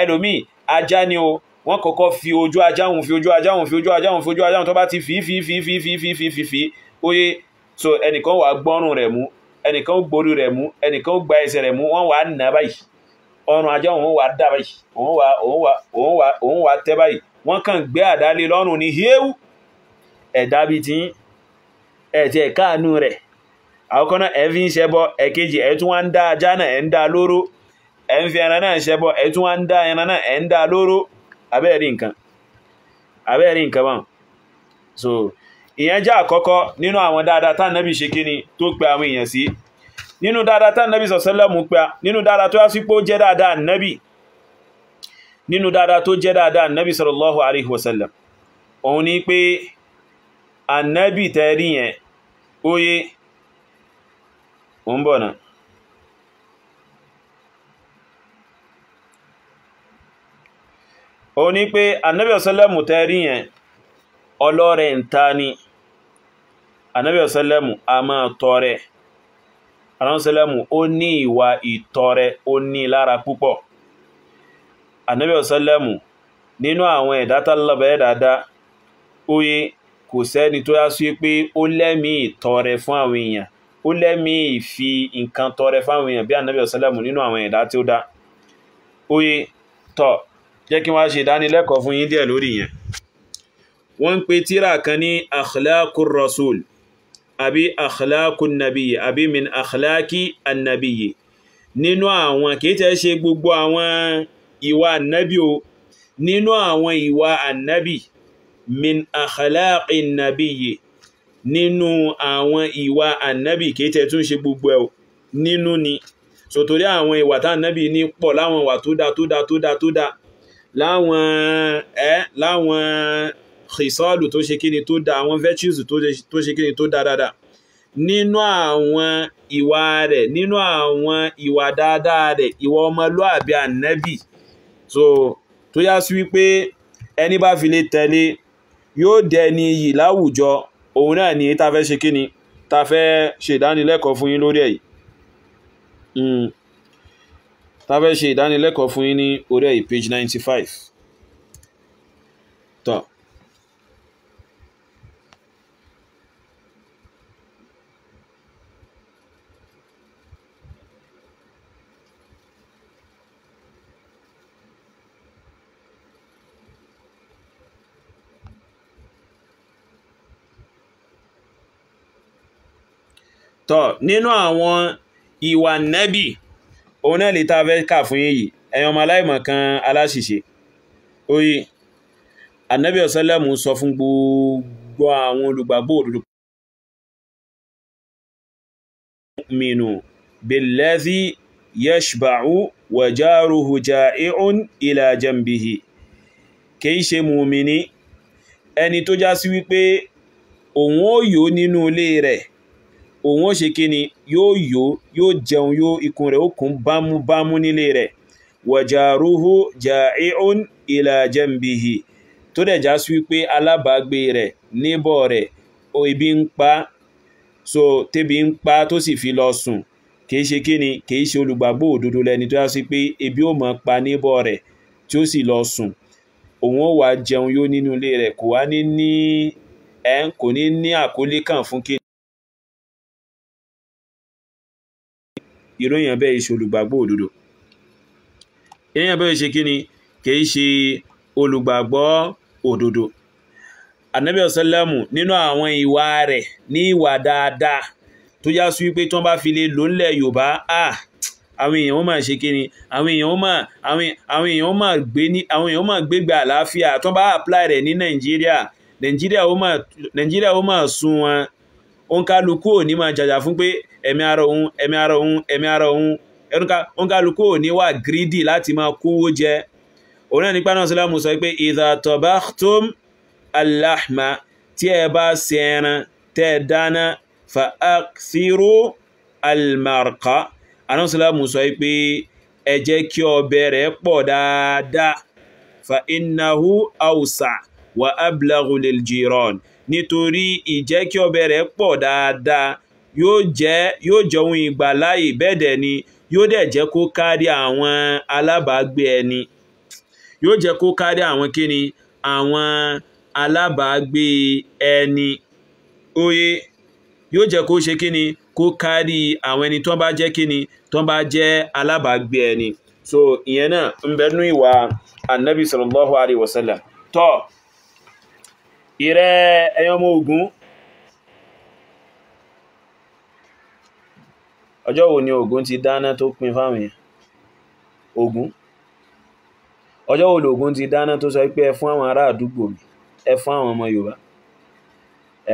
Speaker 1: ẹlòmíì ajá ni o wọ́n kọ́kọ́ fi ojú ajá òun fi ojú ajá òun fi ojú ajá òun fi ojú ajá òun tó bá ti fi fi fi fi fi fi fi fi fi oye so ẹnìkan wàá gbọ́rùn rẹ̀ mú ẹnìkan gbórí rẹ̀ mú ẹnìkan gba ẹsẹ̀ rẹ̀ mú wọ́n wàá nà báyìí ọrùn ajá òun wà dà báyìí òun wà òun wà òun wà òun wà báyìí kàn gbé àdálé ní híéwù ẹ̀dá bíi ti ẹ̀tì rẹ̀ àkọ́kọ́ náà ẹ̀ fi ń ṣẹbọ ẹ̀kejì ẹ̀ tún wá ń dá ajá náà ń dá lóró ń náà ṣẹbọ tún so ìyẹn jẹ́ àkọ́kọ́ nínú àwọn dáadáa tá ṣe tó pe àwọn nínú dáadáa tá nábì sọ̀sẹ́lẹ̀mù pé nínú dáadáa tó yá sí pé ó jẹ́ dáadáa nábì nínú dáadáa tó jẹ́ dáadáa nábì sallallahu alaihi wasallam òun ni pé ànábì tẹ́rí yẹn ó yé òun bọ̀ náà òun ni pé ànábì sọ̀sẹ́lẹ̀mù tẹ́rí yẹn ọlọ́rẹ̀ ń ta ni ànábì sọ̀sẹ́lẹ̀mù a máa tọrẹ anábìsọ́lẹ́mù ó ní ìwà ìtọrẹ ó ní lára púpọ̀ anábìsọ́lẹ́mù nínú àwọn ìdátàlọ́bẹ̀ẹ́ dáadáa oye kò sẹ́ni tó yá sí pé ó lẹ́mí ìtọrẹ fún àwọn èèyàn ó lẹ́mí ìfi nǹkan tọrẹ fún àwọn èèyàn bí anábìsọ́lẹ́mù nínú àwọn ìdá tí ó dá oye tọ́ jẹ́ kí wọ́n ṣe ìdánilẹ́kọ̀ọ́ fún yín díẹ̀ lórí yẹn wọ́n ń pe tíra kan ní akhlaqur rasul àbí akhlaqun nabiyyi àbí min akhlaqi annabiyyi nínú àwọn kìí tẹ́ ṣe gbogbo àwọn ìwà annabi o nínú àwọn ìwà annabi min akhlaqin nabiyyi nínú àwọn ìwà annabi kìí tẹ́ tún ṣe gbogbo ẹ̀ nínú ni so torí àwọn ìwà tá annabi ní pọ̀ láwọn ìwà tó dá tó dá tó dá tó dá láwọn ẹ́ láwọn khisalu tó ṣe kíni tó da àwọn virtues tó ṣe kíni tó da dáadáa nínú àwọn ìwà rẹ̀ nínú àwọn ìwà dáadáa rẹ̀ ìwà ọmọlúàbí ànábì so tó yá sí wípé ẹni bá fi lè tẹ̀lé yóò dẹni iyì láwùjọ òun náà ni ta fẹ́ ṣe kíni ta fẹ́ ṣe ìdánilẹ́kọ̀ọ́ fún yín lórí ẹ̀ yìí hmm. ta fẹ́ ṣe ìdánilẹ́kọ̀ọ́ fún yín ní orí ẹ̀ page ninety five. tọ́ nínú àwọn ìwà nẹ́bì òun náà lè ta fẹ́ kà fún yìí ẹ̀yàn ọmọ aláìmọ̀ kan aláṣìṣe oye ànábì ọ̀sẹ́lẹ̀mù sọ fún gbogbo àwọn olùgbàgbọ́ òdodo mìnú bèlẹ́sí yẹ́ṣbàáhù wàjáruhù jàíhùn ìlà kìí ṣe mùmìní ẹni tó já sí wípé òun ó yóò nínú ilé rẹ̀ òun ó ṣe kíni yóò yó yóò jẹun yóò ikùn rẹ̀ ó kún bámúbámú nílé rẹ̀ wàjàrúhù jàìún ìlà tó dẹ̀ já sí wípé alábàágbé rẹ̀ níbọ̀ rẹ̀ o ibi ń pa so tẹ́bi ń pa tó sì fi lọ sùn kìí ṣe kíni kìí ṣe olùgbàgbọ́ òdodo lẹni tó já sí pé ebi ó máa pa níbọ̀ rẹ̀ tí ó sì lọ sùn òun ó wá jẹun yó nínú ilé rẹ̀ kò wá ní ní ẹ̀ kò ní ní àkólé kan fún kíni ìròyìn bẹ́ẹ̀ iṣẹ́ olùgbàgbọ́ òdodo èèyàn bẹ́ẹ̀ ṣe kí ni kìí ṣe olùgbàgbọ́ òdodo anabi ọ̀sálẹ́mù nínú àwọn ìwà rẹ̀ ní ìwà dáadáa tó já sí wípé tí wọ́n bá fi lè lò ńlẹ̀ yorùbá àwọn èèyàn ó máa ṣe kí ni àwọn èèyàn ó máa àwọn èèyàn ó máa gbé ní àwọn èèyàn ó máa gbégbé àlàáfíà tí wọ́n bá apply rẹ̀ ní nàìjíríà nàìjíríà ó máa sún wọn òǹkálukú ò ní máa jàjà fún pé ẹ̀mí ara òun ẹ̀mí ara òun ẹ̀mí ara òun òǹkálukú ò ní wà gírídì láti máa kówó jẹ òun náà nípa náà sílámù sọ pé idha tabahtum al-lahma tí ẹ bá sẹ́ran tẹ́ dáná fa akthiru al-marqa àná sọ pé ẹ kí ọbẹ̀ rẹ̀ pọ̀ dáadáa fa innahu awsa wa ablaghu lil jiran nítorí ìjẹ́ kí ọbẹ̀ rẹ̀ pọ̀ dáadáa yóò jẹ́ yóò jẹ́ ohun ìgbàláyè bẹ́ẹ̀ dẹ̀ ni yóò dẹ̀ jẹ́ kó kárí àwọn alábàágbé ẹni yóò jẹ́ kó kárí àwọn kíni àwọn alábàágbé ẹni oye yóò jẹ́ kó ṣe kíni kó kárí àwọn ẹni tó bá jẹ́ kíni tó bá jẹ́ alábàágbé ẹni so ìyẹn náà ń bẹ nú ìwà anabi sallallahu alayhi wa sallam tọ́ ìrẹ́ ẹ̀yin ọmọ Ògún ọjọ́ wo ni Ògún ti dáná tó pin fáwọn èèyàn Ògún ọjọ́ wo lògún ti dáná tó sọ pé ẹ fún àwọn ará àdúgbò mi ẹ fún àwọn ọmọ Yorùbá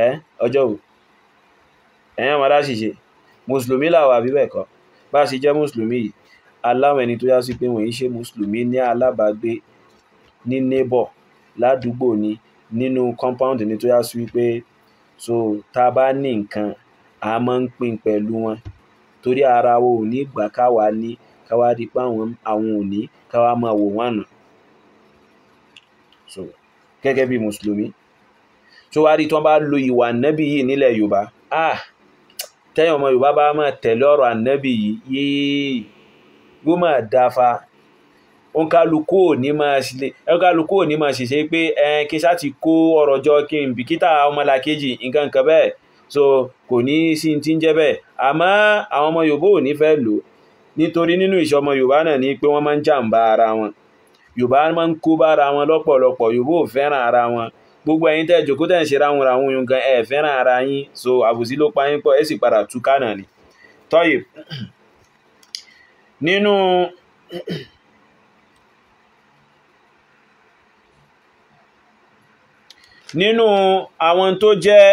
Speaker 1: ẹ ọjọ́ wo ẹ̀yin ọmọ dá ṣìṣe mùsùlùmí làwọn àbí bẹ́ẹ̀ kọ́ bá ṣe jẹ́ mùsùlùmí yìí aláwọn ẹni tó yá sí pé wọ́n yìí ṣe mùsùlùmí ní alábàágbé ní neighbor ládùúgbò ni nínú compound mi tó yá sí wípé so tá a bá ní nǹkan a máa ń pín pẹ̀lú wọn torí ara wa ò ní gbà káwa ní káwa rí pé àwọn àwọn ò ní káwa máa wò wọ́n nà so gẹ́gẹ́ bí mùsùlùmí tó wá rí tí wọ́n bá lo ìwà ànábì yìí nílẹ̀ yorùbá ah tẹ́yìn ọmọ yorùbá bá máa tẹ̀lé ọ̀rọ̀ ànábì yìí yéé yóò máa dáfa òǹkálukú ò ní máa ṣe òǹkálukú ò ní máa ṣèṣe pé ẹn kí n ṣáà ti kó ọ̀rọ̀ jọ kí n bìkítà ọmọlàkejì nǹkan kan bẹ́ẹ̀ so kò ní sí ti ń jẹ́ bẹ́ẹ̀ àmọ́ àwọn ọmọ Yorùbá ò fẹ́ lò nítorí nínú ìṣe ọmọ Yorùbá náà ni pé wọ́n máa ń jàǹbá ara wọn Yorùbá máa ń kó bá ara wọn lọ́pọ̀lọpọ̀ Yorùbá ò fẹ́ràn ara wọn gbogbo ẹ̀yin tẹ́ jòkó tẹ́ ń ṣe ráhùn ráhùn yun gan ẹ fẹ́ràn ara yín so àbùsí ló pa yín pọ̀ ẹ sì padà tú kánà ni tọ́yì nínú nínú àwọn tó jẹ́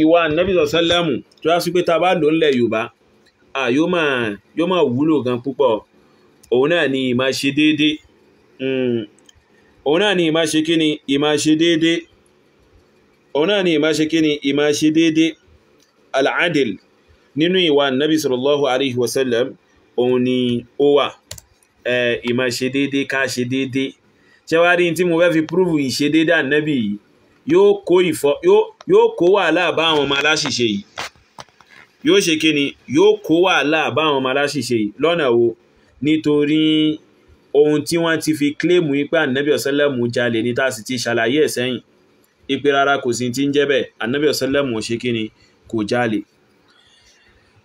Speaker 1: ìwà Ànábì sọ́sẹ́lẹ̀mù tó yá sí pé ta bá lò ńlẹ̀ Yorùbá yóò máa wúlò gan púpọ̀ òun náà ni ìmá ṣe déédé hmm. òun náà ni ìmá ṣe kíni ìmá ṣe déédé òun náà ni ìmá ṣe kíni ìmá ṣe déédé al'adil nínú ìwà Ànábì sallallahu alaihi wasallam òun ni ó wà ìmá ṣe déédé ká ṣe déédé ṣẹwárí tí mo fẹ́ fi púrúfù ìṣe déédé yìí yóò kó ìfọ́ yóò kó wàhálà bá àwọn ọmọ aláṣìṣe yìí yóò ṣe kí ni yóò kó wàhálà bá àwọn ọmọ aláṣìṣe yìí lọ́nà wo nítorí ohun tí wọ́n ti fi kílèmù pé ànábì ọ̀sẹ́lẹ̀mù jalè ní tá a sì ti ṣàlàyé ẹ̀ sẹ́yìn ipe rárá kò sí ti ń jẹ́ bẹ́ẹ̀ ànábì ọ̀sẹ́lẹ̀mù ò ṣe kí kò jalè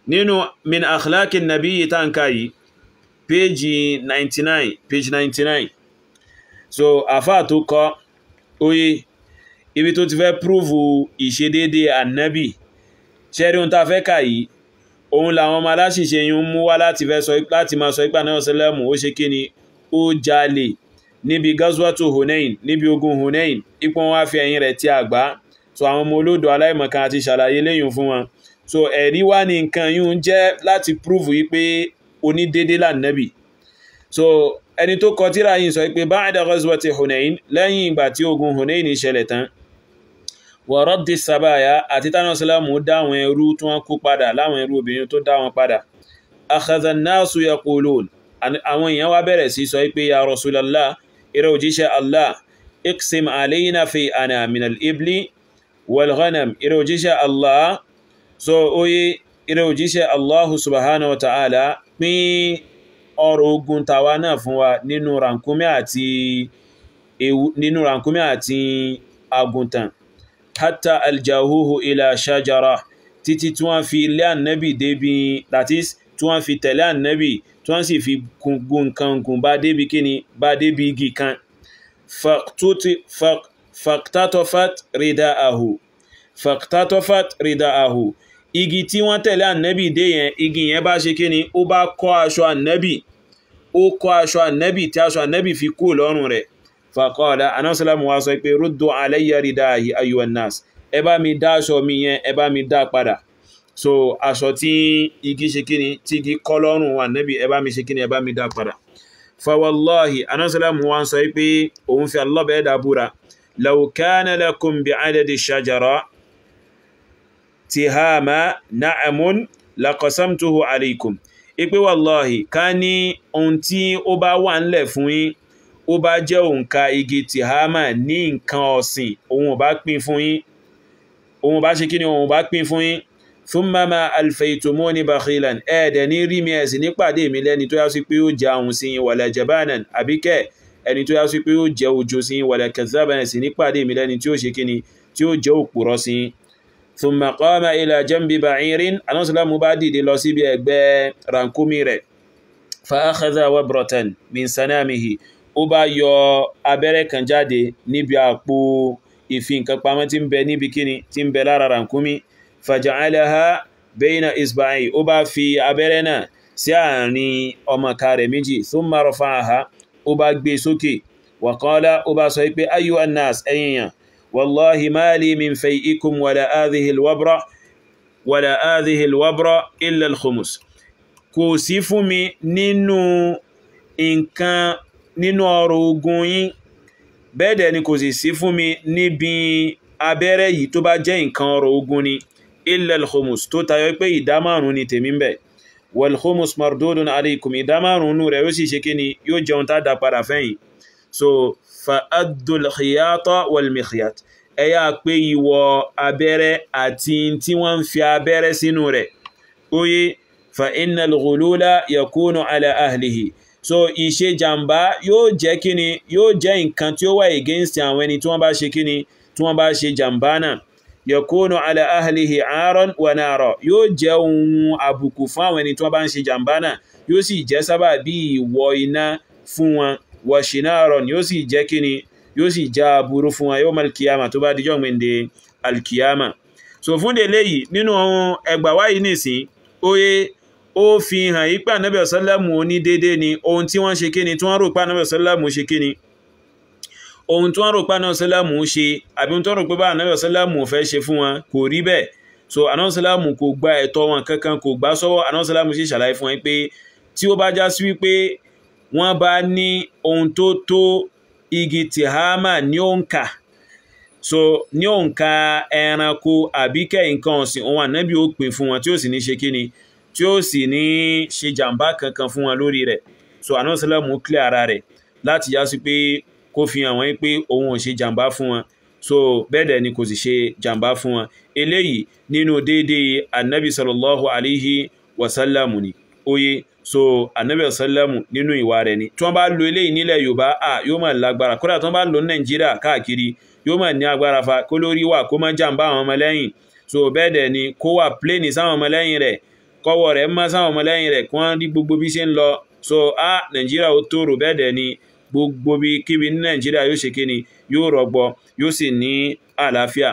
Speaker 1: nínú min akhlaqin nabi tanka yìí péjì 99 page 99 so àfáà tó kọ oyè ibi tó ti fẹ́ prúfù ìṣedédé ànábì ṣẹ́rí ohun tá a fẹ́ kà yìí òun làwọn ọmọ aláṣìṣe yìí ń mú wá láti fẹ́ sọ láti máa sọ ipá náà ó ṣe kíni ó jalè níbi gazwatu hunain níbi ogun hunain ipò wọn á fi ẹ̀yìn rẹ̀ ti àgbá so àwọn ọmọ olódò aláìmọ̀kan àti ṣàlàyé lẹ́yìn fún wọn so ẹ̀rí wá ní nǹkan yìí ń jẹ́ láti prúfù yìí pé onídédé lànàbì so ẹni tó kọ yìí sọ pé ba'da gazwati hunain lẹ́yìn ìgbà tí ogun hunain ṣẹlẹ̀ tán wọ̀rọ̀dì sàbáyà àti tánà sílámù dáwọn ẹrú tó wọ́n kó padà láwọn ẹrú obìnrin tó dáwọn padà akhazannasu yaqulun àwọn èèyàn wá bẹ̀rẹ̀ sí sọ pé ya rasulallah ìrẹ òjíṣẹ́ allah iqsim alayna fi ana min ibli wal ghanam òjíṣẹ́ allah so oye ìrẹ òjíṣẹ́ allah subhanahu wa ta'ala pín ọrọ̀ ogun tàwa náà fún wa nínú rankumi àti àgùntàn hatta aljahuhu ila shajara títí tí wọ́n fi lé ànábì débi that is tí wọ́n fi tẹ̀lé ànábì tí wọ́n sì fi gun nǹkan gùn bá débi kíni bá débi igi kan faktatofat ridaahu faktatofat ridaahu igi tí wọ́n tẹ̀lé ànábì dé yẹn igi yẹn bá ṣe kíni ó bá kọ́ aṣọ ànábì ó kọ́ aṣọ ànábì tí aṣọ ànábì fi kú lọ́rùn rẹ̀ fàkọ́ọ̀lá anásọ́lámù wá sọ pé rúdù aláyàrí dáàhì ayuwan nas ẹ bá mi dá aṣọ mi yẹn ẹ bá mi dá padà so aṣọ tí igi ṣe kíni tí igi kọ́ lọ́rùn wà nẹ́bí ẹ mi ṣe kíni ẹ mi dá padà fàwọ́láhì anásọ́lámù wá sọ pé òun fi alọ́bẹ̀ ó bá jẹ́ òǹkà igi tìhámà ní nǹkan ọ̀sìn òun bá pín fún yín òun bá ṣe kí ni òun bá pín fún yín thumma ma alfaytumuni bakhilan ẹ̀ẹ̀dẹ̀ ní rí mi ẹ̀sìn nípàdé mi lẹ́ni tó yá sí pé ó jẹ àwọn sí wala jabanan àbíkẹ́ ẹni tó yá pé ó jẹ òjò sí wala kadhaban sí nípàdé mi lẹ́ni tí ó ṣe kí ni tí ó jẹ òpùrọ́ sí thumma qama ila jambi ba'irin anásùlámù bá dìde lọ síbi ẹgbẹ́ rankumi rẹ̀ fa akhadha wabratan min sanamihi ó bá yọ abẹ́rẹ́ kan jáde níbi àpò ìfi nǹkan pamọ́ tí ń bẹ níbi kíni tí ń bẹ lára ràkúnmí fàjàálẹ́há bẹ́yìnà isba'i ó bá fi abẹ́rẹ́ náà sí àárín ọmọka rẹ̀ méjì thumma rafaha ó bá gbé e sókè wa qala ó bá sọ pé ayu annas ẹ̀yìnyàn wallahi ma li min fay'ikum wala hadhihi alwabra wala kò sí fún mi nínú nǹkan nínú ọrọ̀ ogun yín bẹ́ẹ̀ dẹ̀ ni kò sì sí fún mi níbi abẹ́rẹ́ yìí tó bá jẹ́ nǹkan ọrọ̀ ogun ni illal khumus tó tayọ pé ìdá márùn-ún ni tèmi ń bẹ̀ wal khumus mardudun alaykum ìdá rẹ̀ yóò sì ṣe kí ni yóò jẹun tá da padà fẹ́yìn so fa'adul khiyata ẹ yá pé ìwọ abẹ́rẹ́ àti tí wọ́n ń fi abẹ́rẹ́ sínú rẹ̀ ó yé fa ala ahlihi so ìṣe jàǹbá yóò jẹ́ kíni yóò jẹ́ nǹkan tí ó wà against àwọn ẹni tí wọ́n bá ṣe kíni tí wọ́n bá ṣe jàǹbá náà yakunu ala ahlihi aron wa naro yóò jẹ́ ohun àbùkù fún àwọn ẹni tí wọ́n bá ń ṣe jàǹbá náà yóò sì jẹ́ sábà bí ìwọ iná fún wọn wọ̀ṣìnà aron yóò sì jẹ́ kíni yóò sì já aburú fún wa yóò mọ̀ alkiyama tó bá dijọ́ gbẹ̀ndẹ̀ alkiyama so fún de nínú ẹgbàá wáyìí nìsín ó ó fi hàn yí pé ànábì ọ̀sálàmù oní déédéé ni ohun tí wọ́n ṣe kí ni tí wọ́n rò pé ànábì ọ̀sálàmù ṣe kí ni ohun tí wọ́n rò pé ànábì ọ̀sálàmù ṣe àbí tí wọ́n rò pé bá ànábì fẹ́ ṣe fún wọn kò rí bẹ́ẹ̀ so ànábì ọ̀sálàmù kò gba ẹ̀tọ́ wọn kankan kò gbà sọ́wọ́ ànábì ọ̀sálàmù ṣàlàyé fún wọn pé tí ó bá já sí wípé wọ́n bá ní ohun tó tó igi tìhámà ní òǹkà so ní òǹkà ẹranko àbíkẹ́ nǹkan ọ̀sìn òun ànábì ó pè fún wọn tí ó sì ní ṣe kíni tí ó sì ní ṣe jàǹbá kankan fún wọn lórí rẹ̀ so anọ́sílẹ̀mù clear ara rẹ̀ láti yá sí pé kó fi hàn wọ́n pé òun ò ṣe jàǹbá fún wọn so bẹ́ẹ̀dẹ̀ ni kò sì ṣe jàǹbá fún wọn eléyìí nínú déédéé anabi sallallahu alayhi wa sallam ni oye so anabi sallam nínú ìwà rẹ̀ ni tí wọ́n bá lo eléyìí nílẹ̀ yorùbá à yóò máa lágbára kódà tí wọ́n bá lo nàìjíríà káàkiri yóò máa ní agbára fa kó lórí wà kó má jàǹbá àwọn ọmọlẹ́yìn so bẹ́ẹ̀dẹ̀ ni kó wà pléènì sáwọn ọmọlẹ́yìn rẹ̀ kọ́wọ́ rẹ̀ mọ́ sáwọn ọmọlẹ́yìn rẹ̀ kí wọ́n rí gbogbo bí ṣe ń lọ so a nàìjíríà ó tòrò bẹ́ẹ̀ dẹ̀ ni gbogbo bí kíbi ní nàìjíríà yóò ṣe kíni yóò rọgbọ yóò sì ní àlàáfíà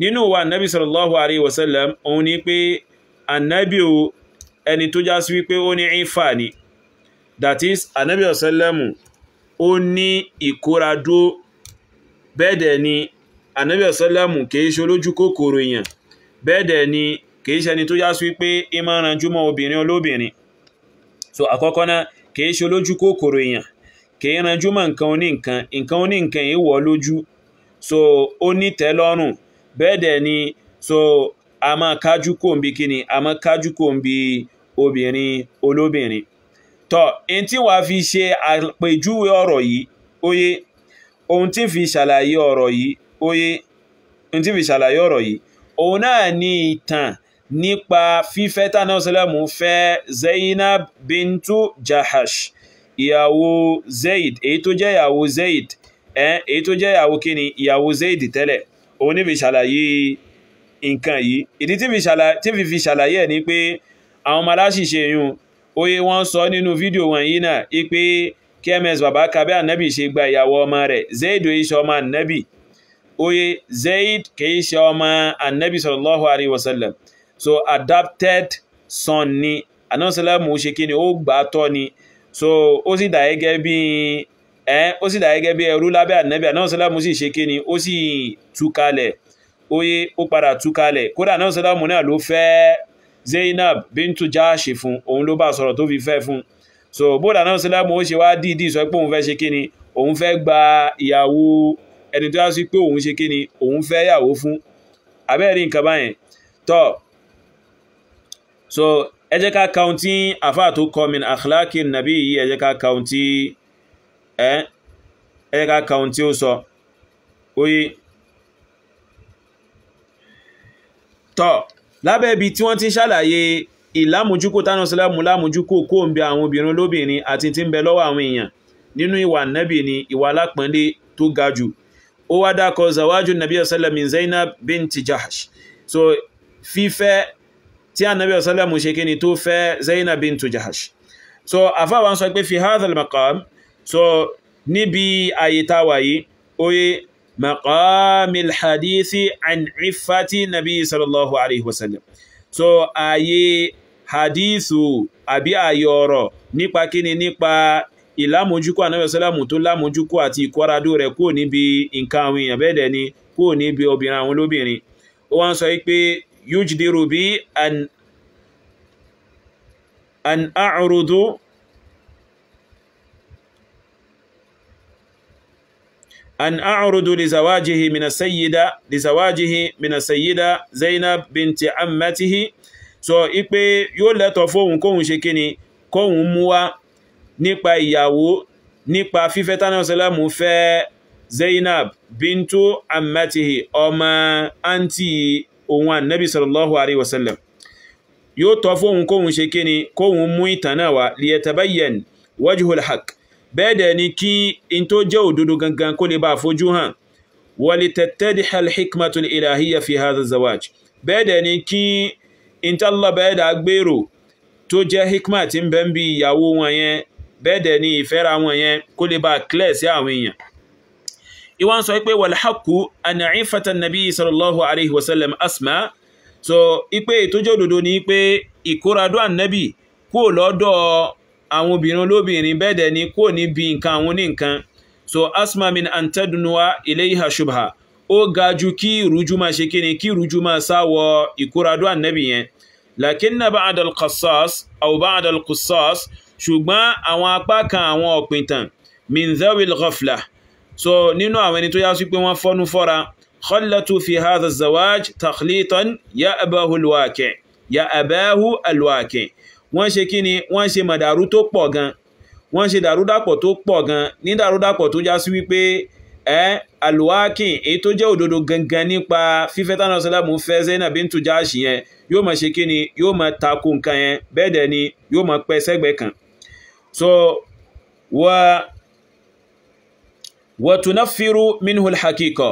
Speaker 1: nínú wa anabi sallallahu alayhi wa sallam òun ni pé anabi o ẹni tó já sí wípé ó ní ìfà ni that is anabi sallallahu ó ní ìkóradó bẹ́ẹ̀ dẹ̀ ni anabi sallallahu kìí ṣe olójú kòkòrò èèyàn bẹ́ẹ̀ dẹ̀ ni kìí ṣẹni tó yásí wípé ìmọ̀ ranjúmọ́ obìnrin olóbìnrin so àkọ́kọ́ náà kìí ṣe olójú kòkòrò èèyàn kìí ranjúmọ́ nǹkan oní nǹkan nǹkan oní nǹkan yìí lójú so ó ní tẹ́lọ́rùn bẹ́ẹ̀ dẹ̀ ni so a máa kájú kò ń bi a máa kájú kò ń bi obìnrin olóbìnrin tọ́ fi ṣe àpèjúwe ọ̀rọ̀ yìí óyé ohun tí fi ṣàlàyé ọ̀rọ̀ yìí óyé ohun tí fi ṣàlàyé ọ̀rọ̀ yìí òun náà ní ìtàn nípa fífẹ́ tánà sẹ́lẹ̀mù fẹ́ Zainab bintu Jahash ìyàwó Zaid èyí tó jẹ́ ìyàwó Zaid èyí tó jẹ́ ìyàwó kíni ìyàwó Zaid tẹ́lẹ̀ òun ní fi ṣàlàyé nǹkan yìí ìdí tí fi fi ṣàlàyé ẹ̀ ni pé àwọn ọmọ yun oye wọ́n sọ nínú fídíò wọn yìí náà pé KMS bàbá kabẹ́ ànábì ṣe gba ìyàwó ọmọ rẹ̀ Zaid oye ṣe ọmọ ànábì oye Zaid kìí ṣe ọmọ ànábì sallallahu alaihi wasallam so adapted son ni anọ́sẹ́lẹ́mù ṣe kí ni ó gbà tọ́ ni so ó sì dà gẹ́gẹ́ bí ẹ́ ó sì dà gẹ́gẹ́ bí ẹrú lábẹ́ ànábì anọ́sẹ́lẹ́mù sì ṣe kí ni ó sì túkalẹ̀ oye ó padà túkalẹ̀ kódà anọ́sẹ́lẹ́mù náà ló fẹ́ Zainab bintu Jahshi fún òun ló bá sọ̀rọ̀ tó fi fẹ́ fún so bóòdà anọ́sẹ́lẹ́mù ó ṣe wá dìídì sọ pé òun fẹ́ ṣe kí ni òun fẹ́ gba ìyàwó ẹni tó yá sí pé òun ṣe kí ni òun fẹ́ yàwó fún abẹ́rẹ́ nǹkan báyẹn tọ́ so ẹ jẹ́ ká kaunti afa tó kọ́ min nabi yìí ẹ jẹ́ ká kaunti ẹ ẹ ó sọ oye tọ́ lábẹ́ ibi tí wọ́n ti ṣàlàyé ìlàmójúkò tánà sílámù lámójúkò kó ń bẹ àwọn obìnrin lóbìnrin àti tí ń bẹ lọ́wọ́ àwọn èèyàn nínú ìwà nẹ́bì ni ìwà alápọ̀nlé tó ga jù ó wá dákọ̀ zawájú nàbí ọ̀sẹ́lẹ̀ min Zainab binti Jahsh so fífẹ́ tí Ànábì ọ̀sálàmù ṣe kí ni tó fẹ́ Zainab bintu Jahash so afáwọn sọ pé fi hadhal maqam so níbi ayé táwà yìí oye maqamil hadithi an ifati nabi sallallahu alaihi wasallam so ayé hadithu àbí ayé ọ̀rọ̀ nípa kíni nípa ìlàmójúkú Ànábì ọ̀sálàmù tó lámójúkú àti ìkọ́radó rẹ̀ kúrò níbi nǹkan àwọn èèyàn bẹ́ẹ̀ dẹ̀ ni kúrò níbi obìnrin àwọn olóbìnrin ó wá ń sọ pé يجدر بي أن أن أعرض أن أعرض لزواجه من السيدة لزواجه من السيدة زينب بنت عمته so ipe yóò lẹ́tọ̀ fóun kóun ṣe kíni kóun mú wá nípa ìyàwó nípa fífẹ́ tánàṣẹ́lẹ́mù fẹ́ Zainab bintu ammatihi ọmọ àǹtí òun ànábì sallallahu alayhi wa sallam yóò tọ́ fóun kóun ṣe kíni kóun mú ìtàn náà wá liyatabayyan wajhul haqq bẹ́ẹ̀ dẹ̀ ni kí in tó jẹ́ òdodo gangan kó lè bá fojú hàn walitatadeha alhikmatul ilahiyya fi hadha zawaj bẹ́ẹ̀ dẹ̀ ni kí in tí Allah bá dá gbèrò tó jẹ́ hikmat ń bẹ níbi ìyàwó wọn yẹn bẹ́ẹ̀ dẹ̀ ni ìfẹ́ra wọn yẹn kó lè bá clear sí àwọn èèyàn ìwọ́n sọ pé wàlhákù ànàífàtà nàbí sallallahu alaihi wasallam asma so ipe ìtójó òdodo ni pé ìkóradó ànábì kúrò lọ́dọ̀ àwọn obìnrin olóbìnrin bẹ́ẹ̀dẹ̀ ni kúrò níbi nǹkan àwọn oníǹkan so asma min antadunwa ilayha shubha ó ga ju kí ìrújú máa ṣe kíni kí ìrújú máa sáwọ ìkóradó ànábì yẹn lakinna ba'dal qasas aw ba'dal qusas ṣùgbọ́n àwọn apá kan àwọn ọ̀pìntàn min zawil ghaflah so nínú àwọn ẹni tó yá sí pé wọ́n fọ́nú fọ́ra khallatu fi hadha zawaj takhlitan ya abahu alwaqi ya abahu alwaqi wọ́n ṣe kíni wọ́n ṣe màdàrú tó pọ̀ gan wọ́n ṣe dàrúdàpọ̀ tó pọ̀ gan ní dàrúdàpọ̀ tó já sí wípé ẹ́ alwakin èyí tó jẹ́ òdodo gangan nípa fífẹ́ tánà sọ́lámù fẹ́ Zainab bintu Jahsh yẹn yóò máa ṣe kí ni yóò máa takò nǹkan yẹn bẹ́ẹ̀ dẹ̀ ni yóò máa pẹ́ sẹ́gbẹ̀ẹ́ kan so wà wa tunaffiru minhu al-haqiqa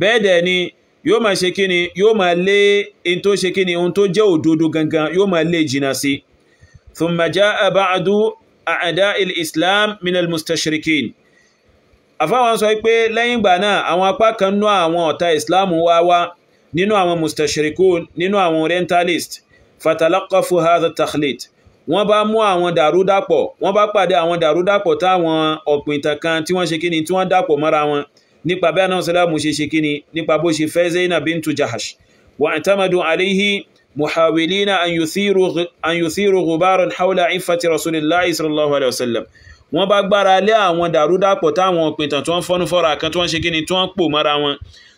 Speaker 1: bẹ́ẹ̀ dẹ̀ ni yóò máa ṣe kí ni yóò máa lé in tó ṣe kí ni ohun tó jẹ́ òdodo gangan yóò máa lé jìnà sí thumma jaa ba'du a'da'il islam min al-mustashrikin àfáwọn sọ pé lẹ́yìn ìgbà náà àwọn apá kan nú àwọn ọ̀tá islam wá wá nínú àwọn mustashirikun nínú àwọn orientalist fatalaqafu hadha takhlid wọ́n bá mú àwọn dàrúdàpọ̀ wọ́n bá pàdé àwọn dàrúdàpọ̀ táwọn ọ̀pìntàn kan tí wọ́n ṣe kíni tí wọ́n dàpọ̀ mọ́ra wọn nípa bí anáà sálàmù ṣe ṣe kíni nípa bó ṣe fẹ́ Zainab bintu Jahash wa i'tamadu alayhi muhawilina an yuthiru ghubaran hawla ifati rasulillahi sallallahu alayhi wa wọ́n bá gbára lé àwọn dàrúdàpọ̀ táwọn ọ̀pìntàn tí wọ́n fọ́nú fọ́ra kan tí wọ́n ṣe kíni tí wọ́n pò mọ́ra wọn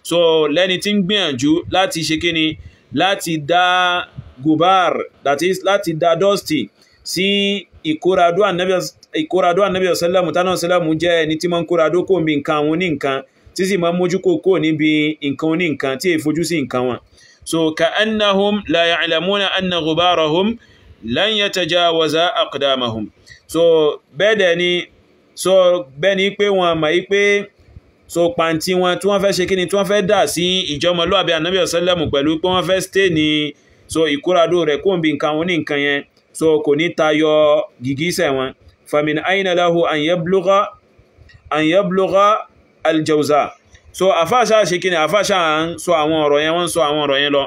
Speaker 1: so lẹ́ni tí ń gbìyànjú láti ṣe kíni láti dá gubar that is láti da dọ́stì sí ìkóradó ànábì ọ̀sẹ́lẹ̀mù tánà ọ̀sẹ́lẹ̀mù jẹ́ ẹni tí máa ń kóradó kò ní nǹkan àwọn oníǹkan tí sì máa ń mójú kókó níbi nǹkan oníǹkan tí èfojú sí nǹkan wọn so ka annahum la ya'lamuna anna gubarahum lan yatajawaza aqdamahum so bẹ́ẹ̀ dẹ̀ ni so bẹ́ẹ̀ ni pé wọn àmà yí pé so pàǹtí wọn tí wọ́n fẹ́ ṣe kí ni tí wọ́n fẹ́ dà sí ìjọmọlúwàbí ànábì ọ̀sẹ́lẹ̀mù pẹ̀lú pé wọ́n fẹ́ stay ní so ìkóradó rẹ̀ kó ń bi nǹkan wọn ní nǹkan yẹn so kò ní tayọ gìgísẹ̀ wọn famin aina lahu an yablugha an yablugha aljawza so àfáàṣà ṣe kí ni àfáàṣà ń sọ àwọn ọ̀rọ̀ yẹn wọ́n sọ àwọn ọ̀rọ̀ yẹn lọ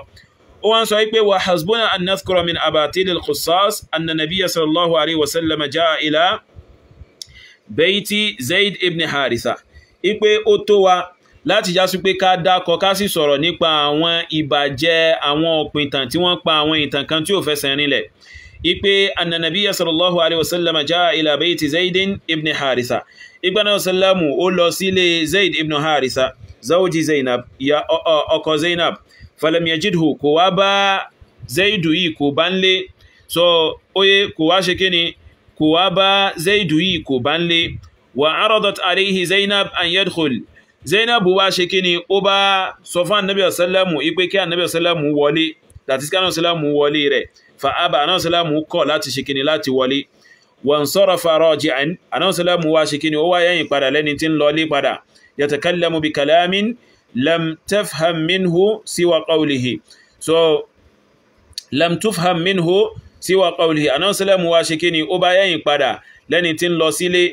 Speaker 1: ó wá ń sọ wípé wà hasbuna an nadhkura min abatil al-khussas anna nabiyya sallallahu alaihi wasallam jaa ila bayti zaid ibn haritha ipe ó tó wa láti jásí pé ká dákọ ká sì sọ̀rọ̀ nípa àwọn ìbàjẹ́ àwọn ọ̀pìn ìtàn tí wọ́n pa àwọn ìtàn kan tí ò fẹsẹ̀ rinlẹ̀ ipe annanabiya sallallahu alaihi wasallam jaa ila bayti zaidin ibn harisa igba náà sallamu ó lọ sílé zaid ibn harisa zawji zainab ya ọkọ zainab falam yajidhu kò wá bá zaidu yìí kò bá so oye kò wá ṣe kíni kò wá bá zaidu yìí kò bá wa aradat alaihi zainab an yadkhul zainabu wá ṣe kí ni ó bá sọ fún anabi ọ̀sálàmù ipé kí anabi ọ̀sálàmù wọlé láti kí anabi ọ̀sálàmù wọlé rẹ̀ fa aba anabi ọ̀sálàmù kọ̀ láti ṣe kí ni láti wọlé wọn sọ̀rọ̀ farọ́ jẹ́ anabi ọ̀sálàmù wá ṣe kí ni ó wá yẹ́yìn padà lẹ́ni tí ń lọlé padà yatakallamu bi kalamin lam tafham minhu siwa so lam tufham minhu siwa qawlihi anabi ọ̀sálàmù wá ṣe kí ni ó bá yẹ́yìn padà lẹ́ni tí ń lọ sílé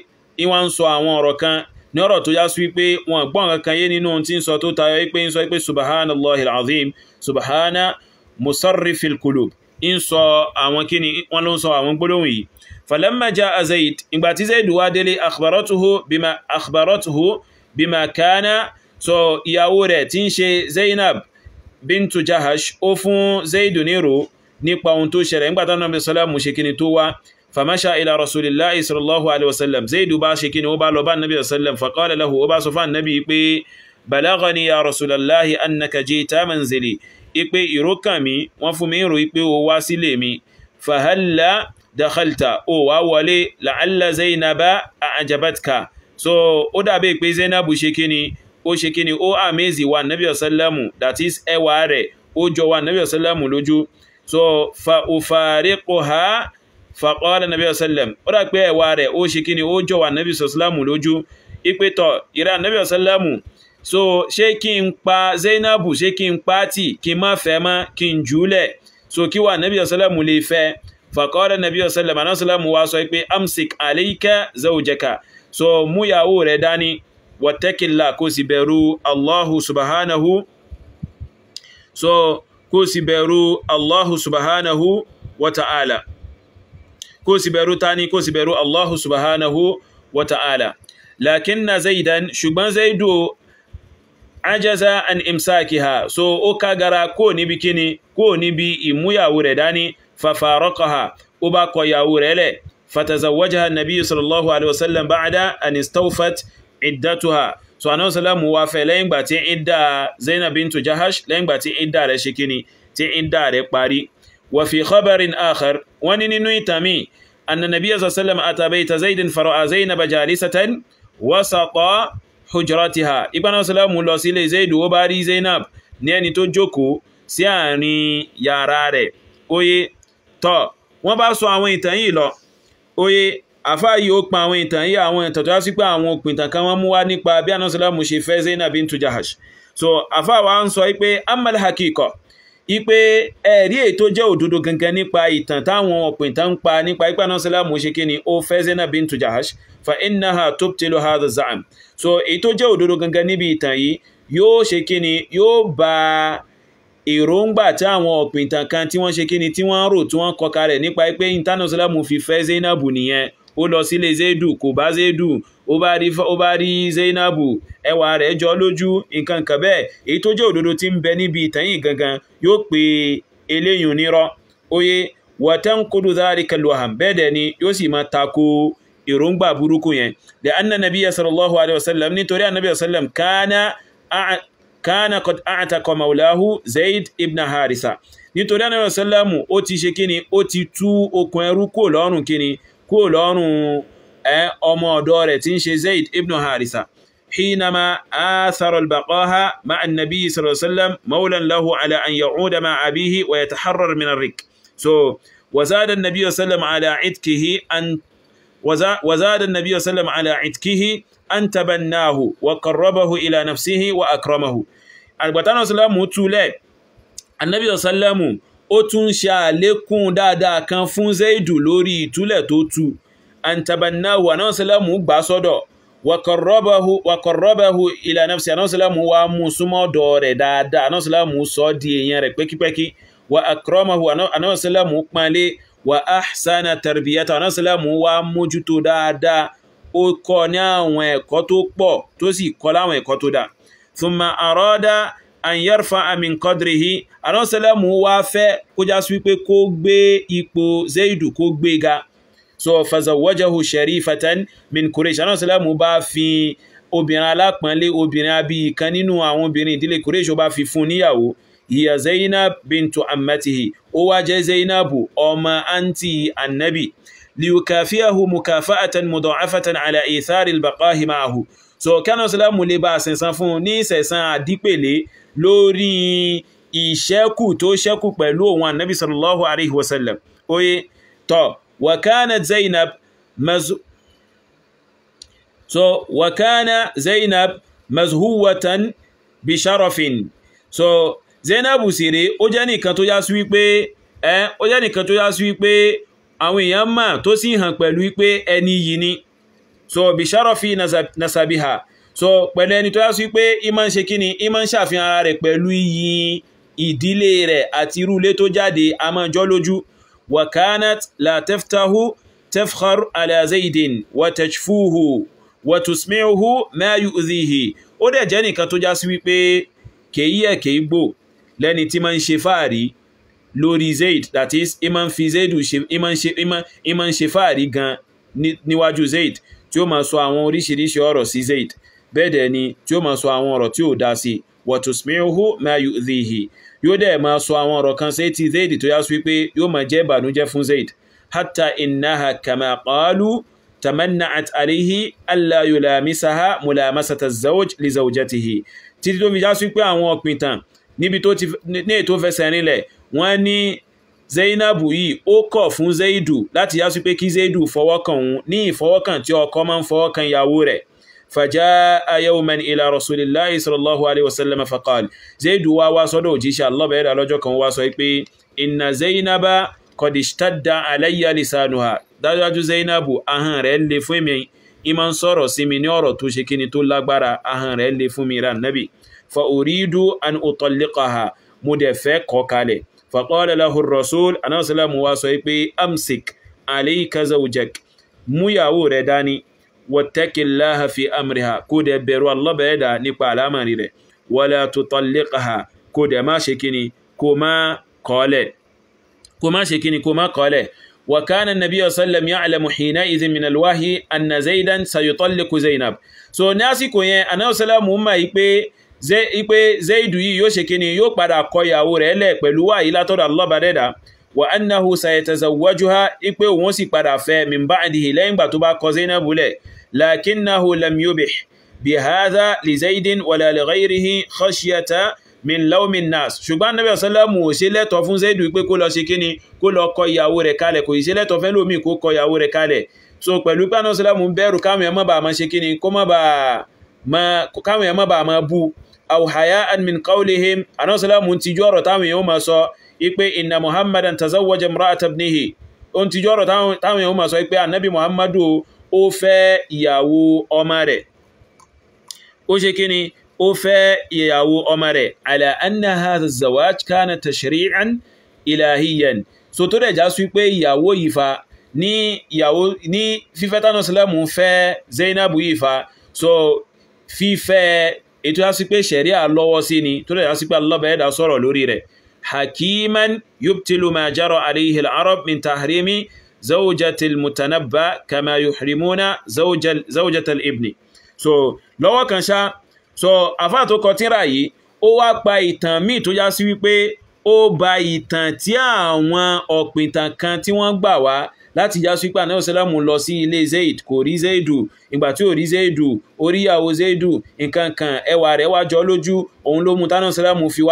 Speaker 1: ìwọ̀n sọ àwọn ọ̀rọ̀ kan ní ọ̀rọ̀ tó yá sí wípé wọn gbọ́n kankan yé nínú tí ń sọ tó tayọ wípé ń sọ wípé subhanallahi alazim subhana musarrifil qulub ń sọ àwọn kíni wọn ló ń sọ àwọn gbólóhùn yìí falamma jaa zaid ìgbà tí zaid wá délé akhbaratuhu bima akhbaratuhu bima kana so ìyàwó rẹ̀ tí ń ṣe zainab bintu jahash ó fún zaid nírò nípa ohun tó ṣẹlẹ̀ nígbà tánà bí sọ́lá mú tó wá فمشى إلى رسول الله صلى الله عليه وسلم زيد باشكين وبا لبا النبي صلى الله عليه وسلم فقال له وبا صفان النبي بي بلغني يا رسول الله أنك جيت منزلي ipe ìró kàn mí wọ́n fún mi ìrò ipe o wá sílé mi fàhálà dakhalta o wá wọlé la'alla zainaba ajabatka so ó dàbí pé zainabu ṣe kíni ó ṣe kíni ó àmẹ́zì wa nabi ọ̀sálẹ́mù that is ẹwà rẹ̀ ó jọ wa nabi ọ̀sálẹ́mù lójú so fa òfàríkò fàkọ́lá nàbí ọ̀sẹ́lẹ̀m ó dà pé ẹ̀wà rẹ̀ ó ṣe kíni ó jọ wà nàbí sọ̀sílámù lójú ipe tọ̀ ìrà nàbí ọ̀sẹ́lẹ̀mù so ṣé kí n pa Zainabu ṣé kí n pa tì kí n má fẹ́ mọ́ kí n jùúlẹ̀ so kí wà nàbí ọ̀sẹ́lẹ̀mù lè fẹ́ fàkọ́lá nàbí ọ̀sẹ́lẹ̀mù anásẹ́lẹ̀mù wa sọ pé amsik aleika zawjaka so mú rẹ̀ dání wọ̀tẹ́kìlá kó sì bẹ̀rù Allahu subhanahu so kó sì bẹ̀rù Allahu subhanahu wa ta'ala kó sì bẹ̀rù tani kó sì bẹ̀rù Allahu subhanahu wa ta'ala lakinna zaidan ṣùgbọ́n zaidu ajaza an imsakiha so ó kagara kó níbi kíni kó níbi ìmúyàwó rẹ̀ dání fafaraqaha ó bá kọ yàwó rẹ̀ lẹ̀ fatazawajaha nabi sallallahu alaihi wasallam ba'da an istawfat iddatuha so anahu sallam wa fẹ́ lẹ́yìn gbà tí idda zainab bintu jahash lẹ́yìn gbà tí idda rẹ̀ ṣe kíni idda rẹ̀ parí وفي خبر آخر ونننوي تامي أن النبي صلى الله عليه وسلم أتى بيت زيد فرأى زينب جالسة وسط حجرتها ابن سلام الله سيلي زيد وباري زينب نيني توجوكو سياني يا راري oye tọ́ wọ́n bá sọ àwọn ìtàn yìí lọ oye àfáà yìí ó pa àwọn ìtàn yìí àwọn ìtàn tó á sí pé àwọn òpìtàn kan wọ́n mú wá nípa bí anásọ́lámù ṣe fẹ́ Zainab bintu Jahash so àfáà wa ń sọ pé amal hakiko ipe ẹ̀rí ètò jẹ́ òdodo gangan nípa ìtàn táwọn ọ̀pìntàn ń pa nípa ipa náà sálàmù ṣe kíni ó fẹ́ Zainab bintu Jahash fa innaha tubtilu hadha za'am so èyí tó jẹ́ òdodo gangan níbi ìtàn yìí yóò ṣe kíni yóò ba èròǹgbà tí àwọn ọ̀pìntàn kan tí wọ́n ṣe kíni tí wọ́n rò tí wọ́n kọka rẹ̀ nípa pé ìtàn náà sálàmù fi fẹ́ Zainab nìyẹn ó lọ sílé Zaidu kò bá Zaidu ó bá rí ó bá rí Zainabu ẹwà rẹ̀ jọ lójú nǹkan kan bẹ́ẹ̀ èyí tó jẹ́ òdodo tí ń bẹ níbi ìtẹ̀yìn gangan yóò pe eléyìn onírọ́ oyè wọ́tán kudu dhalika alwaham bẹ́ẹ̀ dẹ̀ ni yóò sì máa tako èròǹgbà burúkú yẹn da anna nabiyya sallallahu alaihi wasallam nítorí annabi sallam kana kana qad a'taqa maulahu zaid ibn harisa nítorí annabi sallam ó ti ṣe kíni ó ti tú okùn ẹrú kúrò lọ́rùn kíni kúrò lọ́rùn ọmọ ọ̀dọ́ rẹ̀ tí ń ṣe حينما آثر البقاها مع النبي صلى الله عليه وسلم مولا له على أن يعود مع أبيه ويتحرر من الرك so وزاد النبي صلى الله عليه وسلم على عتكه أن وزاد النبي صلى الله عليه وسلم على عتكه أن تبناه وقربه إلى نفسه وأكرمه صلى àgbàtánà sọlọ́mù túlẹ̀ النبي صلى الله عليه وسلم àlékún dáadáa دادا كان فون lórí لوري تولى توتو antabannahu anáwọ̀sálàmù gbà sọ́dọ̀ wàkọ̀rọ̀bẹ̀hu ila nafsi anáwọ̀sálàmù wa mú súnmọ́ dọ̀ rẹ̀ dáadáa anáwọ̀sálàmù sọ di èèyàn rẹ̀ pẹ́kípẹ́kí wa akramahu anáwọ̀sálàmù pánlé wa ahsana tarbiyata anáwọ̀sálàmù wa mójútó dáadáa ó kọ́ ní àwọn ẹ̀kọ́ tó pọ̀ tó sì kọ́ láwọn ẹ̀kọ́ tó dáa thumma arada an yarfa min qadrihi anáwọ̀sálàmù wa fẹ́ kó já sí wípé kó gbé ipò zaidu kó gbé ga so fazawwajahu sharifatan min Quraysh anáà sálàmù bá fi obìnrin alápọ̀nlé obìnrin abiyì kan nínú àwọn obìnrin ìdílé Quraysh ó bá fi fún níyàwó hiya zainab bintu ammatihi ó wá jẹ́ zainabu ọmọ àǹtí annabi liyukafiyahu mukafa'atan mudha'afatan ala ithari al-baqahi ma'ahu so kánà sálàmù lè bá sẹ̀sán fún ní sẹ̀sán àdípèlé lórí ìṣẹ́kù tó ṣẹ́kù pẹ̀lú òun annabi sallallahu alaihi wasallam oye tọ́ وكانت زينب مز so وكان زينب مزهوة بشرف so زينب سيري، ó jẹ́ nìkan tó yá sí wípé ẹ ó jẹ́ nìkan tó yá sí wípé àwọn èèyàn mà tó sì hàn pẹ̀lú wípé ẹni ni so bisharafi nasabiha so pẹ̀lú ẹni tó yá sí wípé ìmọ̀ ń ṣe kíni ìmọ̀ ń ṣàfihàn ara rẹ̀ pẹ̀lú iyì ìdílé rẹ̀ àti irú ilé tó a máa jọ lójú وكانت لا تفتح تفخر على زيد وتجفوه وتسمعه ما يؤذيه ó dẹ̀ jẹ́ nìkan tó já sí wípé kèyí ẹ̀ kèyí gbò lẹ́ni tí máa ń ṣe fáàrí lórí zaid that is iman fi zaidu ṣe iman ṣe fáàrí gan níwájú zaid tí ó máa sọ àwọn oríṣiríṣi ọ̀rọ̀ sí zaid bẹ́ẹ̀ dẹ̀ ni tí ó máa sọ àwọn ọ̀rọ̀ tí ò dá sí wa tusmi'uhu ma yu'dhihi yóò dẹ̀ máa sọ àwọn ọ̀rọ̀ kan sí ti zaid tó yá sí pé yóò máa jẹ́ ìbànújẹ́ fún zaid hatta innaha kama qalu tamanna'at alayhi alla yulamisaha mulamasata zawj li zawjatihi títí tó fi já sí pé àwọn ọ̀pìntàn níbi tó ti ní ètò fẹsẹ̀ rinlẹ̀ wọ́n ní zainabu yìí ó kọ̀ fún zaidu láti já sí pé kí zaidu fọwọ́kàn òun ní ìfọwọ́kàn tí ọkọ máa ń fọwọ́kàn ìyàwó rẹ̀ فجاء يوما إلى رسول الله صلى الله عليه وسلم فقال زيد وواسدو جيشا الله بيد على جوكم واسويكبي إن زينب قد اشتد علي لسانها dájú Zainabu ahọ́n rẹ̀ le fún mi ìmọ̀ ń sọ̀rọ̀ sí mi ní ọ̀rọ̀ tó ṣe kíni tó lágbára ahọ́n rẹ̀ le fún mi ra nabi fa uridu an utalliqaha mo dẹ̀ fẹ́ kọ́ kalẹ̀ fa واتك الله في أمرها كود بير والله بيدا نيكو على ولا تطلقها كود ما شكيني كما قال كما شكيني كما قال وكان النبي صلى الله عليه وسلم يعلم حينئذ من الوحي أن زيدا سيطلق زينب سو ناسي كوني أنا وسلام هما يبي زي يبي زيد يو شكيني يو بدا كويا ورلي بلوى إلى تور الله بريدا وأنه سيتزوجها يبي ونسي بدا فا من بعده لين بتبقى كوزينب ولي لكنه لم يبح بهذا لزيد ولا لغيره خشية min laomi nas ṣùgbọ́n anabi asalamu ò ṣe lẹ́tọ̀ fún zaidu pé kó lọ ṣe kíni kó lọ kọ ìyàwó rẹ̀ kalẹ̀ kò ṣe lẹ́tọ̀ fẹ́ lómi kó kọ ìyàwó rẹ̀ kalẹ̀ so pẹ̀lú pé anabi asalamu ń bẹ̀rù káwọn ẹ̀mọ́ bá máa ṣe kíni kó má bá káwọn ẹ̀mọ́ bá máa bú àwòháyá admin qawlihim anabi asalamu ti jọ ọ̀rọ̀ táwọn èèyàn máa sọ ipe inna muhammadan tazawwaja imra'ata ibnihi ó ti jọ ọ̀rọ̀ táwọn èèyàn máa sọ ipe anabi muhammadu ó fẹ́ ìyàwó ọmọ rẹ̀ ó ṣe kí ni ó fẹ́ ìyàwó ọmọ rẹ̀ ala anna hadha zawaj kana tashri'an ilahiyan so tó dẹ̀ já sí pé ìyàwó yìí fa ní ìyàwó ní fífẹ́ tánà sílẹ̀mù fẹ́ Zainabu yìí fa so fífẹ́ ètò yá sí pé ṣẹ̀ríà lọ́wọ́ sí ni tó dẹ̀ já sí pé alọ́bẹ̀ẹ́dà sọ̀rọ̀ lórí rẹ̀ hakiman yubtilu ma jara alayhi al-arab min tahrimi zawjatil mutanabba kama yuhrimuna زوجة ibni so lọ́wọ́ kan ṣá so àfá tó kọ tírà yìí ó wá pa ìtàn míì tó já sí wípé ó ba ìtàn tí àwọn ọ̀pìntàn kan tí wọ́n gbà wá láti já sí pé àná ìsìlámù lọ sí ilé zaid kò rí zaidu ìgbà tí ò rí zaidu oríyàwó zaidu nǹkan kan ẹwà rẹ̀ wá jọ lójú òun ló mú tánà ìsìlámù fi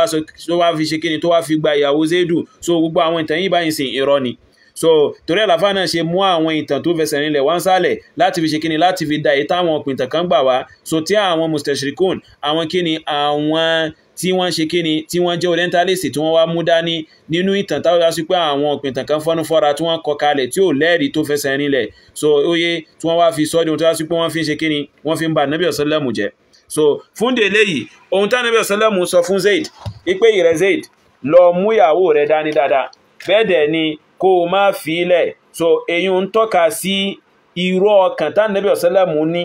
Speaker 1: wá fi ṣe kíni tó wá fi gba ìyàwó zaidu so gbogbo àwọn ìtàn yìí báyìí sìn irọ́ ni so torí àlàfà náà ṣe mú àwọn ìtàn tó fẹsẹ̀ rinlẹ̀ wá ń sálẹ̀ láti fi ṣe kíni láti fi da èyí táwọn pìntàn kan gbà wá so tí àwọn mustachirikun àwọn kíni àwọn tí wọ́n ṣe kíni tí wọ́n jẹ́ orientalist tí wọ́n wá mú dání nínú ìtàn táwọn dá sí pé àwọn òpìntàn kan fọ́nú fọ́ra tí wọ́n kọ kalẹ̀ tí ò lẹ́rìí tó fẹsẹ̀ rinlẹ̀ so oyè tí wọ́n wá fi sọ́ọ́dì so fún délé yìí ohun tí nabi ọ̀sánlẹ̀mù sọ fún bẹ́ẹ̀ dẹ̀ ni kó o má fi ilẹ̀ so eyín ń tọ́ka sí irú ọkàn tánàbí ọ̀sẹ́lẹ̀mù ní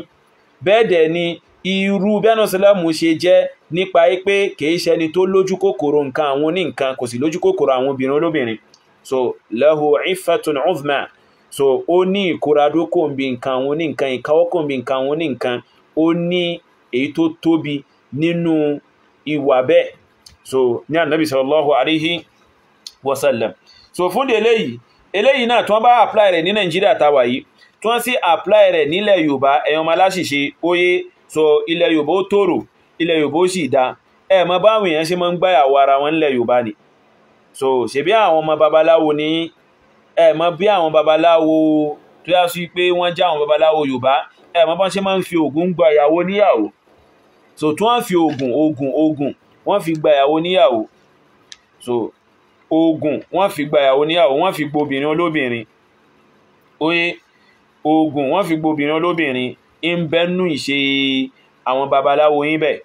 Speaker 1: bẹ́ẹ̀ dẹ̀ ni irú bẹ́ẹ̀ ọ̀sẹ́lẹ̀mù ṣe jẹ́ nípa pé kìí ṣẹni tó lójú kòkòrò nǹkan àwọn ní kò sì lójú kòkòrò àwọn obìnrin olóbìnrin so lahu iffatun uzma so ó ní ìkóradó kò ń bi nǹkan àwọn ní nǹkan ìkáwọ́ kò ń bi nǹkan àwọn ní ó ní èyí tó tóbi nínú ìwà bẹ́ẹ̀ so ní ànábì sallallahu alaihi wasallam so fún di eléyìí eléyìí náà tí wọ́n bá apply rẹ̀ ní nàìjíríà táwa yìí tí wọ́n sì apply rẹ̀ nílẹ̀ yorùbá ẹ̀yàn ọmọ aláṣìṣe óyé so ilẹ̀ yorùbá ó tòrò ilẹ̀ yorùbá ó sì da ẹ̀ mọ báwọn èèyàn ṣe máa ń gbáyàwó ara wọn nílẹ̀ yorùbá ni so ṣebí àwọn ọmọ babaláwo ní ẹ̀ mọ bí àwọn babaláwo tó yá sí pé wọ́n já àwọn babaláwo yorùbá ẹ̀ mọ bọ́n ṣe máa ń fi oògùn gba níyàwó so tí wọ́n fi oògùn oògùn oògùn wọ́n fi gba níyàwó so oògùn wọ́n fi gbàyàwó níyàwó wọ́n fi gbobìnrin olóbìnrin oye oògùn wọ́n fi gbobìnrin olóbìnrin ń bẹ́nu ìṣe àwọn babaláwo yín bẹ̀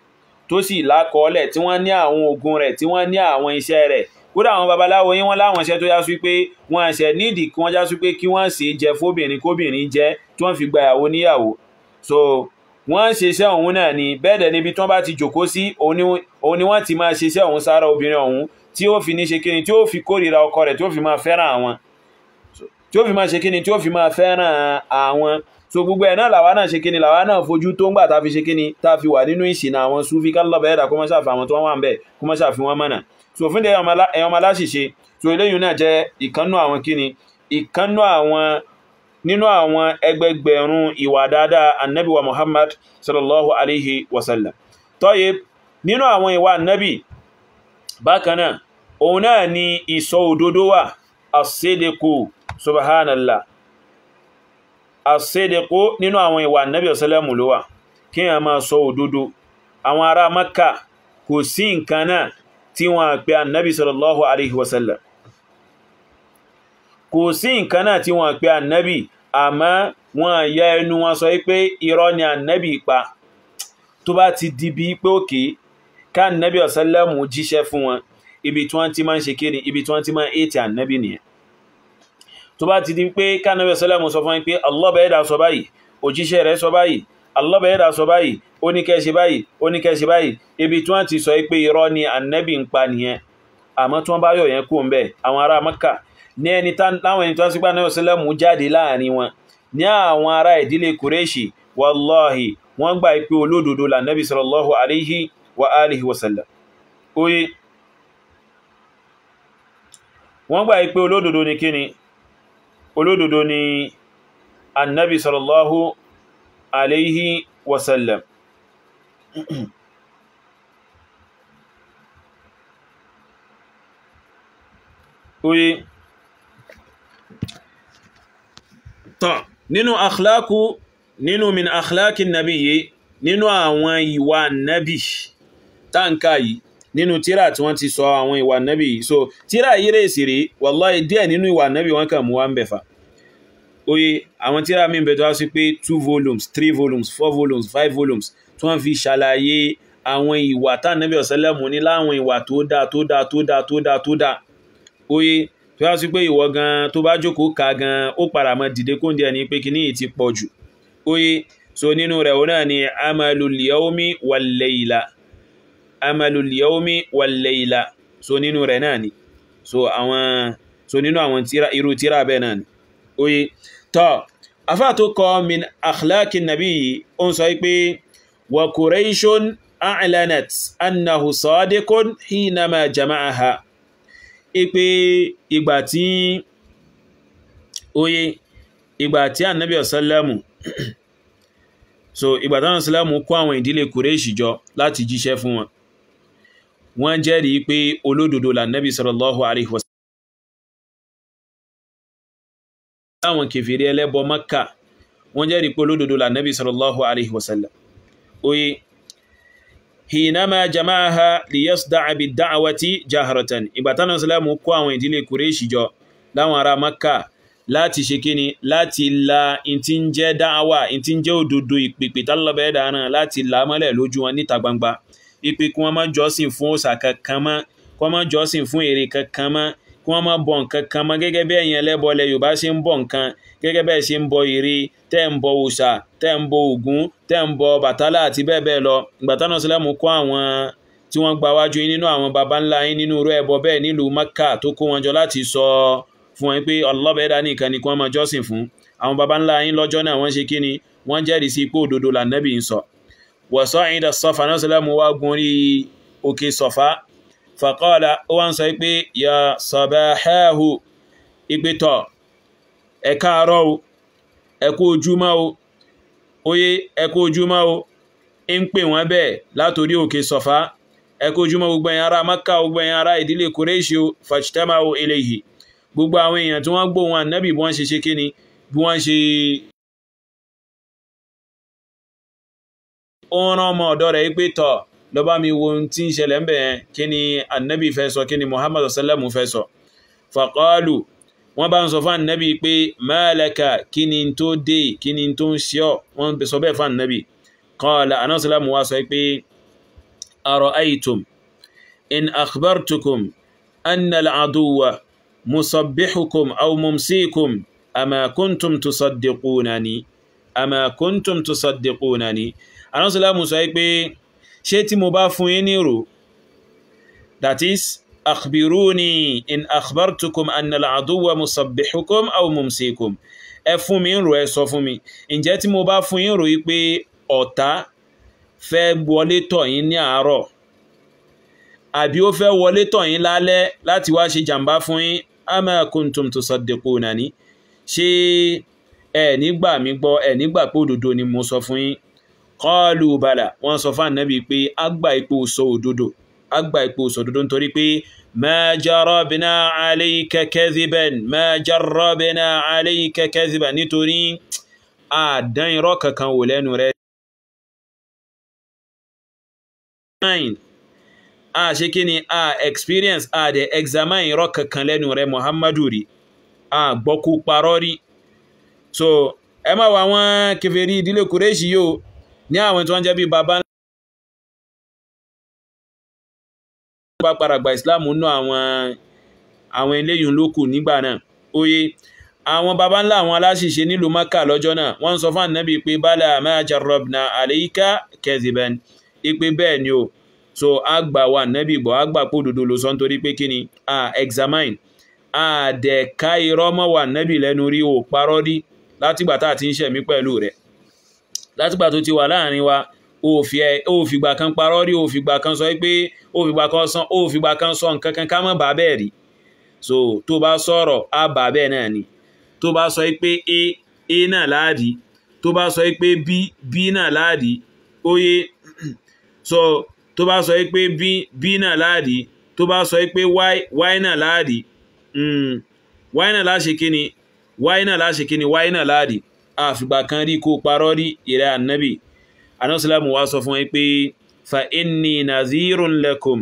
Speaker 1: tó sì lákọọ́lẹ̀ tí wọ́n ní àwọn oògùn rẹ̀ tí wọ́n ní àwọn iṣẹ́ rẹ̀ kódà àwọn babaláwo yín wọ́n láwọn iṣẹ́ tó já sí pé wọ́n ṣẹ̀ nídìí kí wọ́n já sí pé kí wọ́n ṣe jẹ fóbìnrin kóbìnrin jẹ tí wọ́n fi gbàyàwó níyàwó so wọ́n ṣeṣẹ́ òun náà ni bẹ́ẹ̀ dẹ̀ níbi tí wọ́n bá ti jòkó sí òun ni wọ́n ti máa ṣeṣẹ́ òun sára obìnrin ọ̀hún tí ó fi ní ṣe kíni tí ó fi kórìíra ọkọ rẹ̀ tí ó fi máa fẹ́ràn àwọn tí ó fi máa ṣe kíni tí ó fi máa fẹ́ràn àwọn so gbogbo ẹ̀ náà làwa náà ṣe kíni làwa náà fojú tó ń gbà tá a fi ṣe kíni tá a fi wà nínú ìsìn àwọn súfí kálọ́bẹ̀ kó má àwọn tó wà ń bẹ̀ kó má wọn mọ̀nà so fún ẹ̀yàn ọmọ aláṣìṣe so eléyìí náà jẹ́ ìkánú àwọn kíni ìkánú àwọn nínú àwọn ẹgbẹgbẹ̀rún ìwà dáadáa annabi muhammad sallallahu alaihi wasallam tọ́yẹ nínú àwọn ìwà annabi bákanáà òun náà ni ìsọ òdodo wà asídẹ̀kù subhanallah asídẹ̀kù nínú àwọn ìwà nabi ọ̀sẹ́lẹ̀mù ló wà kí a máa sọ òdodo àwọn ará makka kò sí nǹkan náà tí wọ́n pè annabi sallallahu alaihi wasallam kò sí nǹkan náà tí wọ́n pè annabi àmọ́ wọ́n ya ẹnu wọn sọ pé irọ́ ni annabi pa tó bá ti di bí pé òkè okay, ká ànábì ọ̀sánlẹ́mù jíṣẹ́ fún wọn ibi tí wọ́n ti máa ń ṣe kéde ibi tí wọ́n ti máa ń ètì ànábì nìyẹn tó bá ti di pé ká ànábì ọ̀sánlẹ́mù sọ fún wọn pé Allah bá ẹ̀dá sọ báyìí òjíṣẹ́ rẹ̀ sọ báyìí Allah bá ẹ̀dá sọ báyìí ó ní kẹ́ ṣe báyìí ó ní kẹ́ ṣe báyìí ibi tí wọ́n ti sọ pé irọ́ ni ànábì ń pa nìyẹn àmọ́ tí wọ́n bá yọ̀ yẹn kú ń bẹ̀ àwọn ará Mẹ́kà ní ẹni táwọn ẹni tó ń sípà náà ọ̀sánlẹ́mù jáde láàrin wọn ní àwọn ará ìdílé Kùrẹ́ṣì wọ́n gbà pé olódodo lànàbì sallallahu alayhi wa alihi wa sallam oye wọ́n gbà pé olódodo ni kíni olódodo ni annabi sallallahu alaihi wa sallam oye tán nínú akhlaqu min akhlaqin nabiyyi nínú àwọn ìwà nabi táǹkà yìí nínú tíra tí wọ́n ti sọ àwọn ìwà nẹ́bì yìí so tíra yìí rèé sì rí wàláì díẹ̀ nínú ìwà nẹ́bì wọn kàn mú wá ń bẹ̀fà oye àwọn tíra mi bẹ̀tọ́ sí pé two volumes three volumes four volumes five volumes tí wọ́n fi ṣàlàyé àwọn ìwà tánàbí ọ̀sẹ́lẹ̀mù ní láwọn ìwà tó dá tó dá tó dá tó dá tó dá oye tó yá sí pé ìwọ gan tó bá jókòó ka gan ó padà mọ dìde kóńdé ẹni pé kíní yìí ti pọ̀ jù oye so nínú rẹ̀ òun náà ni amalul yawmi wal layla amalul yawmi wal layla so nínú rẹ̀ náà ni so àwọn so nínú àwọn tíra irú tíra bẹ́ẹ̀ náà ni oye tọ́ afá tó kọ min akhlaqi nabi ó ń sọ pé wa quraishun a'lanat annahu sadiqun hinama jama'aha ipe ìgbà tí oye ìgbà tí annabi ọ̀sánlámù so ìgbà tí annabi ọ̀sánlámù kó àwọn ìdílé kùrẹ́ṣì jọ láti jíṣẹ́ fún wọn wọ́n jẹ́rìí pé olódodo lànàbí sallallahu alaihi wasallam láwọn kèfèrí ẹlẹ́bọ Mákà wọ́n jẹ́rìí pé olódodo lànàbí sallallahu alaihi wasallam oye hinama jama'aha liyasda'a bid-da'wati jaharatan ìgbàtánà islamu kó àwọn ìdílé Kùrẹ́ṣì jọ láwọn ará Mákà láti ṣe kíni láti la ìtí ń jẹ́ dáhàwà ìtí ń jẹ́ òdodo ìpèpè tálọ́bẹ̀ẹ́dà náà láti là mọ́lẹ̀ lójú wọn níta gbangba ipe kí wọ́n má jọ́sìn fún òòṣà kankan mọ́ kí wọ́n má jọ́sìn fún ère kankan mọ́ kí wọ́n má bọ nǹkan kan mọ́ gẹ́gẹ́ bí ẹ̀yin ẹlẹ́bọ ilẹ̀ Yorùbá ṣe ń bọ nǹkan gẹ́gẹ́ bẹ́ẹ̀ ṣe ń bọ ère tẹ́ ń bọ òòṣà tẹ́ ń bọ Ògún tẹ́ ń bọ Bàtálá àti bẹ́ẹ̀ bẹ́ẹ̀ lọ ìgbà táwọn kó àwọn tí wọ́n gba wájú yín nínú àwọn baba ńlá yín nínú irú ẹbọ bẹ́ẹ̀ nílùú Mẹ́kà tó kó wọn jọ láti sọ fún wọn pé ọlọ́bẹ̀ẹ́dá nìkan ni kí wọ́n máa jọ́sìn fún àwọn baba ńlá yín lọ́jọ́ náà wọ́n ṣe kí ni wọ́n jẹ́rìí sí ipò òdodo lànàbì ń sọ wàsáàìdà sọfà náà sọlá mú wá gun rí òkè sọfà fàkọ́ọ̀lá ó wá ń sọ pé ya sọ̀báhẹ́hù ìgbétọ̀ ẹ káàárọ̀ o ẹ kú ojúmọ́ o oyé ẹ kú ojúmọ́ o ń pè wọ́n bẹ́ẹ̀ látòrí òkè sọfà ẹ kú ojúmọ́ gbogbo ẹ̀yin ará ó rán ọmọ ọ̀dọ́ rẹ̀ pé tọ̀ lọ bá mi wo ohun tí ń ṣẹlẹ̀ ń bẹ̀ yẹn kí ni annabi fẹ́ sọ kí ni muhammadu sallamu fẹ́ sọ faqalu wọ́n bá ń sọ fún annabi pé malaka kí ni tó dé kí ni tó ń ṣe ọ́ wọ́n sọ bẹ́ẹ̀ fún annabi qala anasalamu wa sọ pé ara'aytum in akhbartukum anna al'aduwa musabbihukum aw mumsikum ama kuntum tusaddiqunani ama kuntum tusaddiqunani anásílámù sọ pé ṣé tí mo bá fún yín ní ìrò that is akhbiruni in akhbartukum anna al-aduwwa musabbihukum aw mumsikum ẹ fún mi ń rò ẹ sọ fún mi ǹjẹ́ tí mo bá fún yín rò yí pé ọ̀tá fẹ́ wọlé tọ̀ yín ní àárọ̀ àbí ó fẹ́ wọlé tọ̀ yín lálẹ́ láti wá ṣe jàǹbá fún yín ama kuntum tusaddiqunani ṣé ẹ nígbà mi gbọ́ ẹ nígbà pé òdodo ni mo sọ fún yín qalu bala wọ́n sọ fún ànábì pé agbà ipò sọ òdodo agbà ipò sọ òdodo nítorí pé ma jarabna alayka kadhiban ma jarabna alayka kadhiban nítorí àdán irọ́ kankan wò lẹ́nu rẹ̀ a ṣe kí ni a experience a dẹ̀ examine irọ́ kankan lẹ́nu rẹ̀ muhammadu rí a gbọ́kú parọ́ rí so ẹ má wà wọ́n kèfèrí ìdílé kùrẹ́ṣì yóò ní àwọn tí wọ́n jẹ́ bí baba ńlá bá padà gba ìsìláàmù nú àwọn àwọn eléyìí lókù nígbà náà oye àwọn baba ńlá àwọn aláṣìṣe nílùú maka lọ́jọ́ náà wọ́n sọ fún ànábì pé bala ma jarrabna alayka kadhiban ipe bẹ́ẹ̀ ni o so àgbà wa ànábì gbọ́ àgbà pò dòdò ló sọ nítorí pé kí ni a examine a dẹ̀ ká irọ́ mọ́ wa ànábì lẹ́nu rí o parọ́ rí látìgbà tá a ti ń ṣẹ̀mí pẹ̀lú rẹ̀ látìgbà tó ti wà láàrin wa ó fìgbà kan parọ́ rí ó fìgbà kan sọ pé ó fìgbà kan sọ ó fìgbà kan sọ nǹkan kan ká mọ́ bàá bẹ́ẹ̀ rí so tó bá sọ̀rọ̀ á bàá bẹ́ẹ̀ náà ni tó bá sọ pé a náà láàrí tó bá sọ pé b b náà láàrí Oye. [clears throat] so tó bá sọ pé b b náà láàrí tó bá sọ pé y y náà láàrí hmm. y náà láṣe kíni y náà láṣe kíni y náà láàrí àfìgbà kan rí kó parọ́ rí ìrẹ́ ànábì anásílámù wá sọ fún ẹ pé fa inni nazirun lakum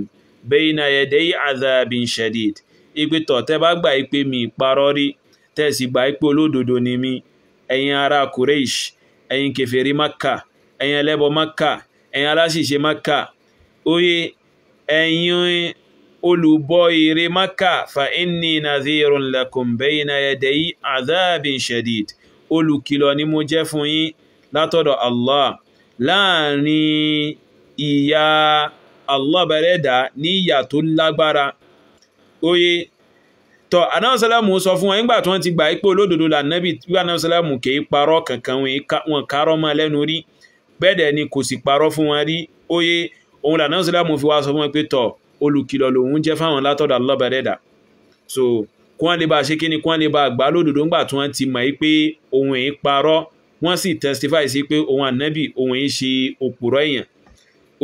Speaker 1: bayna yaday azabin shadid ipe tọ̀ tẹ́ bá gbà ipe mi parọ́ rí tẹ́sì gbà ipe olódodo ni mi ẹ̀yin ará Quraysh ẹ̀yin kèfèrí Makka ẹ̀yin ẹlẹ́bọ Makka ẹ̀yin aláṣìṣe Makka oye ẹ̀yin olùbọ́ ire Makka fa inni nazirun lakum bayna yaday azabin shadid olùkìlọ̀ ni mo jẹ́ fún yín látọ̀dọ̀ Allah láàrin ìyà Allah bẹ̀rẹ̀dà ní ìyà tó lágbára oye tọ́ anáwọ̀sálàmù sọ fún wọn nígbà tí wọ́n ti gbà ipò olódodo lànàbì tí anáwọ̀sálàmù kì í parọ́ kankan wọn kárọ́ mọ́ lẹ́nu rí bẹ́ẹ̀dẹ̀ ni kò sì parọ́ fún wọn rí oye òun lànàwọ̀sálàmù fi wá sọ fún wọn pé tọ́ olùkìlọ̀ lòun jẹ́ fáwọn látọ̀dọ̀ Allah bẹ̀rẹ̀dà so kún lè bá ṣe kí ni kún lè bá gbà lódodo ńgbà tí wọ́n ti mọ̀ yí pé òun yìí parọ́ wọ́n sì testify sí pé òun ànábì òun yìí ṣe òpùrọ́ èèyàn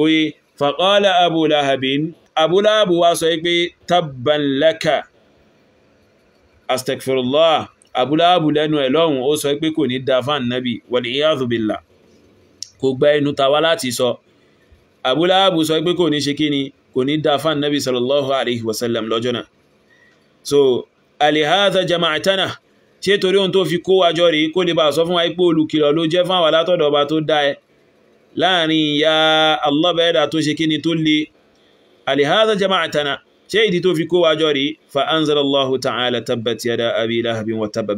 Speaker 1: oye faqala Abu Lahabin Abu Lahab wá sọ pé tabban laka astagfirullah Abu Lahab lẹ́nu ẹ̀ lọ́hùn ó sọ pé kò ní da fún ànábì wal iyadhu billah kò gba ẹnu ta wá láti sọ Abu Lahab sọ pé kò ní ṣe kí ni kò ní da fún ànábì sallallahu alaihi wasallam lọ́jọ́ so alihadha jama'atana ṣé torí ohun tó fi kó wa jọ rèé kó lè bá sọ fún wa pé olùkìlọ̀ ló jẹ́ fún àwa látọ̀dọ̀ ọba tó dá ẹ láàrin ìyá alábẹ́ẹ̀dà tó ṣe kíni tó le alihadha jama'atana ṣé ìdí tó fi kó wa jọ rèé fa anzalallahu ta'ala tabbat yada abi lahabin wa tabba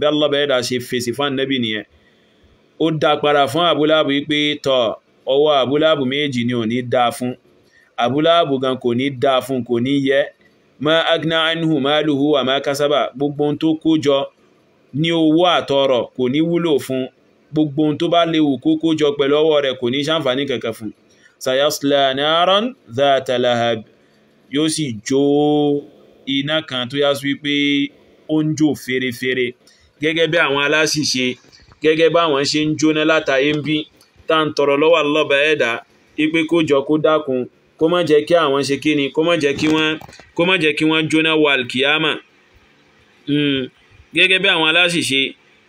Speaker 1: ma agna anhu maluhu wa ma kasaba gbogbo ohun tó kó jọ ní owó àtọrọ̀ kò ní wúlò fún gbogbo ohun tó bá léwu kó kó jọ pẹ̀lú ọwọ́ rẹ̀ kò ní ṣàǹfààní kankan fún sayasla naran dhata lahab yóò sì jó iná kan tó yá sí wípé ó ń jó fèrèfèrè gẹ́gẹ́ bí àwọn aláṣìṣe gẹ́gẹ́ bá àwọn ṣe ń jóná látàyé ń bí tá ń tọrọ lọ́wọ́ Allah ẹ̀dá ipe kó jọ kó dákun kó má jẹ́ kí àwọn ṣe kí ni kó má jẹ́ kí wọ́n kó má jẹ́ kí wọ́n jóná wà kìámà hmm, gẹ́gẹ́ bí àwọn aláṣìṣe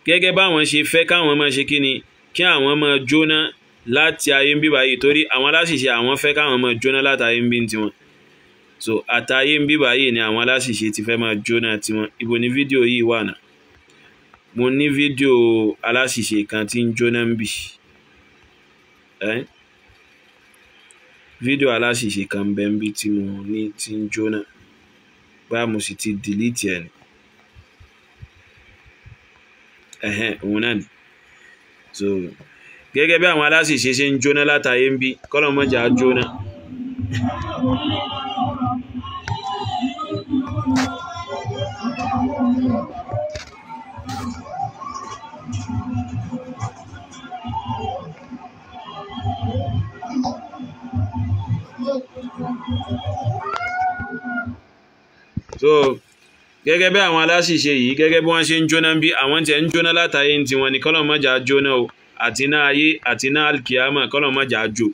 Speaker 1: gẹ́gẹ́ bá àwọn ṣe fẹ́ káwọn máa ṣe kí ni kí àwọn máa jóná láti ayé ń bí báyìí torí àwọn aláṣìṣe àwọn fẹ́ káwọn máa jóná láti ayé ń bí tiwọn so àtayé ń bí báyìí ni àwọn aláṣìṣe ti fẹ́ máa jóná tiwọn ibo ni fídíò yìí wà náà mo ní fídíò aláṣìṣe kan tí ń jóná ń bì. Eh? fídíò aláṣìṣe kan bẹ́ ń bí tí mo ní tí ń jóná bá mo sì ti delete ẹ̀ ni ẹ̀hẹ́n òun náà ni so gẹ́gẹ́ bí àwọn aláṣìṣe ṣe ń jóná látàyé ń bí kọ́lọ̀ mọ́jà jóná Thank you. so gẹ́gẹ́ bí àwọn aláṣìṣe yìí gẹ́gẹ́ bí wọ́n ṣe ń jóná bí àwọn tẹ̀ ń jóná látàyé ní tiwọn ni kọ́lọ̀ mọ́jà jóná o àti náà ayé àti náà alkiyama kọ́lọ̀ mọ́jà jò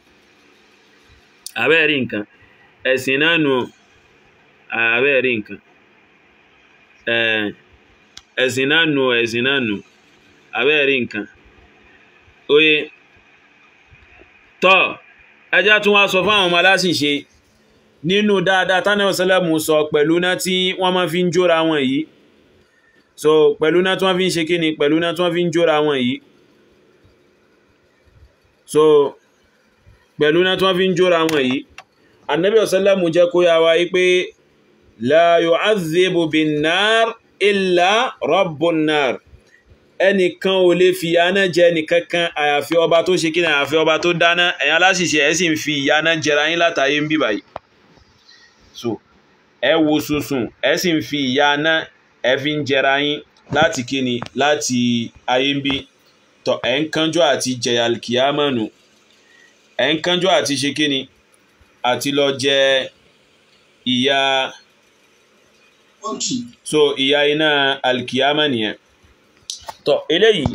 Speaker 1: àbẹ́ẹ̀rí nǹkan ẹ̀sìn náà nù àbẹ́ẹ̀rí nǹkan ẹ̀sìn náà nù ẹ̀sìn náà nù nǹkan oye tọ́ọ̀ ẹjá tún wá sọ fáwọn ọmọ aláṣìṣe nínú dáadáa tánà ọ̀sẹ́lẹ̀mù sọ pẹ̀lú náà tí wọ́n máa fi ń jóra wọn yìí so pẹ̀lú náà tí wọ́n fi ń ṣe kí ni pẹ̀lú náà tí wọ́n fi ń jóra wọn yìí so pẹ̀lú náà tí wọ́n fi ń jóra wọn yìí annabi ọ̀sẹ́lẹ̀mù jẹ́ kó yáwa yí pé la yu'adhibu bin nar nar ẹnìkan ò lè fi ìyáná jẹ ẹnìkankan àyàfi ọba tó ṣe kíni àyàfi ọba tó dáná ẹ̀yin aláṣìṣe ẹ̀ sì ń fi ìyáná jẹra yín látàyè ń bì báyìí so ẹ wo sunsun ẹ sì ń fi ìyáná ẹ fi ń jẹra yín láti kíni láti ayé ń bì tọ ẹ ń kánjú àti jẹyà kìámọ̀nù ẹ ń kánjú àti ṣe kíni àti lọ jẹ ìyá so ìyá iná alkiyama nìyẹn tọ́ eléyìí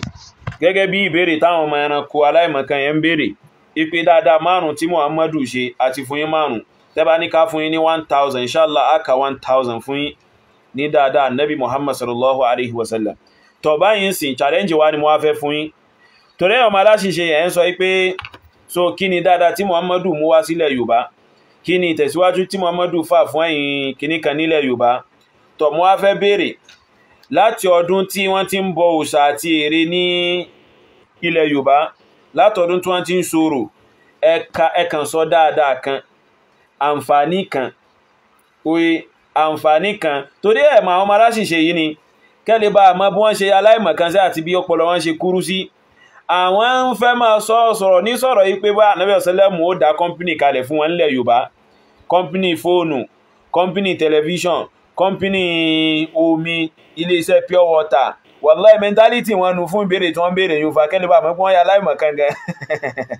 Speaker 1: gẹ́gẹ́ bí ìbéèrè táwọn ọmọ ẹranko aláìmọ̀kan yẹn ń béèrè ipe dáadáa márùn tí muhammadu ṣe àti fún yín márùn tẹ́bá ní ká fún yín ní one thousand inshallah aka one thousand fún yín ní dáadáa nabi muhammad sallallahu alayhi wa sallam tọ́ báyìí ń sìn challenge wa ni mo wá fẹ́ fún yín torí ọmọ aláṣìṣe yẹn ń sọ pé so kí ni dáadáa tí muhammadu mú wá sílẹ̀ yorùbá kí ni ìtẹ̀síwájú tí muhammadu fà fún ẹ̀yin kìnnìkan nílẹ̀ yorùbá tọ́ mo wá fẹ́ béèrè láti ọdún tí wọ́n ti ń bọ òòṣà àti ère ní ilẹ̀ yorùbá látọdún tí wọ́n ti ń sọ̀rọ̀ ẹ̀kan sọ dáadáa kan àǹfààní kan oye àǹfààní kan torí ẹ̀ mà àwọn ọmọ aláṣìṣe yìí ni kẹ́lẹ̀ bá àmọ́ bí wọ́n ṣe aláìmọ̀kan sí àti bí ọpọlọ wọn ṣe kúrú sí àwọn ń fẹ́ máa sọ sọ̀rọ̀ ní sọ̀rọ̀ yìí pé bá ànábì ọ̀sẹ́lẹ̀mù ó dá kọ́mpínì kalẹ̀ fún wọn nílẹ̀ yorùbá kọ́mpínì fóònù kọ́mpínì tẹlifíṣàn kọ́mpínì omi iléeṣẹ́ pure water wàláì mẹ́ntálítì wọn nu fún ìbéèrè tí wọ́n béèrè yóò fa kẹ́lẹ́ bá mọ́ pé wọ́n ya aláìmọ̀ kan gan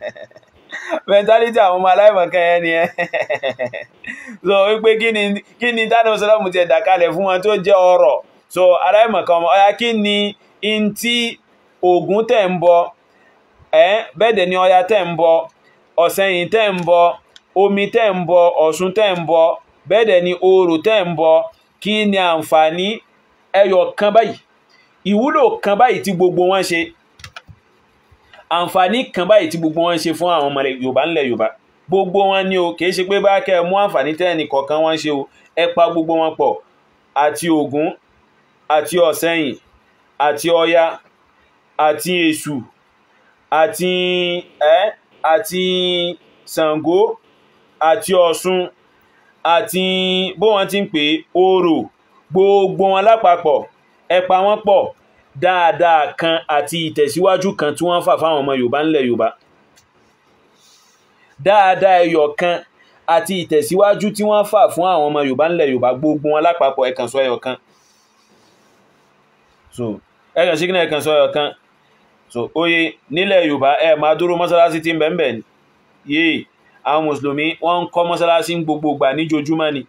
Speaker 1: [laughs] mẹ́ntálítì àwọn ọmọ aláìmọ̀ kan yẹn nìyẹn [laughs] so wípé kí ni tánà sọlọ́mù ti ẹ̀dà kalẹ̀ fún wọn tó jẹ́ ọ̀rọ̀ so aláìmọ̀ kan ọmọ ọ̀yà kí ni in tí oògùn tẹ̀ ń bọ ẹ̀ bẹ́ẹ̀dẹ̀ ni ọya tẹ̀ ń bọ ọ̀sẹ̀yìn tẹ̀ ń bọ omi tẹ̀ ń bọ ọ̀ṣun tẹ̀ ń bọ bẹ́ẹ̀dẹ̀ ni oòrùn tẹ̀ ń bọ kí ni àǹfààní ẹyọ kan báyìí ìwúlò kan báyìí tí gbogbo wọn ṣe àǹfààní kan báyìí tí gbogbo wọn ṣe fún àwọn ọmọ Yorùbá ńlẹ̀ Yorùbá gbogbo wọn ni o kìí ṣe pé bá kẹ́ mú àǹfààní tẹ́ẹ̀nì kọ̀ọ̀kan wọn ṣe o ẹ pa gbogbo wọn pọ̀ àti Ògún àti Ọ̀sẹ́yìn àti Ọya àti Èṣù àti ẹ àti Ṣàngó àti Ọ̀ṣun àti bó wọn ti ń pè orò gbogbo wọn lápapọ̀ ẹ pa wọ́n pọ̀ dáadáa kan àti ìtẹ̀síwájú kan tí wọ́n fà fáwọn ọmọ yorùbá ńlẹ̀ yorùbá dáadáa ẹyọ kan àti ìtẹ̀síwájú tí wọ́n fà fún àwọn ọmọ yorùbá ńlẹ̀ yorùbá gbogbo wọn lápapọ̀ ẹ̀kan sọ ẹyọ kan so ẹ̀kan sí kí náà ẹ̀kan sọ ẹyọ kan so oye nílẹ̀ yorùbá ẹ̀ máa dúró mọ́sálásí tí ń bẹ̀ ń bẹ̀ yéè àwọn mùsùlùmí wọ́n ń kọ́ mọ́sálásí gbogbo ìgbà níjojúmọ́ ni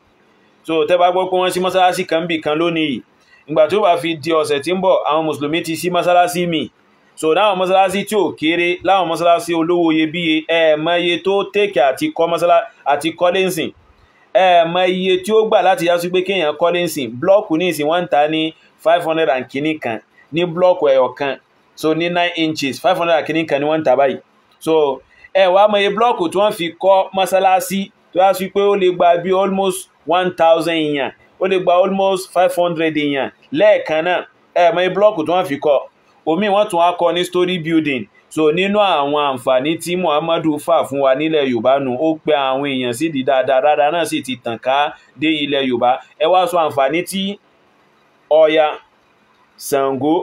Speaker 1: so tẹ́ bá gbọ́ pé wọ́n sí mọ́sálásí kan bì kan lónìí yìí ìgbà tó bá fi di ọ̀sẹ̀ tí ń bọ̀ àwọn mùsùlùmí ti sí mọ́sálásí mi so láwọn mọ́sálásí tí ò kéré láwọn mọ́sálásí olówó iyebíye ẹ̀ẹ̀mọye tó tèkè àti kọ́lé ńsìn ẹ̀ẹ̀mọye tí ó gbà láti yá sí pé kéèyàn kọ́lé ńsìn blọ́ọ̀kù ní ìsìn wọ́n ń ta ní five hundred and kìíní kan ní blọ́ọ̀kù ẹ̀yọ̀ kan so ní nine inches five hundred and kìíní kan ni wọ́n ń ta báyìí so ẹ wàá mọye blọ́ọ̀kù tí wọ́n fi kọ́ mọ́sálásí tó yá sí pé ó lè gba bí almost one thousand èèyàn ó lè gba almost five hundred èèyàn lẹ́ẹ̀kan náà ẹ mọye blọ́ọ̀kù tí wọ́n fi kọ́ omi wọ́n tún á kọ́ ní story building so nínú àwọn àǹfààní tí muhammadu fà fún wa nílẹ̀ yorùbá nu ó pe àwọn èèyàn sí di dáadáa dáadáa náà sì ti tàn ká dé ilẹ̀ yorùbá ẹ wá sọ àǹfààní tí ọya ṣàngó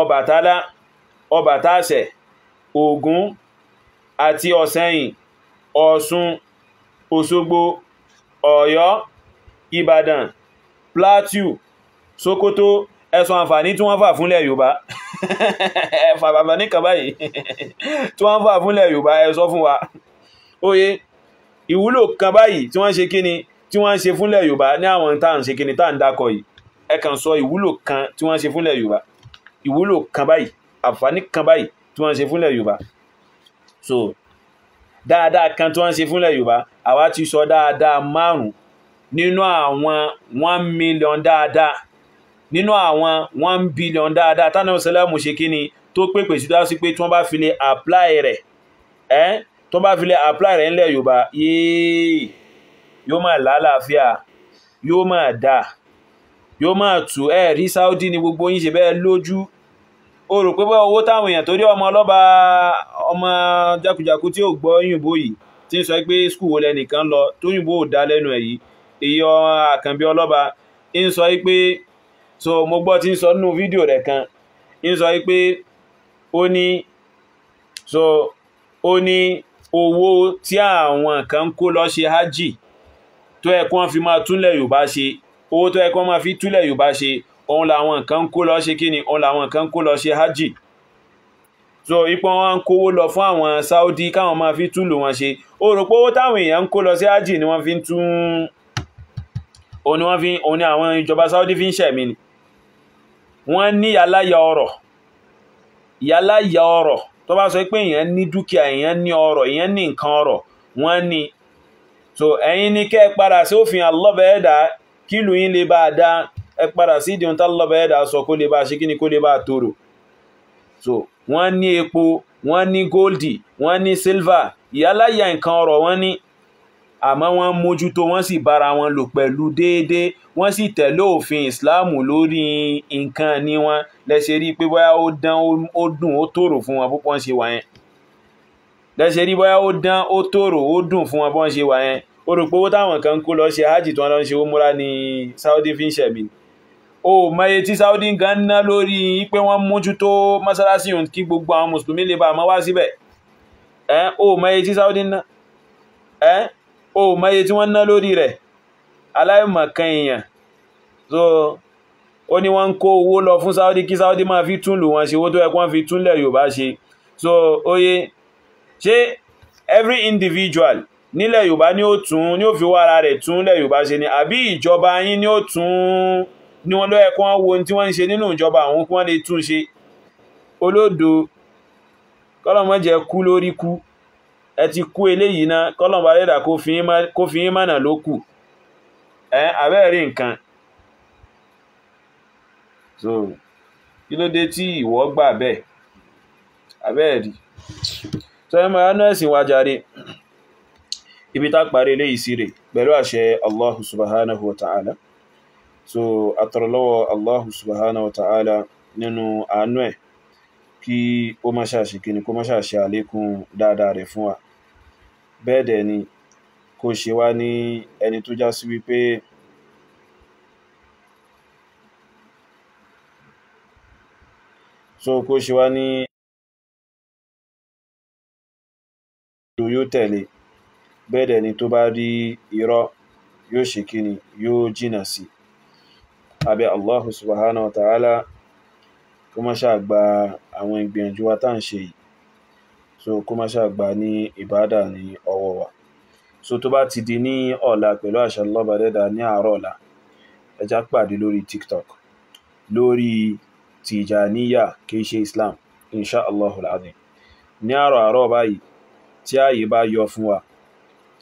Speaker 1: ọbàtálá ọbàtàṣẹ ògún àti ọ̀sẹ̀yìn ọ̀ṣun òṣogbo ọ̀yọ́ ìbàdàn plateau sokoto ẹ̀sùn àǹfààní tí wọ́n fà fúnlẹ̀ yorùbá [laughs] fàbàbàní kan báyìí [laughs] tí wọ́n fà fúnlẹ̀ yorùbá ẹ sọ fún wa oye ìwúlò kan báyìí tí wọ́n ṣe kíni tí wọ́n ṣe fúnlẹ̀ yorùbá ní àwọn tá à ń ṣe kíni tá à ń dákọ̀ yìí ẹ kàn sọ ìwúlò kan tí wọ́n ṣe fúnlẹ̀ yorùbá ìwúlò kan báyìí àǹfààní kan báyìí tí wọ́n ṣe fúnlẹ̀ yorùbá so dáadáa kan tí wọ́n ń ṣe fúnlẹ̀ yorùbá àwa ti sọ dáadáa márùn-ún nínú àwọn one million dáadáa nínú àwọn one billion dáadáa tánà ìsẹ́lẹ̀mù ṣe kí ni tó pèpè sí dáa sí pé tí wọ́n bá fi lè apply rẹ̀ ẹ́ tó bá fi lè apply rẹ̀ ńlẹ̀ yorùbá yéé yóò máa lálàáfíà yóò máa dáa yóò máa tù ẹ́ rí saudi ni gbogbo yín ṣe bẹ́ẹ̀ lójú o rò pé owó táwọn èèyàn torí ọmọ ọlọ́ba ọmọ jákujàku tí ò gbọ́ yìnbó yìí tí ń sọ pé skul wo lẹnìkan lọ tó yìnbó ò dá lẹ́nu ẹ̀ yìí èyí àkànbí ọlọ́ba ń sọ pé so mo gbọ́ tí ń sọ nínú fídíò rẹ̀ kan ń sọ pé ó ní so ó ní owó tí àwọn kan kó lọ ṣe hajj tó yẹ kí wọ́n fi máa túnlẹ̀ yorùbá ṣe owó tó yẹ máa fi túnlẹ̀ yorùbá ṣe òun làwọn kan kó lọ ṣe kíni òun làwọn kan kó lọ ṣe hajj so ipò wọn ń kówó lọ fún àwọn Saudi káwọn máa fi túlù wọn ṣe ó rò pé owó táwọn èèyàn ń kó lọ sí hajj ni wọ́n fi ń tún òun ni wọ́n fi àwọn ìjọba Saudi fi ń ṣẹ̀mí ni wọ́n ní yàláyà ọrọ̀ yàláyà ọrọ̀ tó bá sọ pé èèyàn ní dúkìá èèyàn ní ọrọ̀ èèyàn ní nǹkan ọrọ̀ wọ́n ní so ẹ̀yin ní kẹ́ ẹ padà sí òfin Allah bẹ́ẹ̀ dá kílù yín lè bá a dá ẹ padà sí ìdíhun tá lọ́bẹ̀ ẹ̀dà sọ kó lè bá ṣe kí ni kó lè bá tòrò so wọ́n ní epo wọ́n ní góòlì wọ́n ní sílvà ìyáláyà nǹkan ọ̀rọ̀ wọ́n ní àmọ́ wọ́n mójútó wọ́n sì bára wọn lò pẹ̀lú déédéé wọ́n sì tẹ̀lé òfin ìsìláàmù lórí nǹkan ní wọn lẹ́sẹ̀ rí pé bóyá ó dán ó dùn ó tòrò fún wọn púpọ̀ ń ṣe wà yẹn lẹ́sẹ̀ rí bóyá ó dán ó tòrò ó dùn fún wọn bọ́n ṣe wà yẹn ó rò pé owó táwọn kan kó lọ ṣe hajj tí wọ́n lọ ń ṣe ó múra ní Saudi fi ń ṣẹ̀mí ni o mọye tí Saudi gan ná lórí pé wọ́n mójútó mọ́sálásí òun kí gbogbo àwọn mùsùlùmí lè bá àmọ́ wá síbẹ̀ o mọye tí Saudi ná ẹ́ o mọye tí wọ́n ná lórí rẹ̀ aláìmọ̀kan èèyàn so ó ní wọ́n ń kó owó lọ fún Saudi kí Saudi máa fi tún lù wọ́n ṣe owó tó yẹ fi túnlẹ̀ Yorùbá ṣe so oye ṣé every individual nílẹ̀ Yorùbá ni ó tún ni ó fi wá ara rẹ̀ tún Yorùbá ṣe ni àbí ìjọba yín ni ó tún ní wọ́n lọ́yẹ̀ kọ́ wo tí wọ́n ń ṣe nínú ìjọba àwọn kí wọ́n lè tún ṣe olódo kọ́lọ̀mọ́ jẹ́ kú lórí kú ẹ ti kú eléyìí náà kọ́lọ̀mọ́ alẹ́dà kó fi yín mọ̀nà ló kù ẹ abẹ́rẹ́ nǹkan so kí ló dé tí ìwọ gbà bẹ́ẹ̀ abẹ́rẹ́ so ẹ máa ná ẹ̀sìn wájàre ibi tá parí eléyìí sí rè pẹ̀lú àṣẹ Allah subhanahu wa ta'ala so atọ̀rọ̀lọ́wọ́ Allahu subhanahu wa ta'ala nínú àánú ẹ̀ kí ó má ṣàṣe kí ni kó má ṣàṣe àlékún dáadáa rẹ̀ fún wa bẹ́ẹ̀ dẹ̀ ni kó ṣe wá ní ẹni tó já sí wípé so kó ṣe wá ní ìlú yóò tẹ̀lé bẹ́ẹ̀ dẹ̀ ni tó bá rí irọ́ yóò ṣe kí ni yóò jìnà sí i abẹ́ allah subhanahu wa ta'ala kó má ṣáà gba àwọn ìgbìyànjú wa tá à ń ṣe yìí so kó má ṣáà gba ní ìbádà ní ọwọ́ wa so tó bá ti di ní ọ̀la pẹ̀lú àṣà Allah bá dẹ́dà ní àárọ̀ ọ̀la ẹ já pàdé lórí tiktok lórí tìjàníyà kìí ṣe islam insha allah alazim ní àárọ̀ àárọ̀ báyìí tí ààyè bá yọ fún wa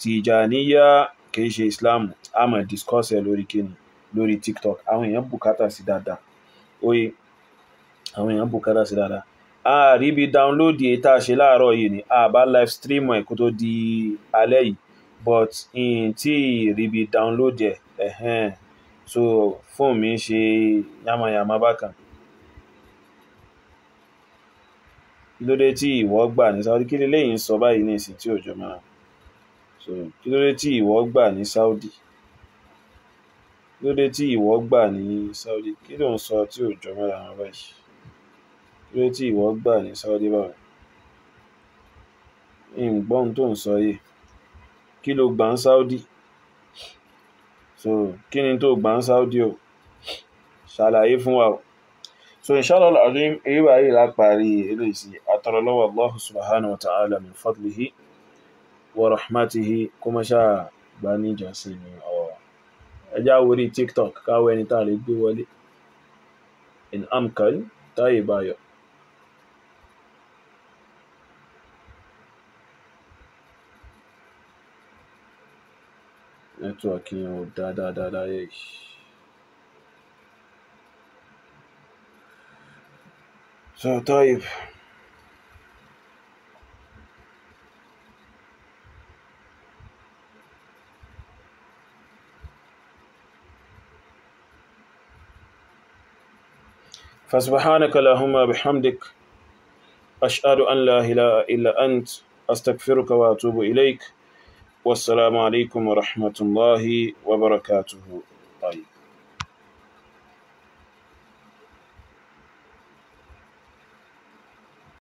Speaker 1: tìjàníyà kìí ṣe islam a máa discuss ẹ lórí kíni lórí TikTok àwọn èèyàn bùkátà sí dáadáa oye àwọn èèyàn bùkátà sí dáadáa a rí ibi dáńlódì ṣe láàárọ̀ yìí ni a bá live stream ẹ̀ kó tó di alẹ́ yìí but n tí rí ibi dáńlódì so fóònù mi ń ṣe yamayama bákan kí ló dé tí ìwọ gbà ní Saudi kí lélẹ́yìn ń sọ báyìí ní ìsìn tí òjò máa so kí ló dé tí ìwọ gbà ní Saudi lódé tí ìwọ gbà ní Saudi kí ló ń sọ tí ò jọ mọ́ra wọn báyìí lódé tí ìwọ gbà ní Saudi báwọn ìgbọ́n tó ń sọ yìí kí ló gbà ń Saudi so kí ni tó gbà ń Saudi o ṣàlàyé fún wa o so inshallah alazim èyí báyìí la parí eléyìí sí atọrọ lọ́wọ́ Allah subhanahu wa ta'ala min fadlihi wa rahmatihi kó má ṣáà gbà níjà sí ni àwọn ẹjá wórí tiktok káwọ ẹni tá a lè gbé wọlé in amkan táyé báyọ̀. nẹ́tíwọ̀kì yẹn ò dá dáadáa yẹ yìí. So, Tayyip. فسبحانك اللهم بحمدك أشهد أن لا إله إلا أنت أستغفرك وأتوب إليك والسلام عليكم ورحمة الله وبركاته